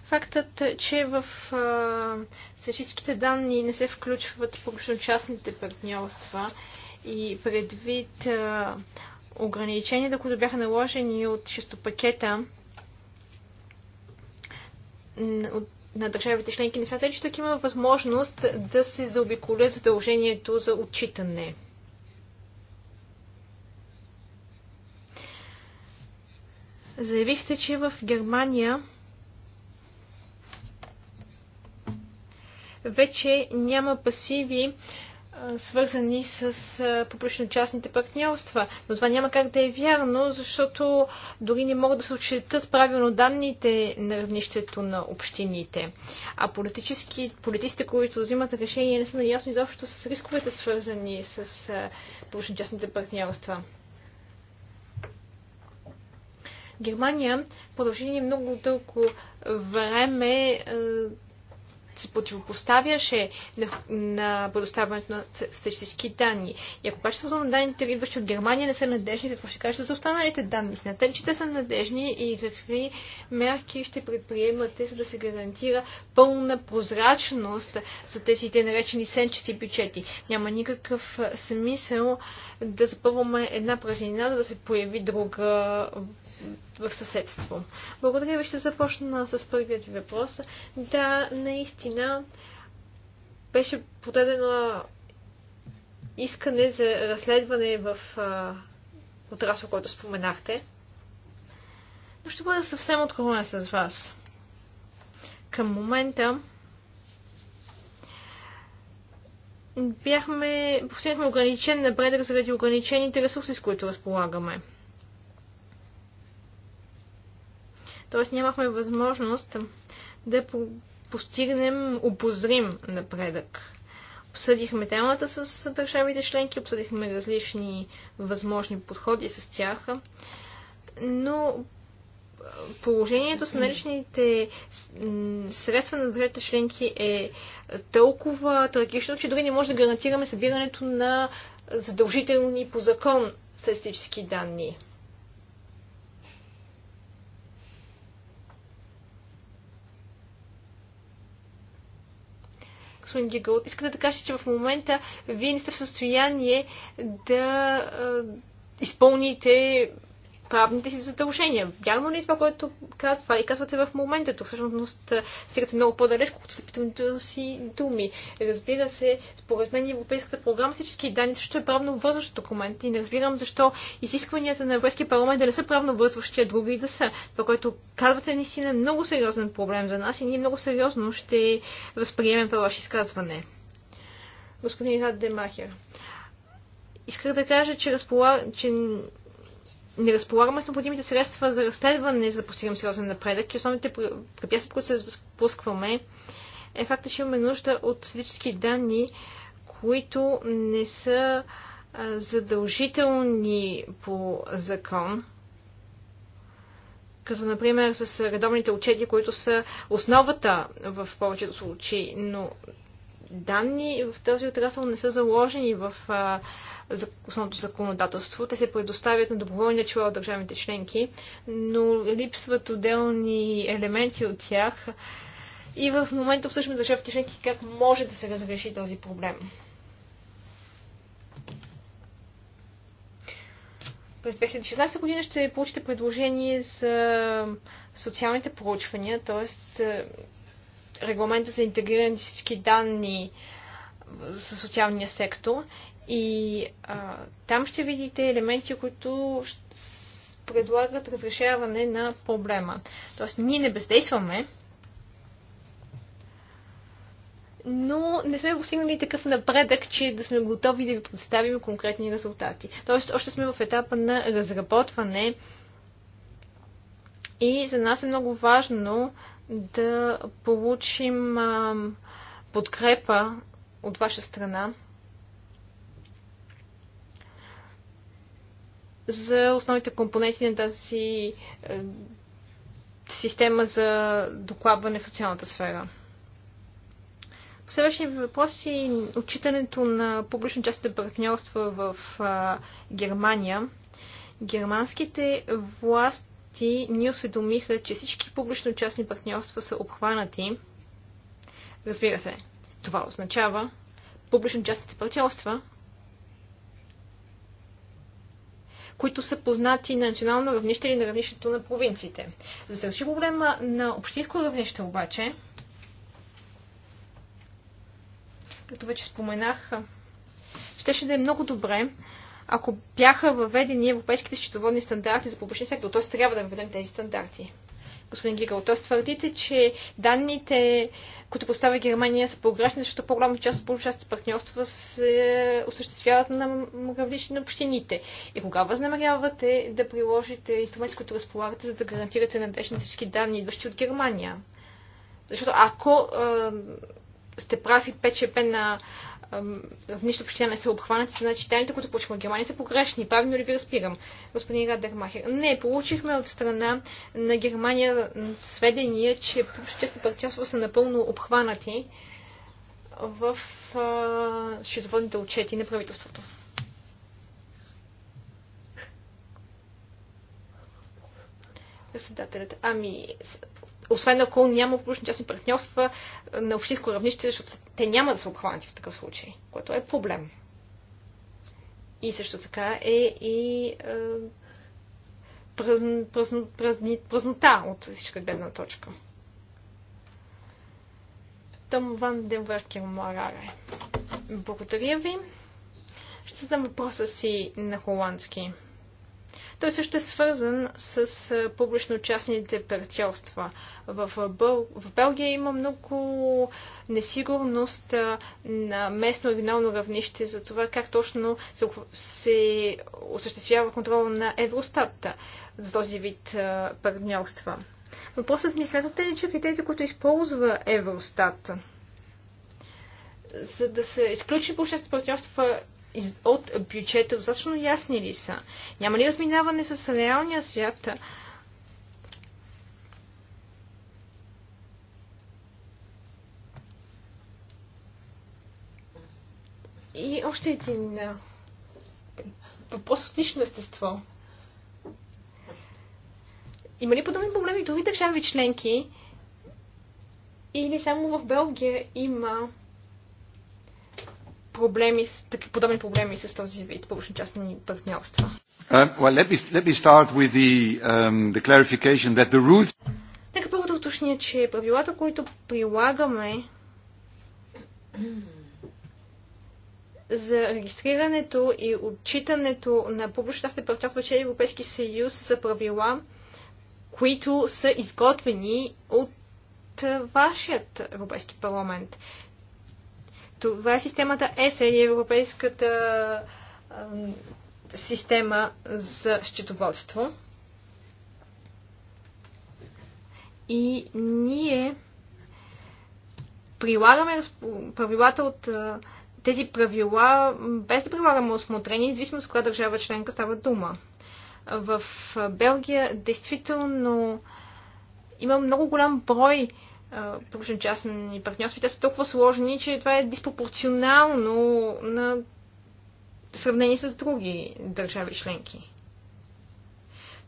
Фактът, че в статистическите данни не се включват публично-частните партньорства и предвид а, ограниченията, които бяха наложени от шестопакета на държавите членки, не смятате, че тук има възможност да се заобиколят задължението за отчитане? Заявихте, че в Германия вече няма пасиви, свързани с публично-частните партньорства. Но това няма как да е вярно, защото дори не могат да се отчетат правилно данните на равнището на общините. А политически, политиците, които взимат решение, не са наясно изобщо с рисковете, свързани с публично-частните партньорства. Германия в продължение много дълго време се противопоставяше на, на предоставянето на статистически данни. И ако качеството на данните, идващи от Германия, не са надежни, какво ще кажете за останалите данни? Смятате ли, че те са надежни и какви мерки ще предприемате, за да се гарантира пълна прозрачност за тези те наречени сенчести бюджети? Няма никакъв смисъл да запълваме една празнина, за да се появи друга в съседство. Благодаря ви, ще започна с първият ви въпрос. Да, наистина беше подадено искане за разследване в а, отрасъл, който споменахте. Но ще бъда съвсем откровен с вас. Към момента бяхме, постигнахме ограничен напредък заради ограничените ресурси, с които разполагаме. Т.е. нямахме възможност да постигнем обозрим напредък. Обсъдихме темата с държавите членки, обсъдихме различни възможни подходи с тях, но положението с наличните средства на държавите членки е толкова трагично, че дори не може да гарантираме събирането на задължителни по закон статистически данни. господин искате да кажете, че в момента вие не сте в състояние да изпълните правните си задължения. Вярно ли е това, което казва, и казвате в момента? Тук всъщност стигате много по-далеч, колкото са питането си думи. Разбира се, според мен Европейската програма всички данни също е правно вързващ документ и не разбирам защо изискванията на Европейския парламент да не са правно вързващи, а други да са. Това, което казвате, наистина е много сериозен проблем за нас и ние много сериозно ще възприемем това ваше изказване. Господин Рад Демахер. Исках да кажа, че, разполаг... че не разполагаме с необходимите средства за разследване, за да постигам сериозен напредък и основните препятствия, които се спускваме, е факта, че имаме нужда от статически данни, които не са задължителни по закон, като например с редовните отчети, които са основата в повечето случаи, но данни в този отрасъл не са заложени в за основното законодателство. Те се предоставят на доброволния чула от държавите членки, но липсват отделни елементи от тях. И в момента всъщност държавите членки как може да се разреши този проблем. през 2016 година ще получите предложение за социалните проучвания, т.е. регламента за на всички данни за социалния сектор и а, там ще видите елементи, които предлагат разрешаване на проблема. Тоест, ние не бездействаме, но не сме постигнали такъв напредък, че да сме готови да ви представим конкретни резултати. Тоест, още сме в етапа на разработване и за нас е много важно да получим а, подкрепа от ваша страна за основните компоненти на тази е, система за докладване в социалната сфера. Следващия въпрос е отчитането на публично-частните партньорства в а, Германия. Германските власти ни осведомиха, че всички публично-частни партньорства са обхванати. Разбира се, това означава публично-частните партньорства които са познати на национално равнище или на равнището на провинциите. За да се реши проблема на общинско равнище обаче, като вече споменах, щеше да е много добре, ако бяха въведени европейските счетоводни стандарти за публичния сектор, т.е. трябва да въведем тези стандарти господин Гигал, Тоест твърдите, че данните, които поставя Германия, са погрешни, защото по-голяма част от получаващите партньорства се осъществяват на равнище на общините. И кога възнамерявате да приложите инструменти, които разполагате, за да гарантирате надежни всички данни, идващи от Германия? Защото ако а, сте прави ПЧП на нищо почти не са обхванати, значи тайните, които получихме от Германия, са погрешни. Правилно ли ви разбирам, господин Радермахер? Не, получихме от страна на Германия сведения, че публично партньорства са напълно обхванати в а, счетоводните отчети на правителството. Председателят. Ами, освен ако няма публично-частни партньорства е, на общинско равнище, защото те няма да са обхванати в такъв случай, което е проблем. И също така е и е, празн, празн, празни, празнота от всичка гледна точка. Том Ван Денверкер Мараре. Благодаря ви. Ще задам въпроса си на холандски. Той също е свързан с публично-частните партньорства. В, Бъл... в Белгия има много несигурност на местно-регионално равнище за това как точно се осъществява контрол на Евростат за този вид партньорства. Въпросът ми смятате ли, че критерите, които използва Евростат, за да се изключи по партньорства от бюджета достатъчно ясни ли са? Няма ли разминаване с реалния свят? И още един въпрос от лично естество. Има ли подобни проблеми в други държави членки? Или само в Белгия има проблеми, подобни проблеми с този вид публично-частни партньорства? Uh, well, let me, let me start with the, um, the clarification that the rules... Нека първо да уточня, че правилата, които прилагаме за регистрирането и отчитането на публично-частни партньорства в Европейски съюз са правила, които са изготвени от вашият Европейски парламент. Това е системата ЕСЕН и Европейската система за счетоводство. И ние прилагаме правилата от тези правила, без да прилагаме осмотрение, независимо от коя държава членка става дума. В Белгия действително има много голям брой публично-частни партньорства. Те са толкова сложни, че това е диспропорционално на сравнение с други държави членки.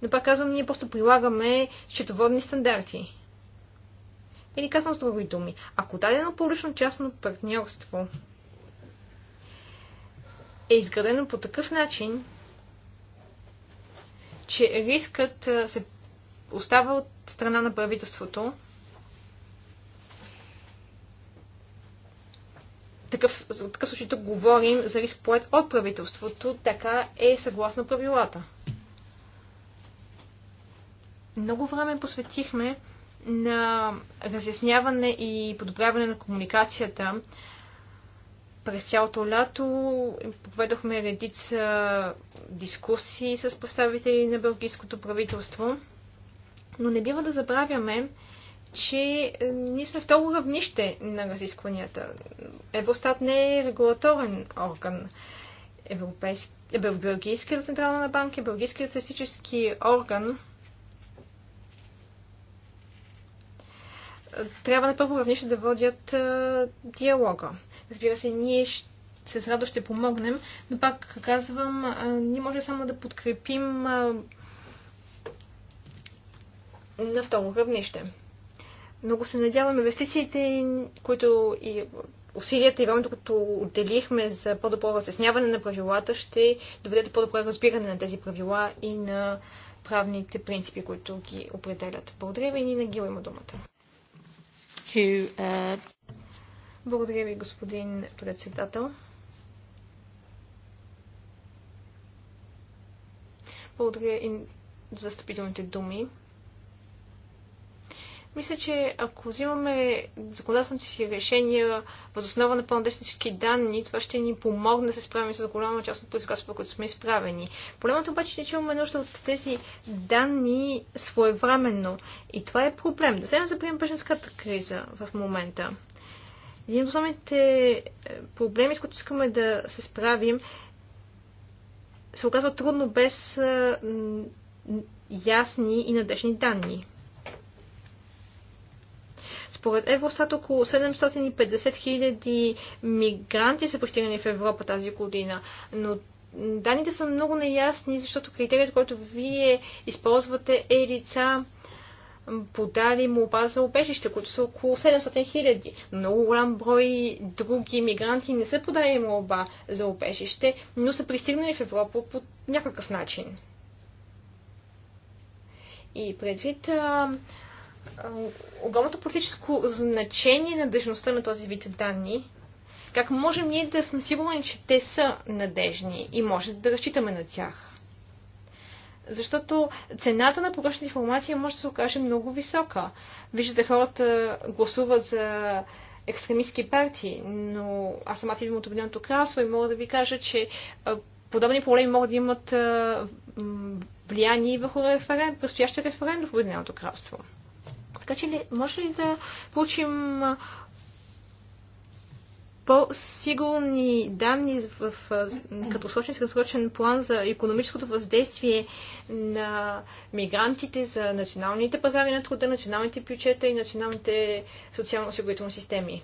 Но пак казвам, ние просто прилагаме счетоводни стандарти. Или казвам с други думи, ако дадено публично-частно партньорство е изградено по такъв начин, че рискът се остава от страна на правителството, такъв, за такъв случай тук говорим за риск поет от правителството, така е съгласно правилата. Много време посветихме на разясняване и подобряване на комуникацията. През цялото лято проведохме редица дискусии с представители на бългийското правителство, но не бива да забравяме, че е, ние сме второ равнище на разискванията. Евростат не е регулаторен орган. Европейски... Е, Белгийската централна банка и Белгийският статистически орган е, трябва на първо равнище да водят а, диалога. Разбира се, ние с радост ще помогнем, но пак казвам, а, ние може само да подкрепим а, на второ равнище. Много се надявам инвестициите, които и усилията и времето, като отделихме за по-добро разясняване на правилата, ще доведе до по-добро разбиране на тези правила и на правните принципи, които ги определят. Благодаря ви и на Гил има думата. Благодаря ви, господин председател. Благодаря и за стъпителните думи. Мисля, че ако взимаме законодателните си решения възоснова на пълнодействащи данни, това ще ни помогне да се справим с голяма част от предизвикателствата, които сме изправени. Проблемът обаче е, че имаме нужда от тези данни своевременно. И това е проблем. Да вземем за пример бежанската криза в момента. Един от основните е, проблеми, с които искаме да се справим, се оказва трудно без е, ясни и надежни данни. Според Евростат около 750 000 мигранти са пристигнали в Европа тази година, но данните са много неясни, защото критерият, който вие използвате е лица подали молба за обежище, които са около 700 хиляди. Много голям брой други мигранти не са подали молба за обежище, но са пристигнали в Европа по някакъв начин. И предвид а, огромното политическо значение на надежността на този вид данни, как можем ние да сме сигурни, че те са надежни и може да разчитаме на тях? Защото цената на погрешна информация може да се окаже много висока. Виждате, хората гласуват за екстремистски партии, но аз самата идвам от Обединеното кралство и мога да ви кажа, че подобни проблеми могат да имат влияние върху предстоящия референдум в Обединеното кралство. Така че може ли да получим по-сигурни данни в, краткосрочен и срочен план за економическото въздействие на мигрантите, за националните пазари на труда, националните бюджета и националните социално-осигурителни системи.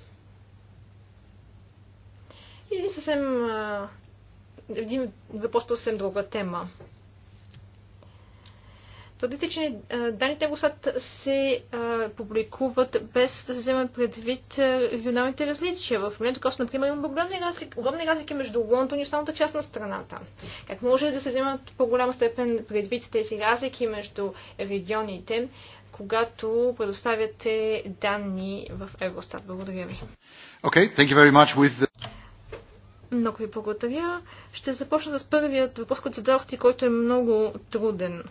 И съвсем един въпрос по съвсем друга тема. Твърдите, че данните САД се а, публикуват без да се вземе предвид регионалните различия. В момента, когато, например, има огромни разлики, огромни разлики между Лондон и останалата част на страната. Как може да се вземат по-голяма степен предвид тези разлики между регионите, когато предоставяте данни в Евростат? Благодаря ви. Okay, thank you very much with the... Много ви благодаря. Ще започна с първият въпрос, който зададохте, който е много труден.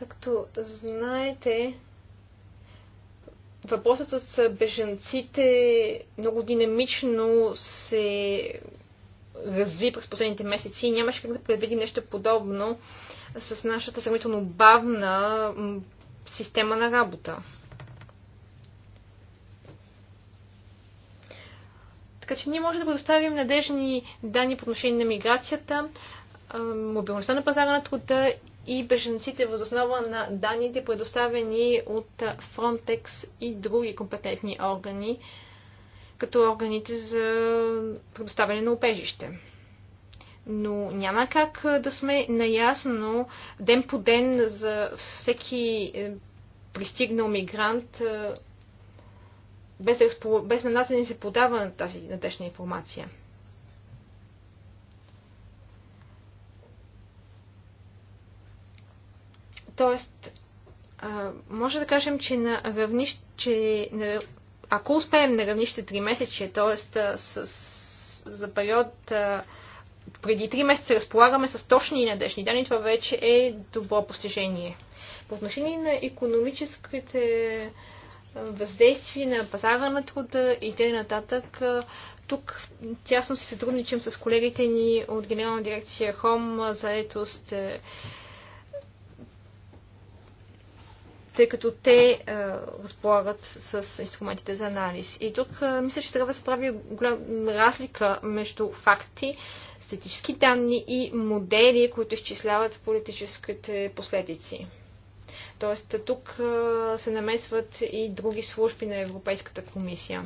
Както знаете, въпросът с бежанците много динамично се разви през последните месеци и нямаше как да предвидим нещо подобно с нашата сравнително бавна система на работа. Така че ние можем да предоставим надежни данни по отношение на миграцията, мобилността на пазара на труда и беженците въз основа на данните, предоставени от Frontex и други компетентни органи, като органите за предоставяне на убежище. Но няма как да сме наясно ден по ден за всеки е, пристигнал мигрант, без, без на нас да ни се подава тази надежна информация. Тоест, а, може да кажем, че на равнище, че на, ако успеем на равнище 3 месече, т.е. за период а, преди 3 месеца разполагаме с точни и надежни данни, това вече е добро постижение. По отношение на економическите въздействия на пазара на труда и т.н. Тук тясно се сътрудничам с колегите ни от Генерална дирекция ХОМ, заетост е, тъй като те а, разполагат с, с инструментите за анализ. И тук а, мисля, че трябва да се прави голяма разлика между факти, статически данни и модели, които изчисляват политическите последици. Тоест, тук а, се намесват и други служби на Европейската комисия.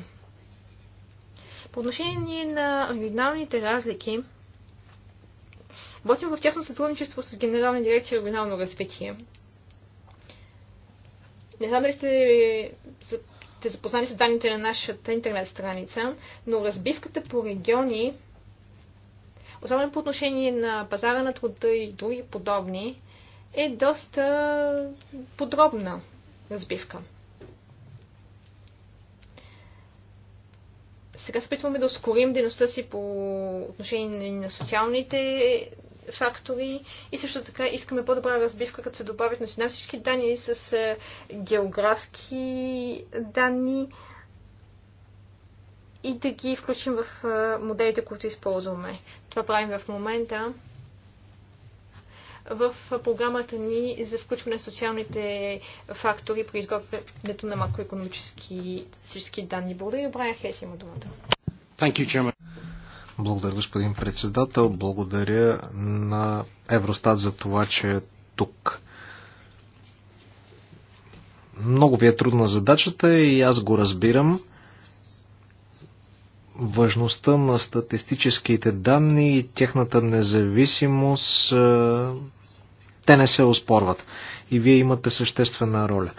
По отношение на регионалните разлики, работим в тяхно сътрудничество с Генерална дирекция регионално развитие. Не знам дали сте, сте запознали с данните на нашата интернет страница, но разбивката по региони, особено по отношение на пазара на труда и други подобни, е доста подробна разбивка. Сега се опитваме да ускорим дейността си по отношение на социалните фактори и също така искаме по-добра разбивка, като се добавят всички данни с е, географски данни и да ги включим в е, моделите, които използваме. Това правим в момента в е, програмата ни за включване на социалните фактори при изготвянето на макроекономически данни. Благодаря. Брайан Хес има думата. Благодаря, господин председател. Благодаря на Евростат за това, че е тук. Много ви е трудна задачата и аз го разбирам. Важността на статистическите данни и тяхната независимост, е, те не се оспорват. И вие имате съществена роля.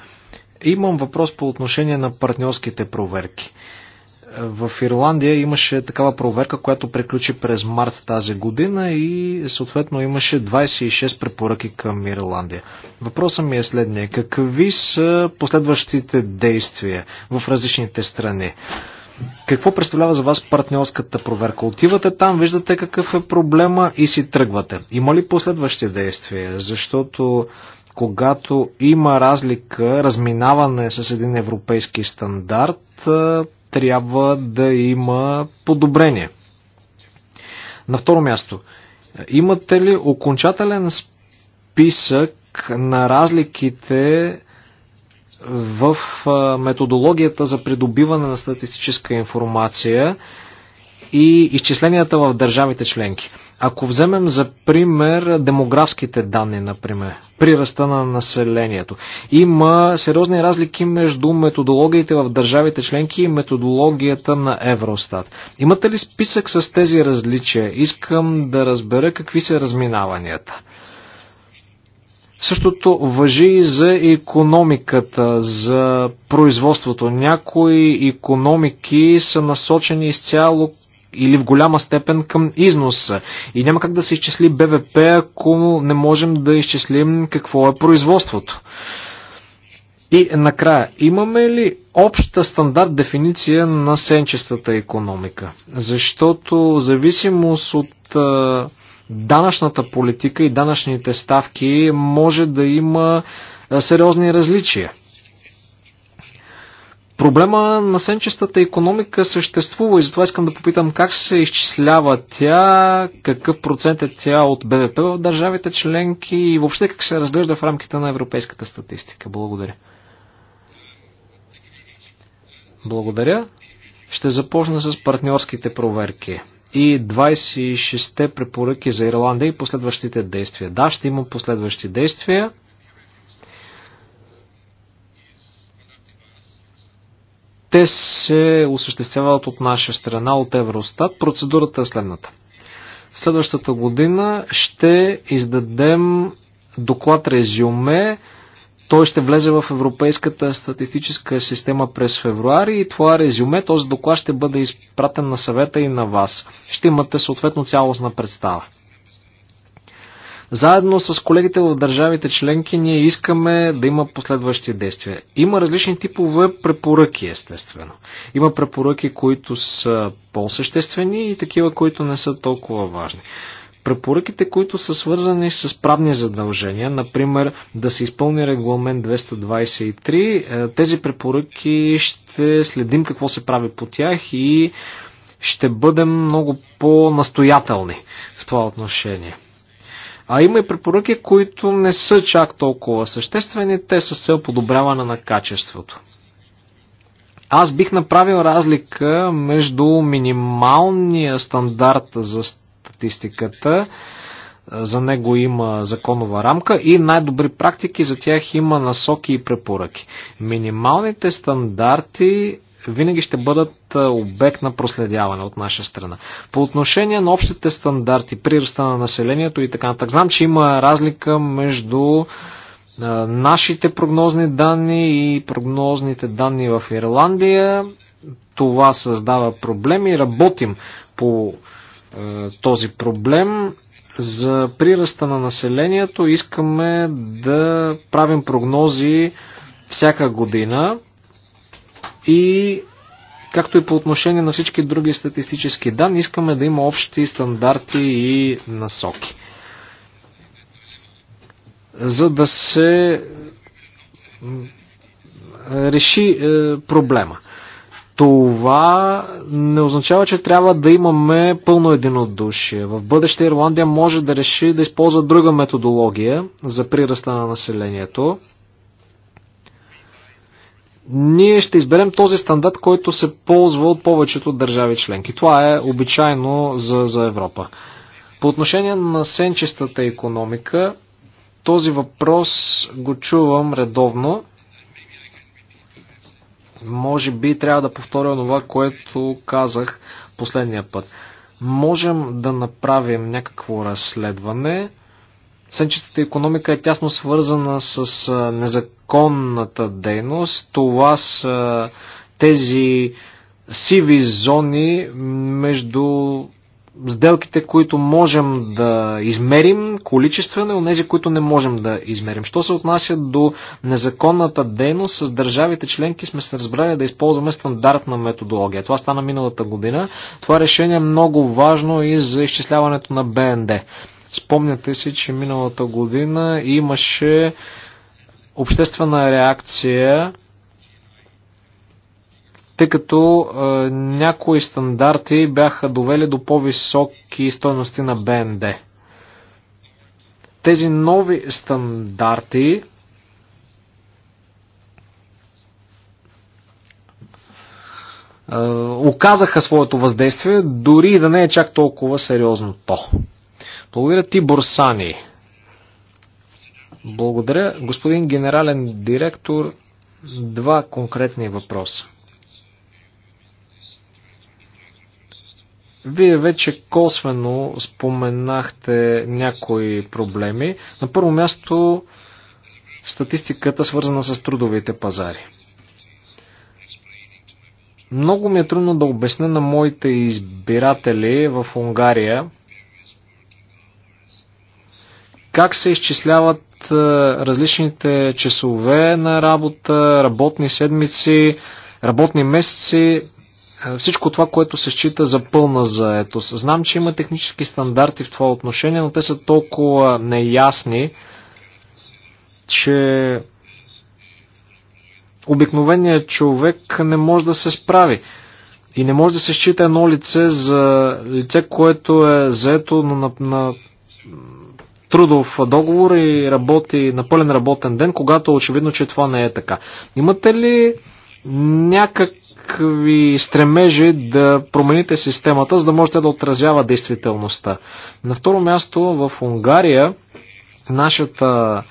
Имам въпрос по отношение на партньорските проверки. В Ирландия имаше такава проверка, която приключи през март тази година и съответно имаше 26 препоръки към Ирландия. Въпросът ми е следния. Какви са последващите действия в различните страни? Какво представлява за вас партньорската проверка? Отивате там, виждате какъв е проблема и си тръгвате. Има ли последващи действия? Защото когато има разлика, разминаване с един европейски стандарт, трябва да има подобрение. На второ място, имате ли окончателен списък на разликите в методологията за придобиване на статистическа информация и изчисленията в държавите членки? Ако вземем за пример демографските данни, например, приръста на населението, има сериозни разлики между методологиите в държавите членки и методологията на Евростат. Имате ли списък с тези различия? Искам да разбера какви са разминаванията. Същото въжи и за економиката, за производството. Някои економики са насочени изцяло или в голяма степен към износа. И няма как да се изчисли БВП, ако не можем да изчислим какво е производството. И накрая, имаме ли обща стандарт дефиниция на сенчестата економика? Защото зависимост от данъчната политика и данъчните ставки може да има сериозни различия. Проблема на сенчестата економика съществува и затова искам да попитам как се изчислява тя, какъв процент е тя от БВП в държавите членки и въобще как се разглежда в рамките на европейската статистика. Благодаря. Благодаря. Ще започна с партньорските проверки и 26-те препоръки за Ирландия и последващите действия. Да, ще има последващи действия. Те се осъществяват от наша страна, от Евростат. Процедурата е следната. Следващата година ще издадем доклад резюме. Той ще влезе в Европейската статистическа система през февруари и това резюме, този доклад ще бъде изпратен на съвета и на вас. Ще имате съответно цялостна представа. Заедно с колегите в държавите членки ние искаме да има последващи действия. Има различни типове препоръки, естествено. Има препоръки, които са по-съществени и такива, които не са толкова важни. Препоръките, които са свързани с правни задължения, например да се изпълни регламент 223, е, тези препоръки ще следим какво се прави по тях и ще бъдем много по-настоятелни в това отношение. А има и препоръки, които не са чак толкова съществени, те са с цел подобряване на качеството. Аз бих направил разлика между минималния стандарт за статистиката, за него има законова рамка и най-добри практики, за тях има насоки и препоръки. Минималните стандарти винаги ще бъдат е обект на проследяване от наша страна. По отношение на общите стандарти, прираста на населението и така нататък, знам, че има разлика между нашите прогнозни данни и прогнозните данни в Ирландия. Това създава проблеми. Работим по е, този проблем. За прираста на населението искаме да правим прогнози всяка година и както и по отношение на всички други статистически данни, искаме да има общи стандарти и насоки. За да се реши е, проблема. Това не означава, че трябва да имаме пълно единодушие. В бъдеще Ирландия може да реши да използва друга методология за прираста на населението ние ще изберем този стандарт, който се ползва от повечето държави членки. Това е обичайно за, за Европа. По отношение на сенчестата економика, този въпрос го чувам редовно. Може би трябва да повторя това, което казах последния път. Можем да направим някакво разследване, Сънчестата економика е тясно свързана с незаконната дейност. Това са тези сиви зони между сделките, които можем да измерим количествено и тези, които не можем да измерим. Що се отнася до незаконната дейност, с държавите членки сме се разбрали да използваме стандартна методология. Това стана миналата година. Това решение е много важно и за изчисляването на БНД. Спомняте си, че миналата година имаше обществена реакция, тъй като е, някои стандарти бяха довели до по-високи стойности на БНД. Тези нови стандарти оказаха своето въздействие, дори и да не е чак толкова сериозно то. Благодаря ти, Борсани. Благодаря, господин генерален директор. Два конкретни въпроса. Вие вече косвено споменахте някои проблеми. На първо място статистиката свързана с трудовите пазари. Много ми е трудно да обясня на моите избиратели в Унгария как се изчисляват е, различните часове на работа, работни седмици, работни месеци, е, всичко това, което се счита за пълна заетост. Знам, че има технически стандарти в това отношение, но те са толкова неясни, че обикновеният човек не може да се справи. И не може да се счита едно лице за лице, което е заето на, на, на трудов договор и работи на пълен работен ден, когато очевидно, че това не е така. Имате ли някакви стремежи да промените системата, за да можете да отразява действителността? На второ място в Унгария нашата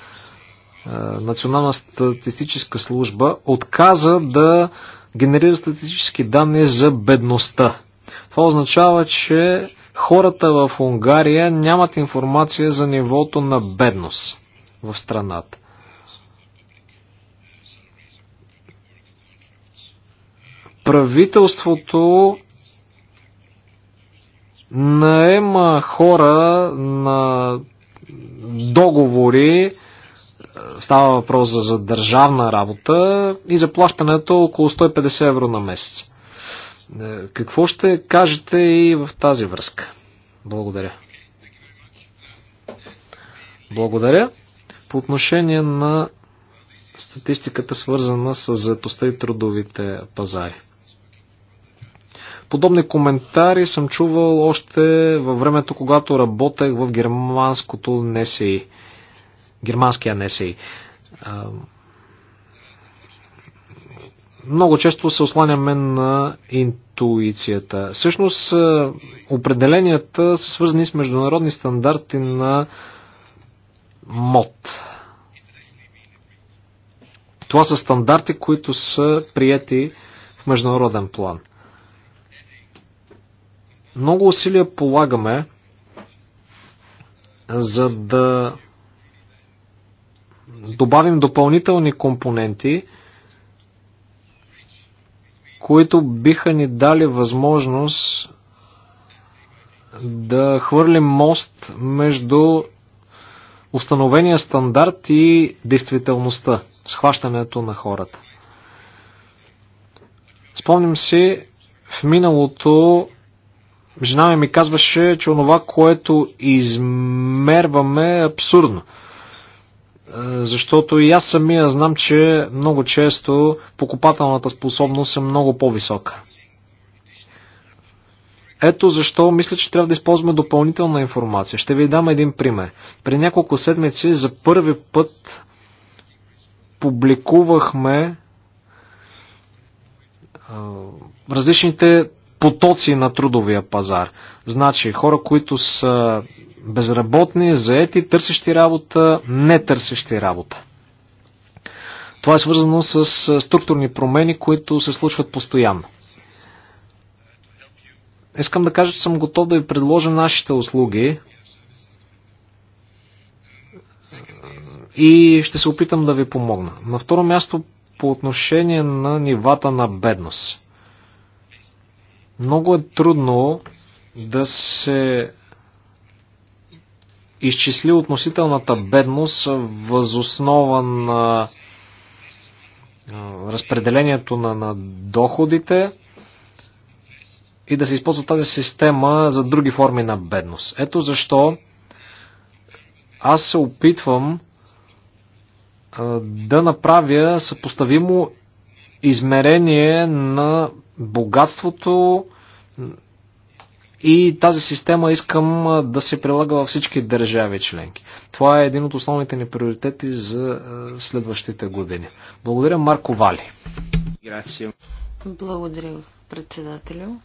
е, национална статистическа служба отказа да генерира статистически данни за бедността. Това означава, че хората в Унгария нямат информация за нивото на бедност в страната. Правителството наема хора на договори, става въпрос за, за държавна работа и заплащането е около 150 евро на месец. Е, какво ще кажете и в тази връзка? Благодаря. Благодаря. По отношение на статистиката, свързана с заетостта и трудовите пазари. Подобни коментари съм чувал още във времето, когато работех в германското НСИ. Германския НСИ. Много често се осланяме на интернет интуицията. Всъщност, е, определенията са свързани с международни стандарти на МОД. Това са стандарти, които са прияти в международен план. Много усилия полагаме, за да добавим допълнителни компоненти, които биха ни дали възможност да хвърлим мост между установения стандарт и действителността, схващането на хората. Спомним си, в миналото жена ми ми казваше, че онова, което измерваме е абсурдно – е, защото и аз самия знам, че много често покупателната способност е много по-висока. Ето защо мисля, че трябва да използваме допълнителна информация. Ще ви дам един пример. При няколко седмици за първи път публикувахме е, различните потоци на трудовия пазар. Значи, хора, които са безработни, заети, търсещи работа, не търсещи работа. Това е свързано с структурни промени, които се случват постоянно. Искам да кажа, че съм готов да ви предложа нашите услуги и ще се опитам да ви помогна. На второ място по отношение на нивата на бедност. Много е трудно да се изчисли относителната бедност възоснова на разпределението на, на доходите и да се използва тази система за други форми на бедност. Ето защо аз се опитвам да направя съпоставимо измерение на богатството и тази система искам да се прилага във всички държави членки. Това е един от основните ни приоритети за следващите години. Благодаря, Марко Вали. Благодаря, председателю.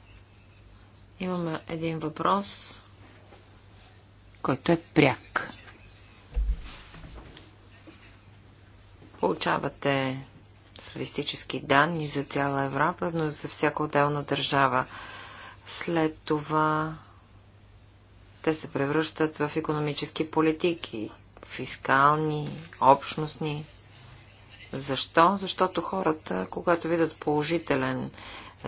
Имаме един въпрос, който е пряк. Получавате статистически данни за цяла Европа, но и за всяка отделна държава. След това те се превръщат в економически политики, фискални, общностни. Защо? Защото хората, когато видят положителен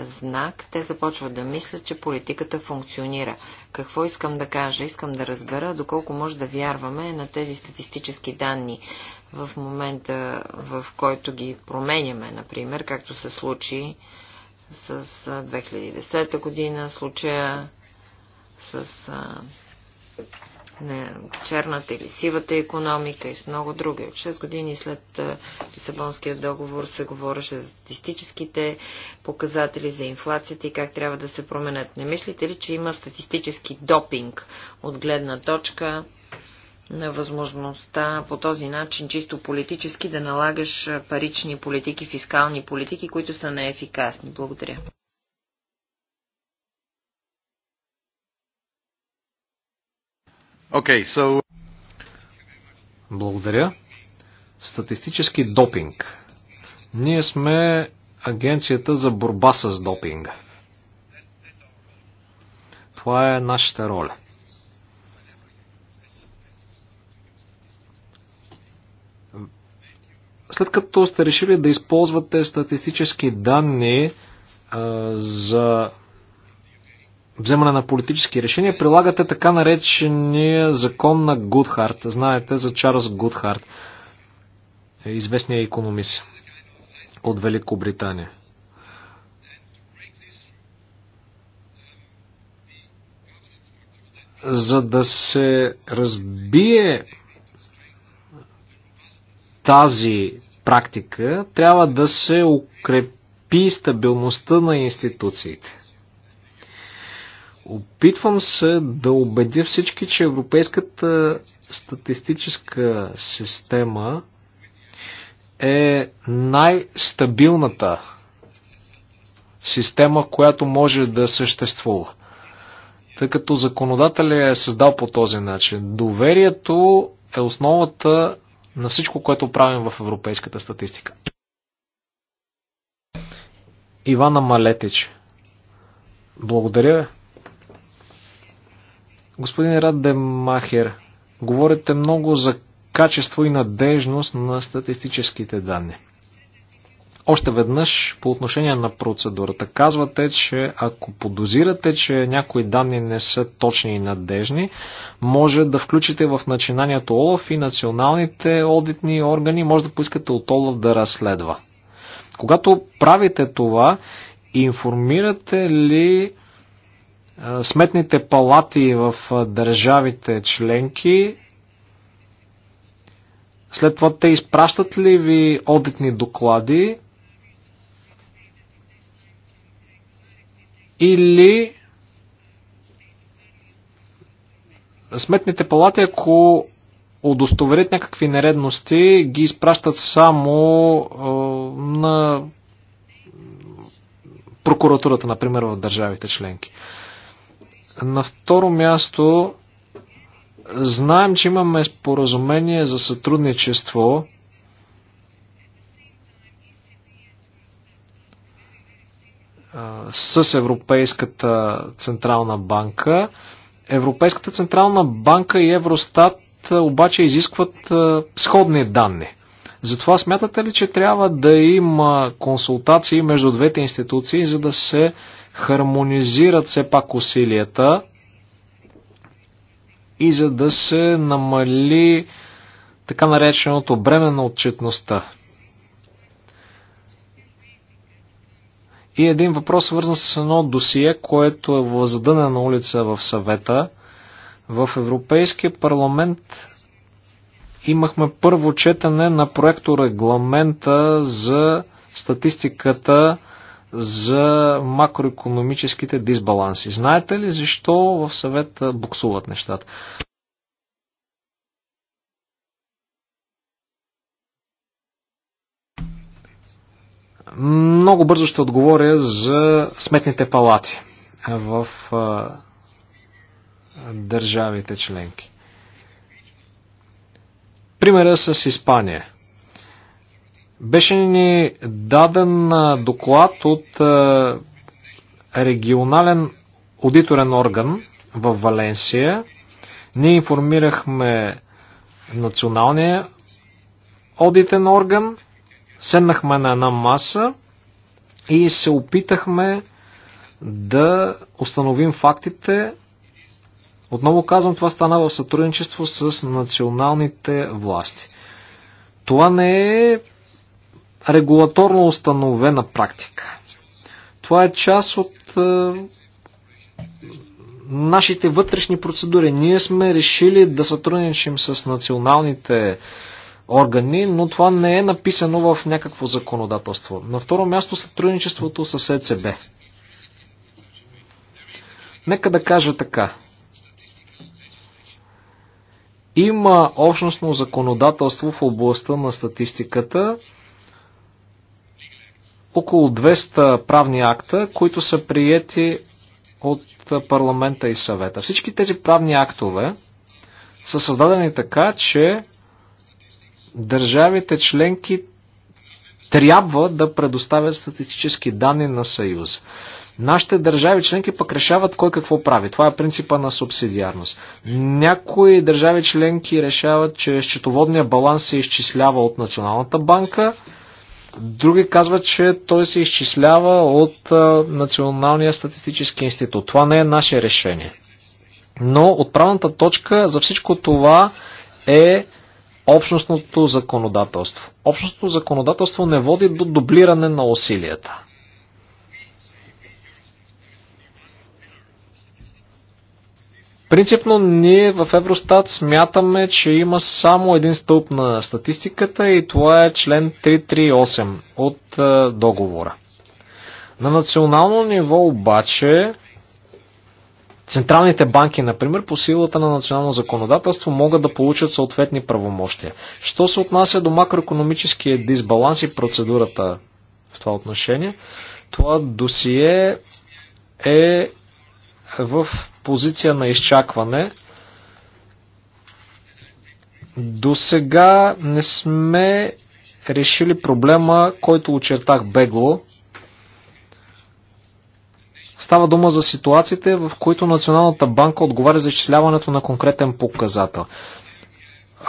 знак, те започват да мислят, че политиката функционира. Какво искам да кажа? Искам да разбера доколко може да вярваме на тези статистически данни в момента, в който ги променяме, например, както се случи с 2010 година, случая с а, не, черната или сивата економика и с много други. От 6 години след Лисабонския договор се говореше за статистическите показатели, за инфлацията и как трябва да се променят. Не мислите ли, че има статистически допинг от гледна точка на възможността по този начин чисто политически да налагаш парични политики, фискални политики, които са неефикасни. Благодаря. Okay, so... Благодаря. Статистически допинг. Ние сме агенцията за борба с допинга. Това е нашата роля. След като сте решили да използвате статистически данни а, за вземане на политически решения, прилагате така наречения закон на Гудхарт. Знаете за Чарлз Гудхарт, известният економист от Великобритания. За да се разбие тази практика, трябва да се укрепи стабилността на институциите. Опитвам се да убедя всички, че европейската статистическа система е най-стабилната система, която може да съществува. Тъй като законодателя е създал по този начин. Доверието е основата на всичко, което правим в европейската статистика. Ивана Малетич. Благодаря. Господин Радемахер, говорите много за качество и надежност на статистическите данни. Още веднъж по отношение на процедурата. Казвате, че ако подозирате, че някои данни не са точни и надежни, може да включите в начинанието ОЛАФ и националните одитни органи, може да поискате от ОЛАФ да разследва. Когато правите това, информирате ли сметните палати в държавите членки след това те изпращат ли ви одитни доклади или сметните палати, ако удостоверят някакви нередности, ги изпращат само е, на прокуратурата, например, в държавите членки. На второ място, знаем, че имаме споразумение за сътрудничество с Европейската Централна банка. Европейската Централна банка и Евростат обаче изискват сходни данни. Затова смятате ли, че трябва да има консултации между двете институции, за да се хармонизират все пак усилията и за да се намали така нареченото бреме на отчетността? И един въпрос свързан с едно досие, което е въздъна на улица в съвета. В Европейския парламент имахме първо четене на проекто регламента за статистиката за макроекономическите дисбаланси. Знаете ли защо в съвета буксуват нещата? Много бързо ще отговоря за сметните палати в държавите членки. Примера с Испания. Беше ни даден доклад от регионален аудиторен орган в Валенсия. Ние информирахме националния аудитен орган седнахме на една маса и се опитахме да установим фактите. Отново казвам, това стана в сътрудничество с националните власти. Това не е регулаторно установена практика. Това е част от е, нашите вътрешни процедури. Ние сме решили да сътрудничим с националните власти органи, но това не е написано в някакво законодателство. На второ място сътрудничеството с ЕЦБ. Нека да кажа така. Има общностно законодателство в областта на статистиката, около 200 правни акта, които са приети от парламента и съвета. Всички тези правни актове са създадени така, че държавите членки трябва да предоставят статистически данни на Съюз. Нашите държави членки пък решават кой какво прави. Това е принципа на субсидиарност. Някои държави членки решават, че счетоводния баланс се изчислява от Националната банка, други казват, че той се изчислява от Националния статистически институт. Това не е наше решение. Но отправната точка за всичко това е общностното законодателство. Общностното законодателство не води до дублиране на усилията. Принципно ние в Евростат смятаме, че има само един стълб на статистиката и това е член 338 от е, договора. На национално ниво обаче Централните банки, например, по силата на национално законодателство могат да получат съответни правомощия. Що се отнася до макроекономическия дисбаланс и процедурата в това отношение, това досие е в позиция на изчакване. До сега не сме решили проблема, който очертах бегло. Става дума за ситуациите, в които Националната банка отговаря за изчисляването на конкретен показател.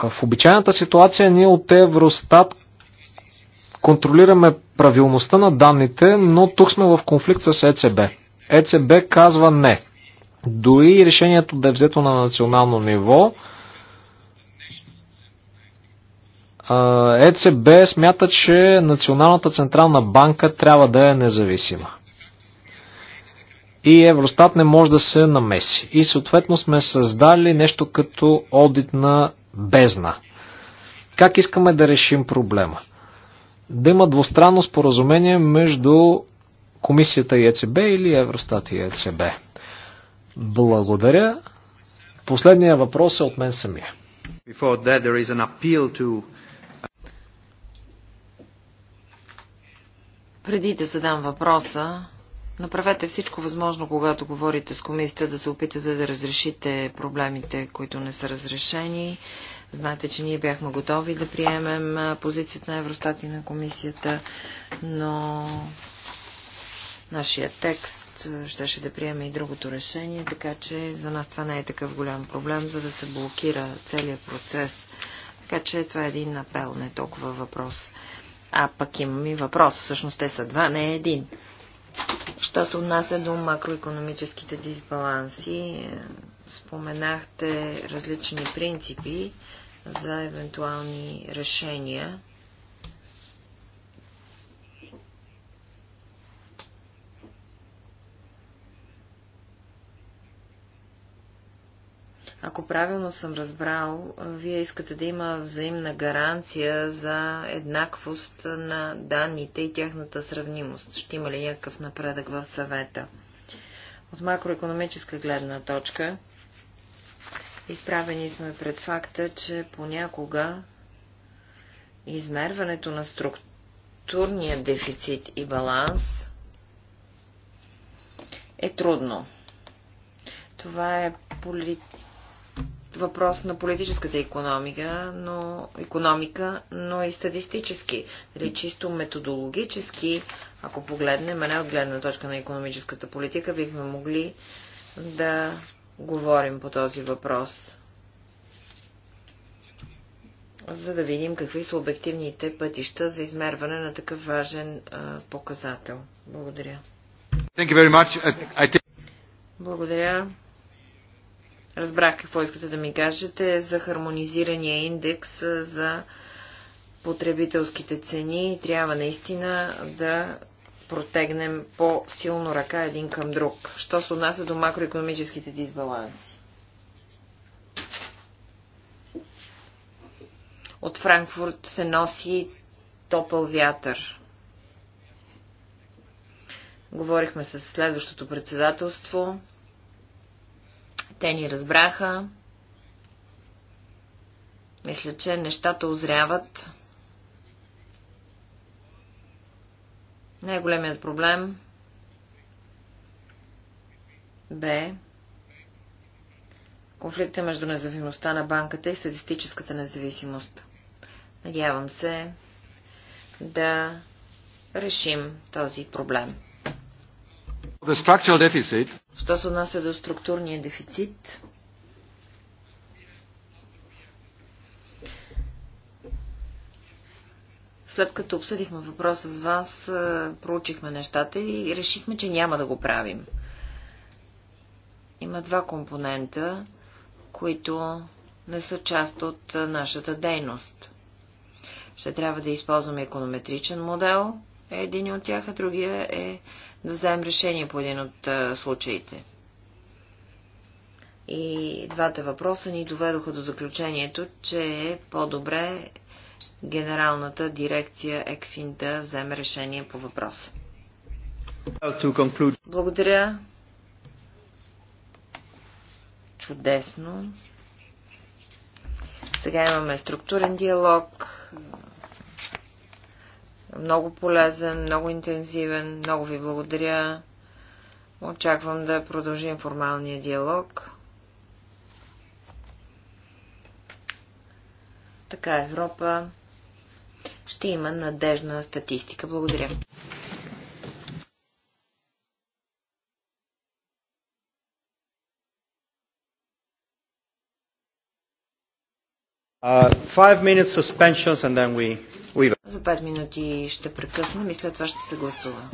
В обичайната ситуация ние от Евростат контролираме правилността на данните, но тук сме в конфликт с ЕЦБ. ЕЦБ казва не. Дори решението да е взето на национално ниво, ЕЦБ смята, че Националната централна банка трябва да е независима и Евростат не може да се намеси. И съответно сме създали нещо като одит на бездна. Как искаме да решим проблема? Да има двустранно споразумение между комисията и ЕЦБ или Евростат и ЕЦБ. Благодаря. Последният въпрос е от мен самия. To... Преди да задам въпроса, Направете всичко възможно, когато говорите с комисията, да се опитате да разрешите проблемите, които не са разрешени. Знаете, че ние бяхме готови да приемем позицията на Евростат и на комисията, но нашия текст щеше да приеме и другото решение, така че за нас това не е такъв голям проблем, за да се блокира целият процес. Така че това е един апел, не толкова въпрос. А пък имам и въпрос. Всъщност те са два, не е един. Що се отнася до макроекономическите дисбаланси, е, споменахте различни принципи за евентуални решения Ако правилно съм разбрал, вие искате да има взаимна гаранция за еднаквост на данните и тяхната сравнимост. Ще има ли някакъв напредък в съвета? От макроекономическа гледна точка, изправени сме пред факта, че понякога измерването на структурния дефицит и баланс е трудно. Това е полит въпрос на политическата економика, но, економика, но и статистически. или нали, чисто методологически, ако погледнем, а не от гледна точка на економическата политика, бихме могли да говорим по този въпрос, за да видим какви са обективните пътища за измерване на такъв важен а, показател. Благодаря. Благодаря. Разбрах какво искате да ми кажете за хармонизирания индекс за потребителските цени. Трябва наистина да протегнем по-силно ръка един към друг. Що се отнася до макроекономическите дисбаланси? От Франкфурт се носи топъл вятър. Говорихме с следващото председателство те ни разбраха. Мисля, че нещата озряват. Най-големият проблем бе конфликта между независимостта на банката и статистическата независимост. Надявам се да решим този проблем. The structural deficit Що се отнася до структурния дефицит? След като обсъдихме въпроса с вас, е, проучихме нещата и решихме, че няма да го правим. Има два компонента, които не са част от е, нашата дейност. Ще трябва да използваме економетричен модел, е един от тях, а другия е да вземем решение по един от а, случаите. И двата въпроса ни доведоха до заключението, че е по-добре генералната дирекция ЕКФИН да вземе решение по въпроса. Благодаря. Чудесно. Сега имаме структурен диалог много полезен, много интензивен. Много ви благодаря. Очаквам да продължим формалния диалог. Така Европа ще има надежна статистика. Благодаря. Uh, five minutes suspensions and then we за 5 минути ще прекъсна мисля това ще се гласува.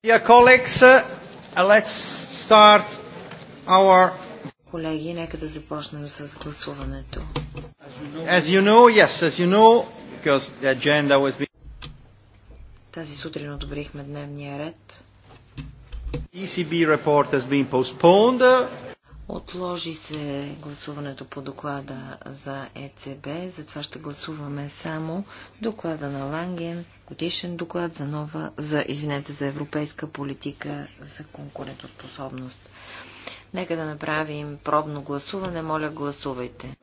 Uh, Колеги, нека да започнем с гласуването. Тази сутрин одобрихме дневния ред. ECB report has been postponed. Отложи се гласуването по доклада за ЕЦБ, затова ще гласуваме само доклада на Ланген, годишен доклад за нова, за, извинете, за европейска политика за конкурентоспособност. Нека да направим пробно гласуване. Моля, гласувайте.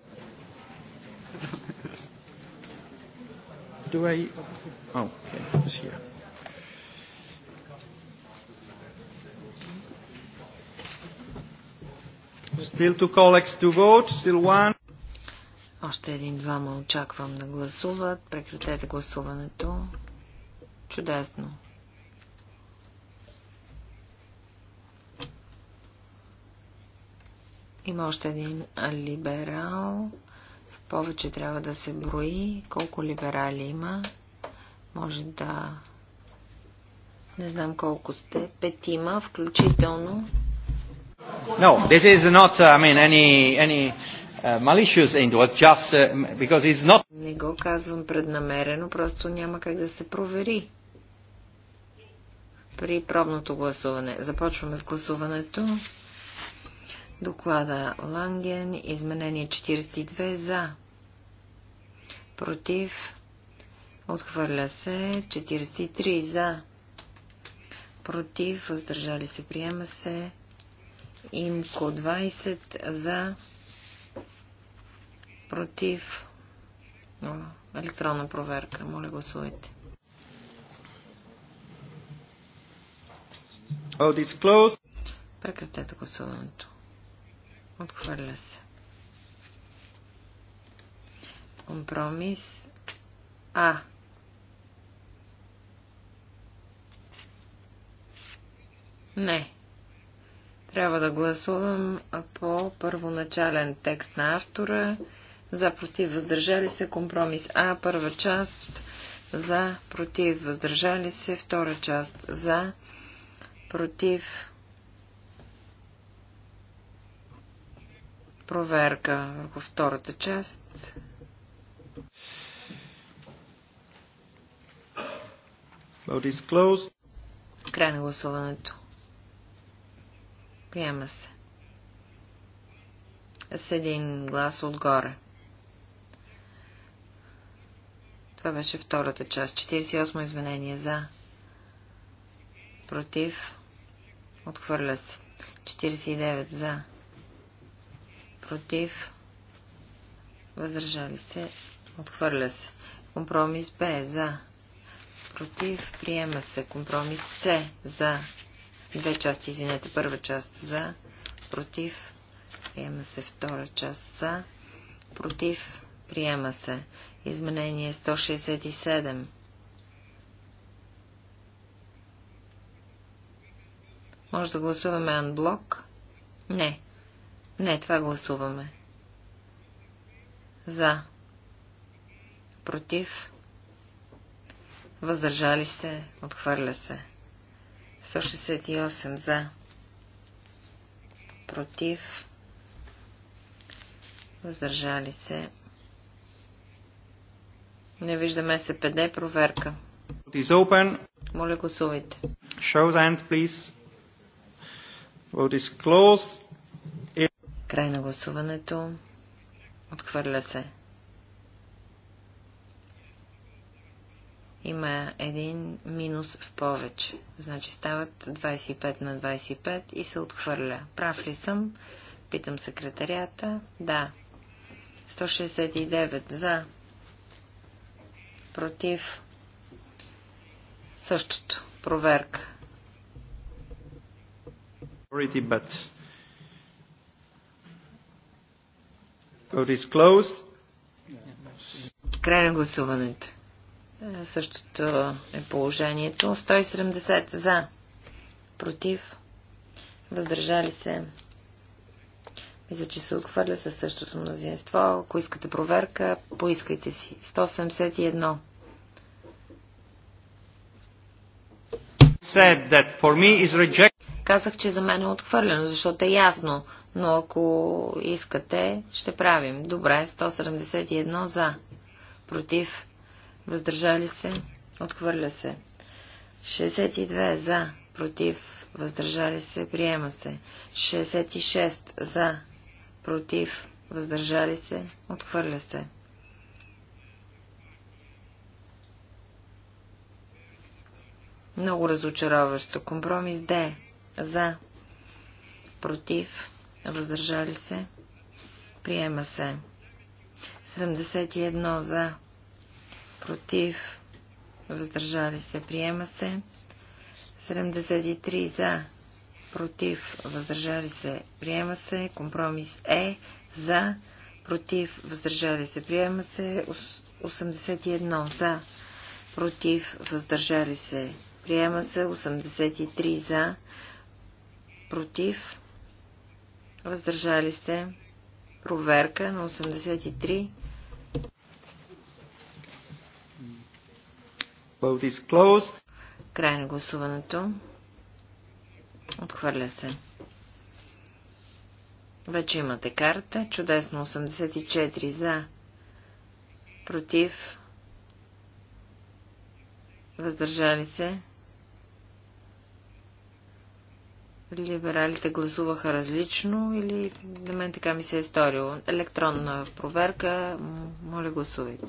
Do I... oh, okay. Still two colleagues to vote. Still one. Още един-двама очаквам да гласуват. Прекратете гласуването. Чудесно. Има още един либерал. повече трябва да се брои колко либерали има. Може да... Не знам колко сте. Петима, включително. No, this is not, uh, I mean, any, any uh, malicious into it, just uh, because it's not... Не го казвам преднамерено, просто няма как да се провери. При пробното гласуване. Започваме с гласуването. Доклада Ланген, изменение 42 за. Против. Отхвърля се 43 за. Против. Въздържали се. Приема се. Имко 20 за, против, електронна проверка. Моля гласувайте. Прекратете гласуването. Отхвърля се. Компромис А. Не. Трябва да гласувам по първоначален текст на автора. За против въздържали се компромис А, първа част. За против въздържали се, втора част. За против проверка върху втората част. Край на гласуването. Приема се. С един глас отгоре. Това беше втората част. 48 извинение за. Против. Отхвърля се. 49 за. Против. Въздържали се. Отхвърля се. Компромис Б за. Против. Приема се. Компромис С за. Две части, извинете, първа част за, против, приема се втора част за, против, приема се. Изменение 167. Може да гласуваме анблок? Не. Не, това гласуваме. За. Против. Въздържали се. Отхвърля се. 168 за. Против. Въздържали се. Не виждаме СПД. Проверка. Моля гласувайте. Show the hand, please. Vote is closed. Край на гласуването. Отхвърля се. има един минус в повече. Значи стават 25 на 25 и се отхвърля. Прав ли съм? Питам секретарията. Да. 169 за. Против. Същото. Проверка. But... Край на гласуването. Същото е положението. 170 за. Против. Въздържали се. Мисля, че се отхвърля със същото мнозинство. Ако искате проверка, поискайте си. 171. Казах, че за мен е отхвърлено, защото е ясно. Но ако искате, ще правим. Добре, 171 за. Против въздържали се, отхвърля се. 62 за, против, въздържали се, приема се. 66 за, против, въздържали се, отхвърля се. Много разочароващо. Компромис Д. За. Против. Въздържали се. Приема се. 71 за против, въздържали се, приема се. 73 за, против, въздържали се, приема се. Компромис Е за, против, въздържали се, приема се. 81 за, против, въздържали се, приема се. 83 за, против, въздържали се. Проверка на 83 Vote is closed. Край на гласуването. Отхвърля се. Вече имате карта. Чудесно. 84 за. Против. Въздържали се. Либералите гласуваха различно или на мен така ми се е сторило. Електронна проверка. Моля гласувайте.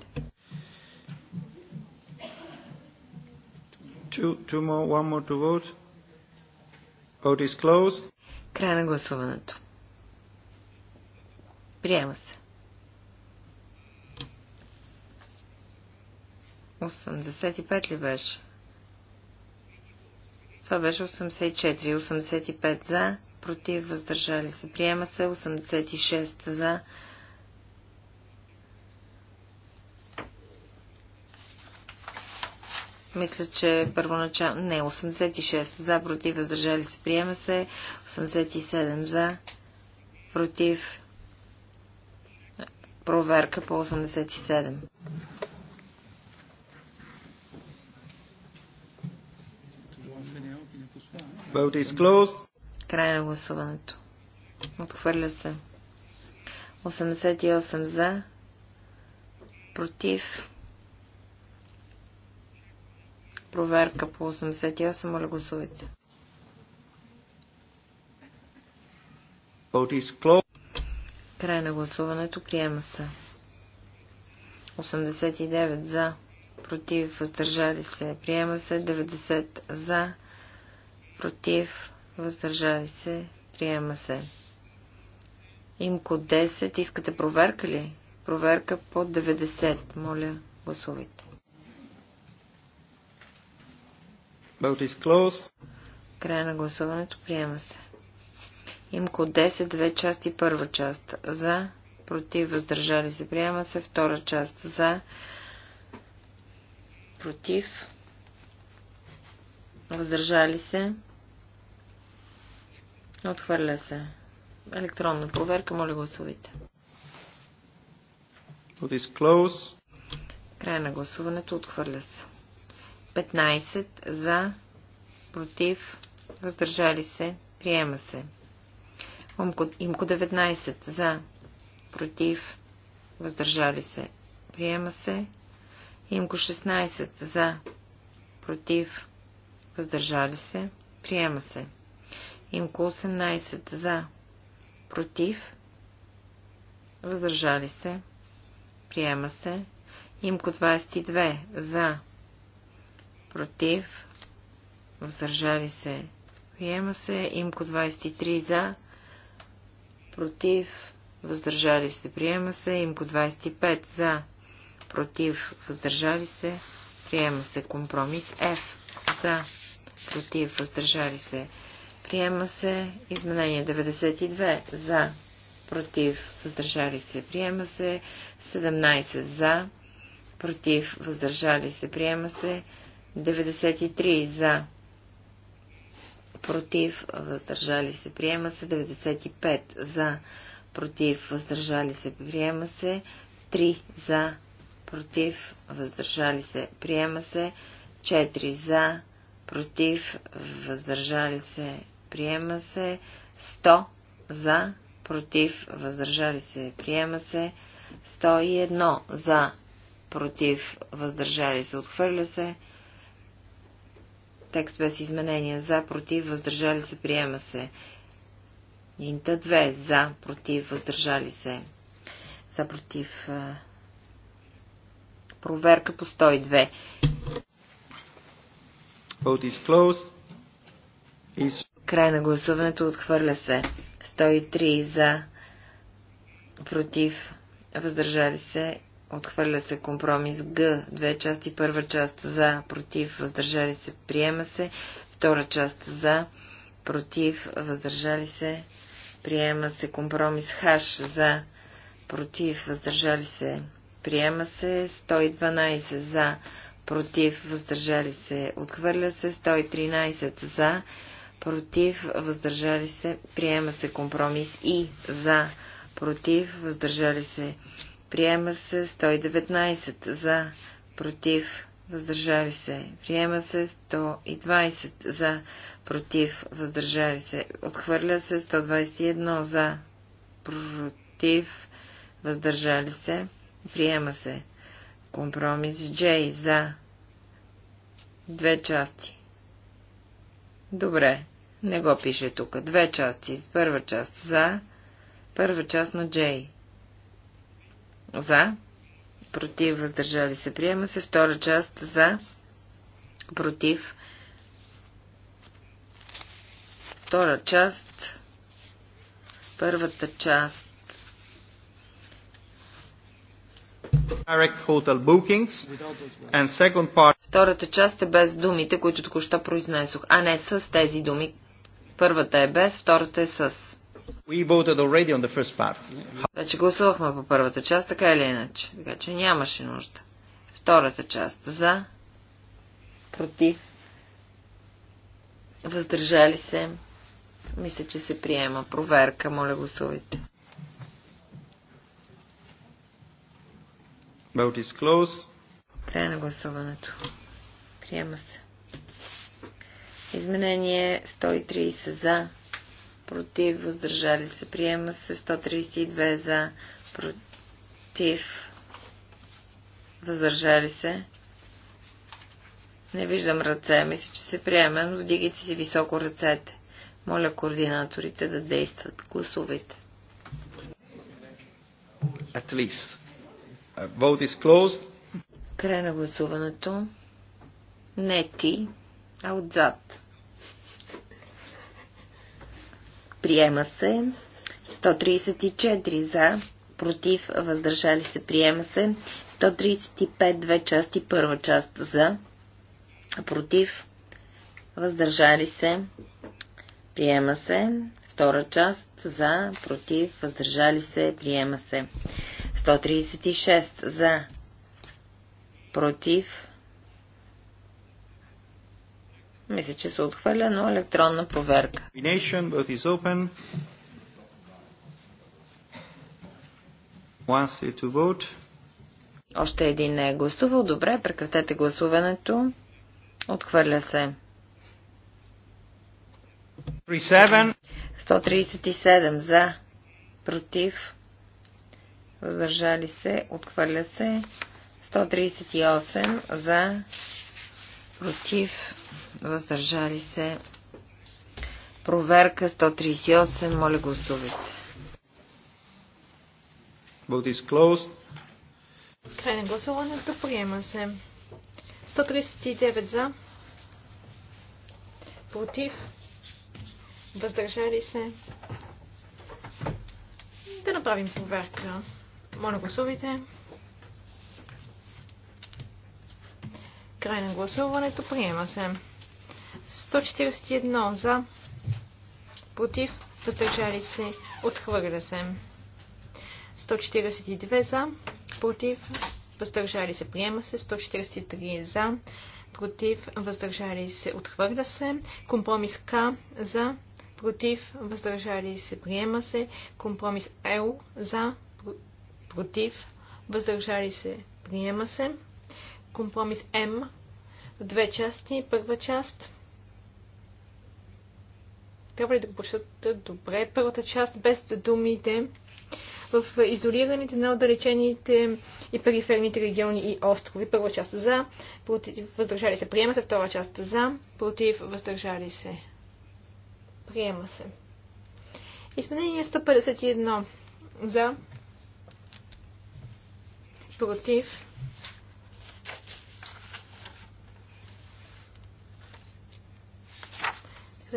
Two, two more, one more to vote. Vote is closed. Край на гласуването. Приема се. 85 ли беше? Това беше 84. 85 за, против, въздържали се. Приема се 86 за, Мисля, че първоначално... Не, 86 за, против, въздържали се, приема се. 87 за, против. Проверка по 87. Vote is closed. Край на гласуването. Отхвърля се. 88 за. Против. Проверка по 88. Моля гласувайте. Край на гласуването. Приема се. 89 за. Против. Въздържали се. Приема се. 90 за. Против. Въздържали се. Приема се. Имко 10. Искате проверка ли? Проверка по 90. Моля, гласувайте. Vote is closed. Края на гласуването. Приема се. Имко 10, две части, първа част. За, против, въздържали се. Приема се. Втора част. За, против, въздържали се. Отхвърля се. Електронна проверка. Моля гласувайте. Vote is closed. Край на гласуването. Отхвърля се. 15 за, против, въздържали се, приема се. Имко 19 за, против, въздържали се, приема се. Имко 16 за, против, въздържали се, приема се. Имко 18 за, против, въздържали се, приема се. Имко 22 за, против, въздържали се, приема се. Имко 23 за, против, въздържали се, приема се. Имко 25 за, против, въздържали се, приема се. Компромис F за, против, въздържали се, приема се. Изменение 92 за, против, въздържали се, приема се. 17 за, против, въздържали се, приема се. 93 за. Против. Въздържали се. Приема се. 95 за. Против. Въздържали се. Приема се. 3 за. Против. Въздържали се. Приема се. 4 за. Против. Въздържали се. Приема се. 100 за. Против. Въздържали се. Приема се. 101 за. Против. Въздържали се. Отхвърля се. Текст без изменения. За, против, въздържали се, приема се. Инта 2. За, против, въздържали се. За, против. Проверка по 102. Vote is closed. Is... Край на гласуването отхвърля се. 103 за, против, въздържали се, Отхвърля се компромис Г. Две части. Първа част за, против, въздържали се, приема се. Втора част за, против, въздържали се, приема се. Компромис Х за, против, въздържали се, приема се. 112 за, против, въздържали се, отхвърля се. 113 за, против, въздържали се, приема се. Компромис И за, против, въздържали се, Приема се 119 за, против, въздържали се. Приема се 120 за, против, въздържали се. Отхвърля се 121 за, против, въздържали се. Приема се. Компромис J за две части. Добре, не го пише тук. Две части. Първа част за, първа част на J. За. Против. Въздържали се. Приема се. Втора част. За. Против. Втора част. Първата част. Direct hotel bookings and second part. Втората част е без думите, които току-що произнесох, а не с тези думи. Първата е без, втората е с. Вече гласувахме по първата част, така или иначе. Така че нямаше нужда. Втората част. За. Против. Въздържали се. Мисля, че се приема. Проверка. Моля, гласувайте. Vote is Край на гласуването. Приема се. Изменение 130 за, против, въздържали се, приема се 132 за, против, въздържали се. Не виждам ръце, мисля, че се приема, но вдигайте си високо ръцете. Моля координаторите да действат. Гласувайте. At least. Uh, vote is closed. Край на гласуването. Не ти, а отзад. приема се. 134 за, против, въздържали се, приема се. 135, две части, първа част за, против, въздържали се, приема се. Втора част за, против, въздържали се, приема се. 136 за, против, мисля, че се отхвърля, но електронна проверка. Още един не е гласувал. Добре, прекратете гласуването. Отхвърля се. 137 за, против, въздържали се, отхвърля се. 138 за, против, въздържали се. Проверка 138, моля гласувайте. Vote is closed. Край на гласуването приема се. 139 за. Против. Въздържали се. Да направим проверка. Моля гласувайте. Край на гласуването приема се. 141 за, против, въздържали се, отхвърля се. 142 за, против, въздържали се, приема се. 143 за, против, въздържали се, отхвърля се. Компромис К за, против, въздържали се, приема се. Компромис Л за, против, въздържали се, приема се. Компромис М в две части. Първа част трябва ли да го прочитат добре? Първата част без думите в изолираните на отдалечените и периферните региони и острови. Първа част за, против, въздържали се, приема се. Втора част за, против, въздържали се, приема се. Изменение 151 за, против,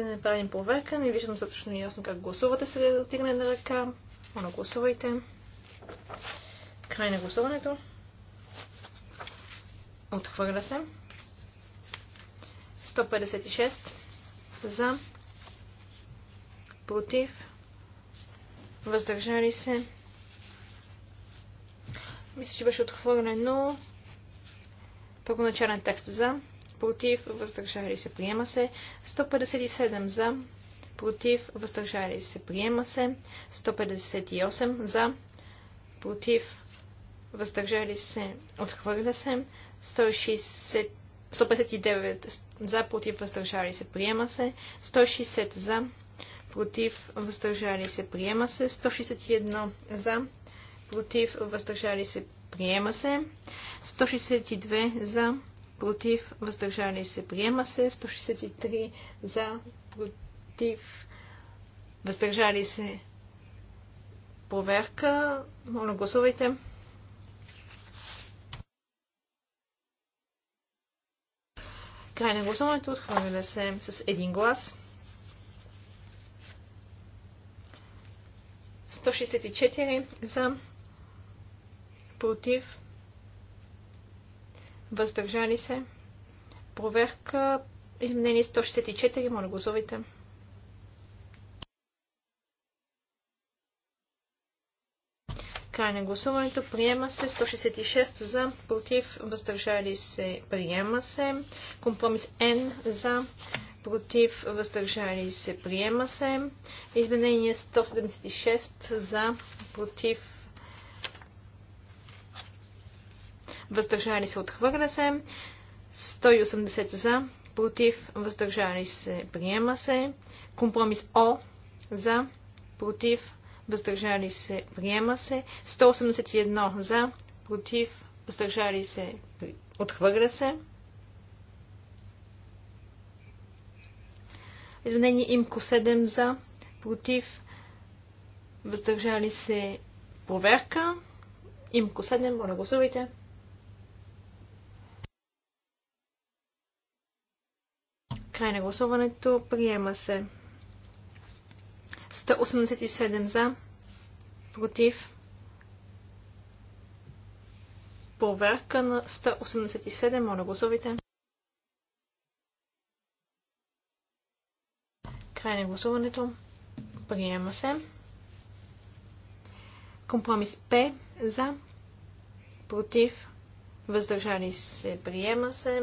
да не правим проверка. Не виждам достатъчно ясно как гласувате след вдигане на ръка. Моля, гласувайте. Край на гласуването. Отхвърля се. 156 за. Против. Въздържали се. Мисля, че беше отхвърлено. Първоначален текст за против, въздържали се, приема се. 157 за, против, въздържали се, приема се. 158 за, против, въздържали се, отхвърля се. 160, 159 за, против, въздържали се, приема се. 160 за, против, въздържали се, приема се. 161 за, против, въздържали се, приема се. 162 за, против, въздържали се, приема се. 163 за, против, въздържали се, проверка. Моля, гласувайте. Край на гласуването отхвърля се с един глас. 164 за, против, въздържали се. Проверка, изменение 164, моля гласувайте. Край на гласуването. Приема се 166 за, против, въздържали се. Приема се. Компромис Н за, против, въздържали се. Приема се. Изменение 176 за, против, въздържали се, отхвърля се. 180 за, против, въздържали се, приема се. Компромис О за, против, въздържали се, приема се. 181 за, против, въздържали се, отхвърля се. Изменение имко 7 за, против, въздържали се, проверка. Имко 7, моля гласувайте. Край на гласуването. Приема се. 187 за. Против. Поверка на 187. Моля, гласувайте. Край на гласуването. Приема се. Компромис П за. Против. Въздържали се. Приема се.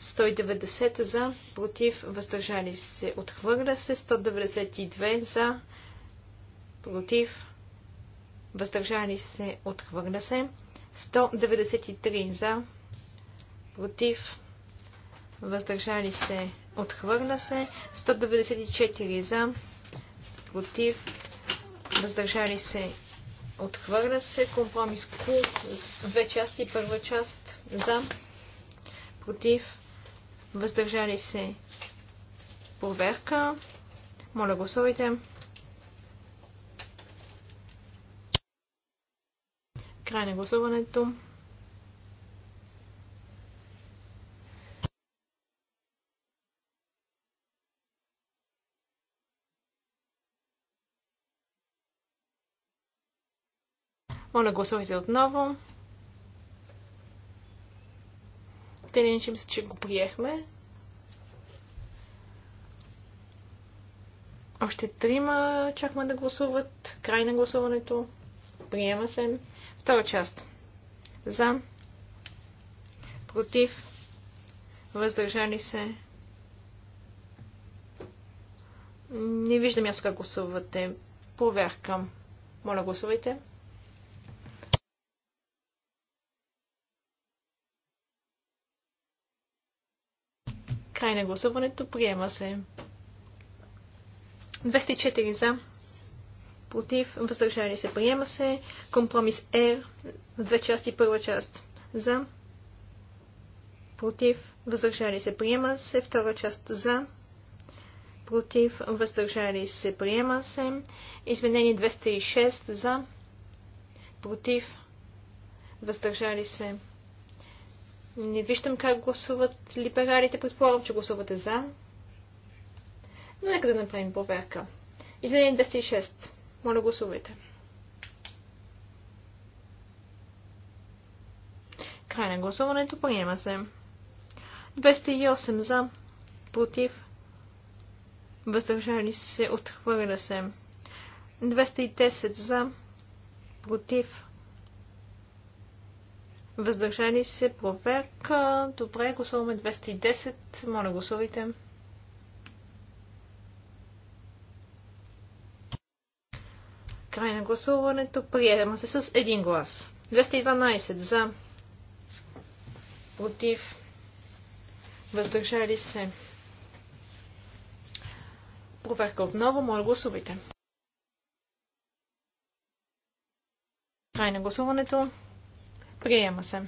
190 за, против, въздържали се, отхвърля се, 192 за, против, въздържали се, отхвърля се, 193 за, против, въздържали се, отхвърля се, 194 за, против, въздържали се, отхвърля се, компромис Q, две части, първа част за, против, въздържали се проверка. Моля гласувайте. Край на гласуването. Моля гласувайте отново. общи линии, че мисля, че го приехме. Още трима чакаме да гласуват. Край на гласуването. Приема се. Втора част. За. Против. Въздържали се. Не виждам аз как гласувате. Проверка. Моля, гласувайте. Край на гласуването. Приема се. 204 за. Против. Въздържали се. Приема се. Компромис Р. Е. В две части. Първа част. За. Против. Въздържали се. Приема се. Втора част. За. Против. Въздържали се. Приема се. Извинени 206 за. Против. Въздържали се. Не виждам как гласуват либералите. Предполагам, че гласувате за. Но нека да направим проверка. Изменение 206. Моля, гласувайте. Край на гласуването. Приема се. 208 за. Против. Въздържали се. Отхвърля се. 210 за. Против Въздържали се проверка. Добре, гласуваме 210. Моля, гласувайте. Край на гласуването. Приема се с един глас. 212 за. Против. Въздържали се. Проверка отново. Моля, гласувайте. Край на гласуването. Приема се.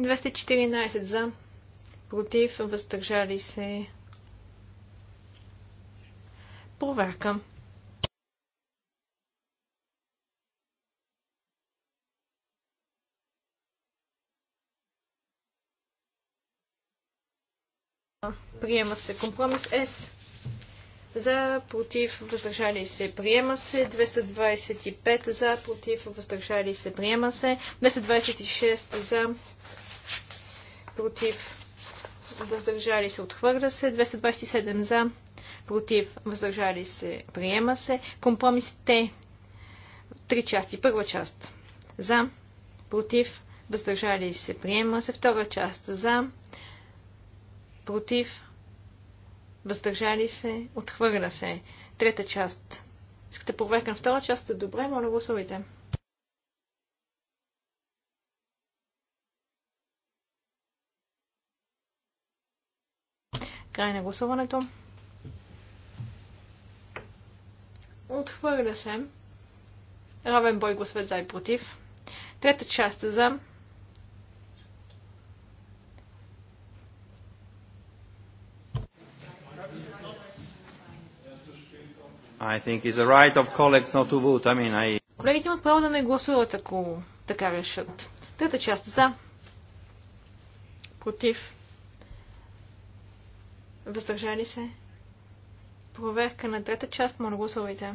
214 за. Против. Въздържали се. Проверка. Приема се компромис С за, против, въздържали се, приема се. 225 за, против, въздържали се, приема се. 226 за, против, въздържали се, отхвърля се. 227 за, против, въздържали се, приема се. Компромисите три части. Първа част за, против, въздържали се, приема се. Втора част за, против, въздържали се, отхвърля се. Трета част. Искате проверка на втора част? Добре, моля гласувайте. Край на гласуването. Отхвърля се. Равен бой гласове за и против. Трета част за I think it's right of colleagues not to vote. I mean, I... Колегите имат право да не гласуват, ако така решат. Трета част за. Против. Въздържали се. Проверка на трета част. Моля, гласувайте.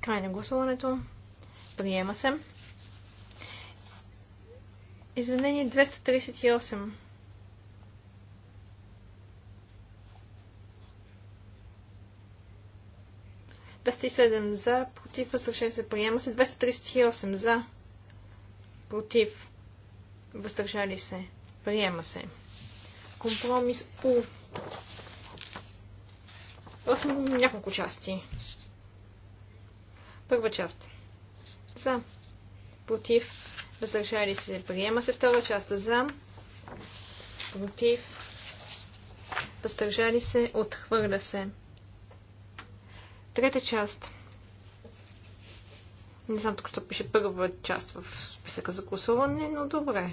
Край на гласуването. Приема се. Извинение 238. 207 за, против, възстрашен се, приема се. 238 за, против, възстрашали се, приема се. Компромис У в няколко части. Първа част. За. Против. Въздържали се. Приема се втора част. За. Против. Въздържали се. Отхвърля се. Трета част. Не знам тук, що пише първа част в списъка за гласуване, но добре.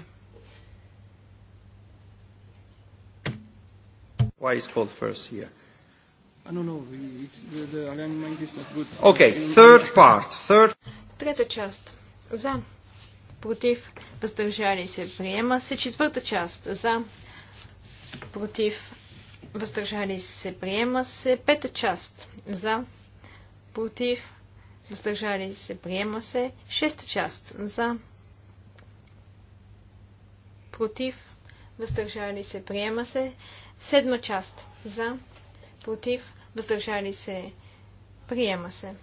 Why is called first here? I don't know. It's, the, the alignment is not good. Okay, third part. Third... Трета част. За. Против. Въздържали се. Приема се. Четвърта част. За. Против. Въздържали се. Приема се. Пета част. За против, въздържали се, приема се. Шеста част за, против, въздържали се, приема се. Седма част за, против, въздържали се, приема се.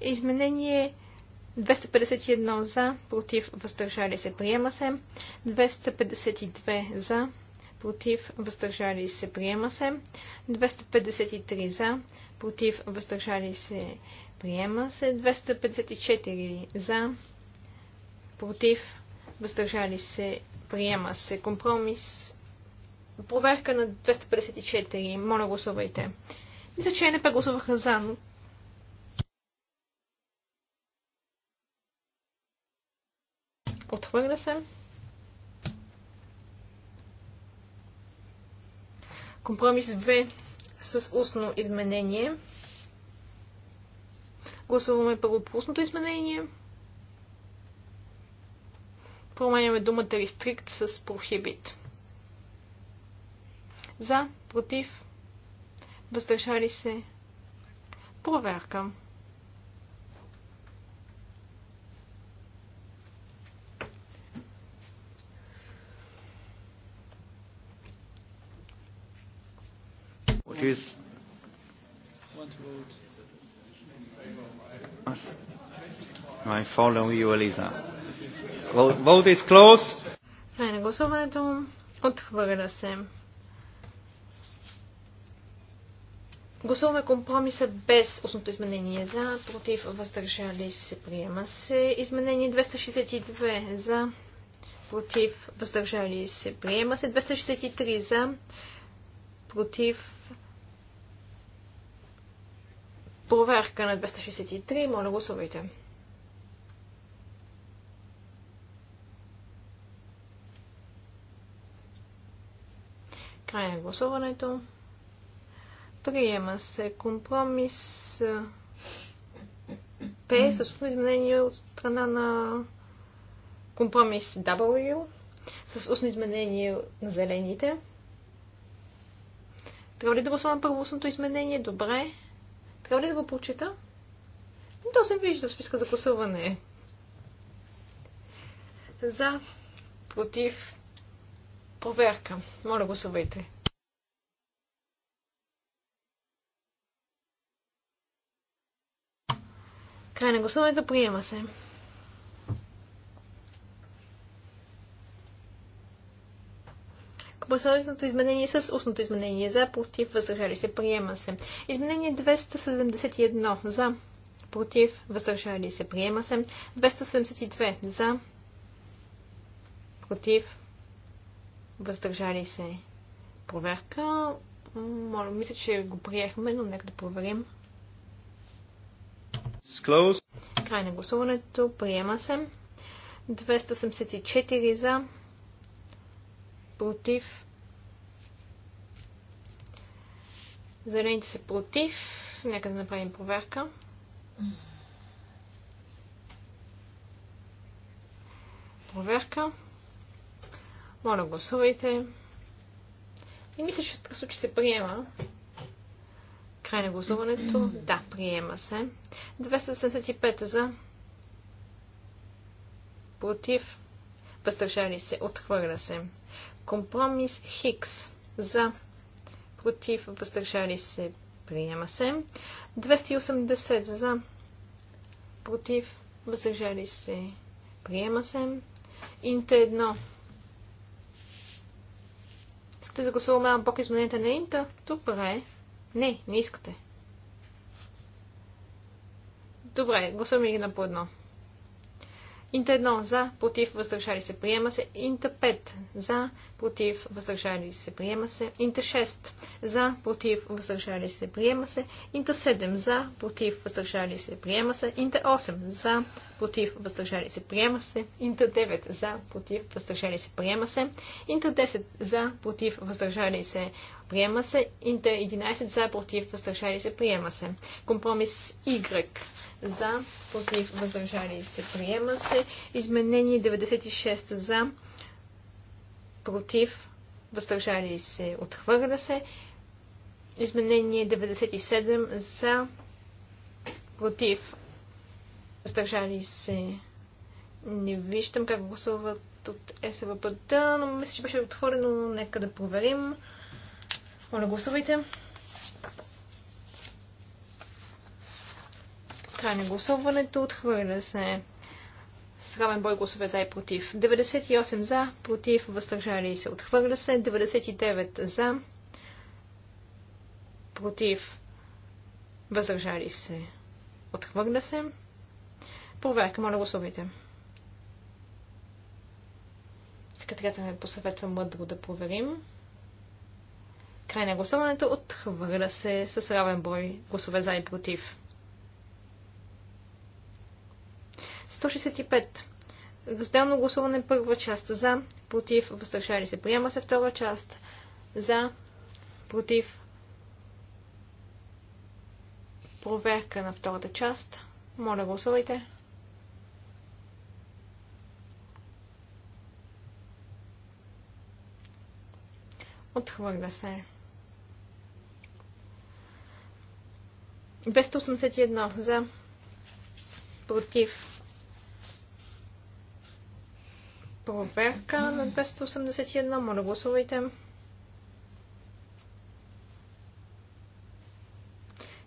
Изменение 251 за, против, въздържали се, приема се. 252 за, против, въздържали се, приема се. 253 за, против, въздържали се, приема се. 254 за, против, въздържали се, приема се. Компромис. Проверка на 254. Моля, гласувайте. Мисля, че не гласуваха за, но Отхвърля се. Компромис 2 с устно изменение. Гласуваме първо по устното изменение. Променяме думата restrict с prohibit. За, против, въздържали се. Проверка. is I follow you, Elisa. Well, vote is closed. на гласуването. Отхвърля се. Гласуваме компромиса без основното изменение за, против, въздържали се, приема се. Изменение 262 за, против, въздържали се, приема се. 263 за, против, Проверка на 263. Моля, гласувайте. Край на гласуването. Приема се компромис P с изменение от страна на компромис W с устно изменение на зелените. Трябва ли да гласуваме първо устното изменение? Добре. Трябва ли да го почита? То се вижда в списка за гласуване. За, против, проверка. Моля, гласувайте. Край на гласуването приема се. последното изменение с устното изменение. За, против, въздържали се, приема се. Изменение 271. За, против, въздържали се, приема се. 272. За, против, въздържали се. Проверка. Моля, мисля, че го приехме, но нека да проверим. Close. Край на гласуването. Приема се. 274 за. Против. Зелените са против. Нека да направим проверка. Проверка. Моля, гласувайте. И мисля, че в такъв случай се приема. Край на гласуването. Да, приема се. 275 за. Против. Въздържали се. Отхвърля се. Компромис Хикс. За против, въздържали се, приема се. 280 за, против, въздържали се, приема се. Инта 1. Искате да гласуваме бок изменете на Инта? Добре. Не, не искате. Добре, гласуваме ги на по едно. Инта 1 за, против, въздържали се, приема се. Инта 5 за, против, въздържали се, приема се. Инта 6 за, против, въздържали се, приема се. Инта 7 за, против, въздържали се, приема се. Инта 8 за, против, въздържали се, приема се. Инта 9 за, против, въздържали се, приема се. Инта 10 за, против, въздържали се, Приема се. Интер 11 за, против, въздържали се. Приема се. Компромис Y за, против, въздържали се. Приема се. Изменение 96 за, против, въздържали се. Отхвърля се. Изменение 97 за, против, въздържали се. Не виждам как гласуват от СВПД, но мисля, че беше отворено. Нека да проверим. Моля, гласувайте. Край на гласуването. Отхвърля се с равен бой гласове за и против. 98 за, против, въздържали се. Отхвърля се. 99 за, против, въздържали се. Отхвърля се. Проверка, моля гласувайте. да ме посъветва мъдро да проверим. Край на гласуването отхвърля се с равен брой гласове за и против. 165. Разделно гласуване първа част за, против, въздържали се. Приема се втора част за, против. Проверка на втората част. Моля, гласувайте. Отхвърля се. 281 за, против. Проверка на 281. Моля, гласувайте.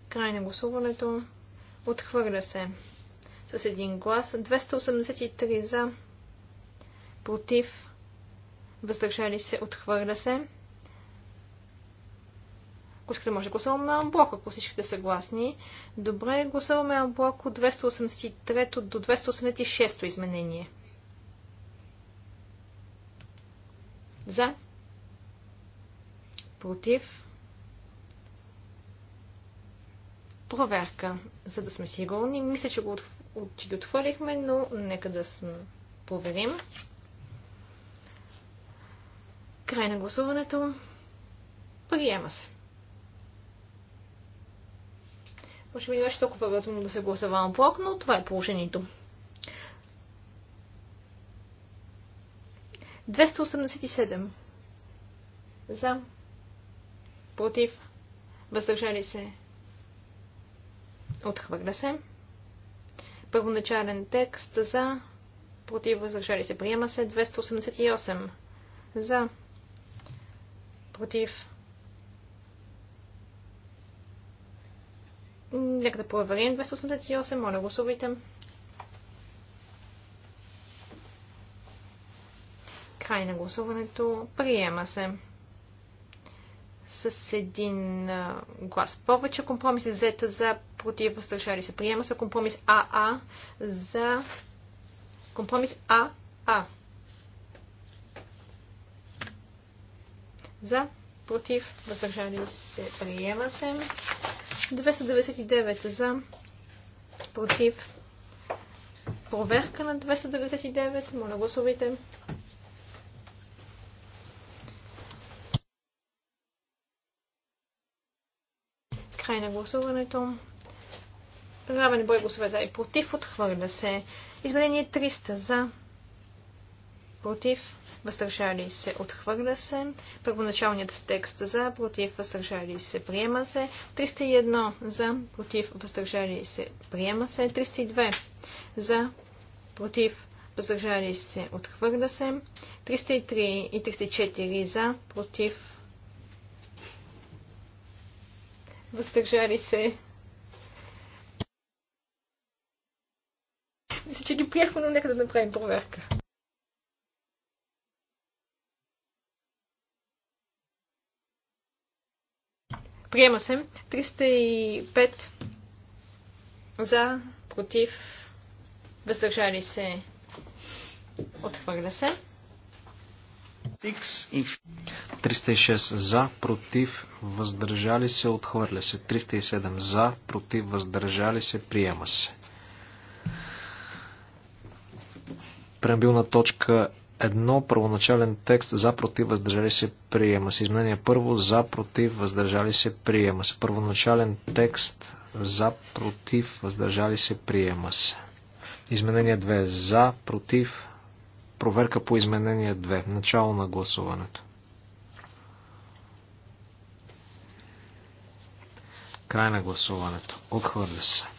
Край на гласуването. Отхвърля се. С един глас. 283 за. Против. Въздържали се. Отхвърля се. Ако искате, може да гласуваме анблок, ако всички сте съгласни. Добре, гласуваме анблок от 283 до 286 изменение. За. Против. Проверка, за да сме сигурни. Мисля, че го, от... че го отхвърлихме, но нека да сме проверим. Край на гласуването. Приема се. Може би не беше толкова разумно да се по окно, но това е положението. 287. За. Против. Въздържали се. Отхвърля се. Първоначален текст за. Против. Въздържали се. Приема се. 288. За. Против. Нека да проверим 288. Моля, гласувайте. Край на гласуването. Приема се. С един глас повече. Компромис Z е за против въздържали се. Приема се. Компромис АА за компромис АА. За против въздържали се. Приема се. 299 за, против. Проверка на 299. Моля, гласувайте. Край на гласуването. Равен брой гласове за и против. Отхвърля се. Изменение 300 за. Против въздържали се, отхвърля се. Първоначалният текст за, против, въздържали се, приема се. 301 за, против, въздържали се, приема се. 302 за, против, въздържали се, отхвърля се. 303 и 304 за, против, въздържали се. Мисля, че ги приехме, но нека да направим проверка. Приема се. 305 за, против, въздържали се, отхвърля се. 306 за, против, въздържали се, отхвърля се. 307 за, против, въздържали се, приема се. Преамбилна точка едно първоначален текст за против въздържали се приема се. Изменение първо за против въздържали се приема се. Първоначален текст за против въздържали се приема се. Изменение 2 за против проверка по изменение 2. Начало на гласуването. Край на гласуването. Отхвърля се.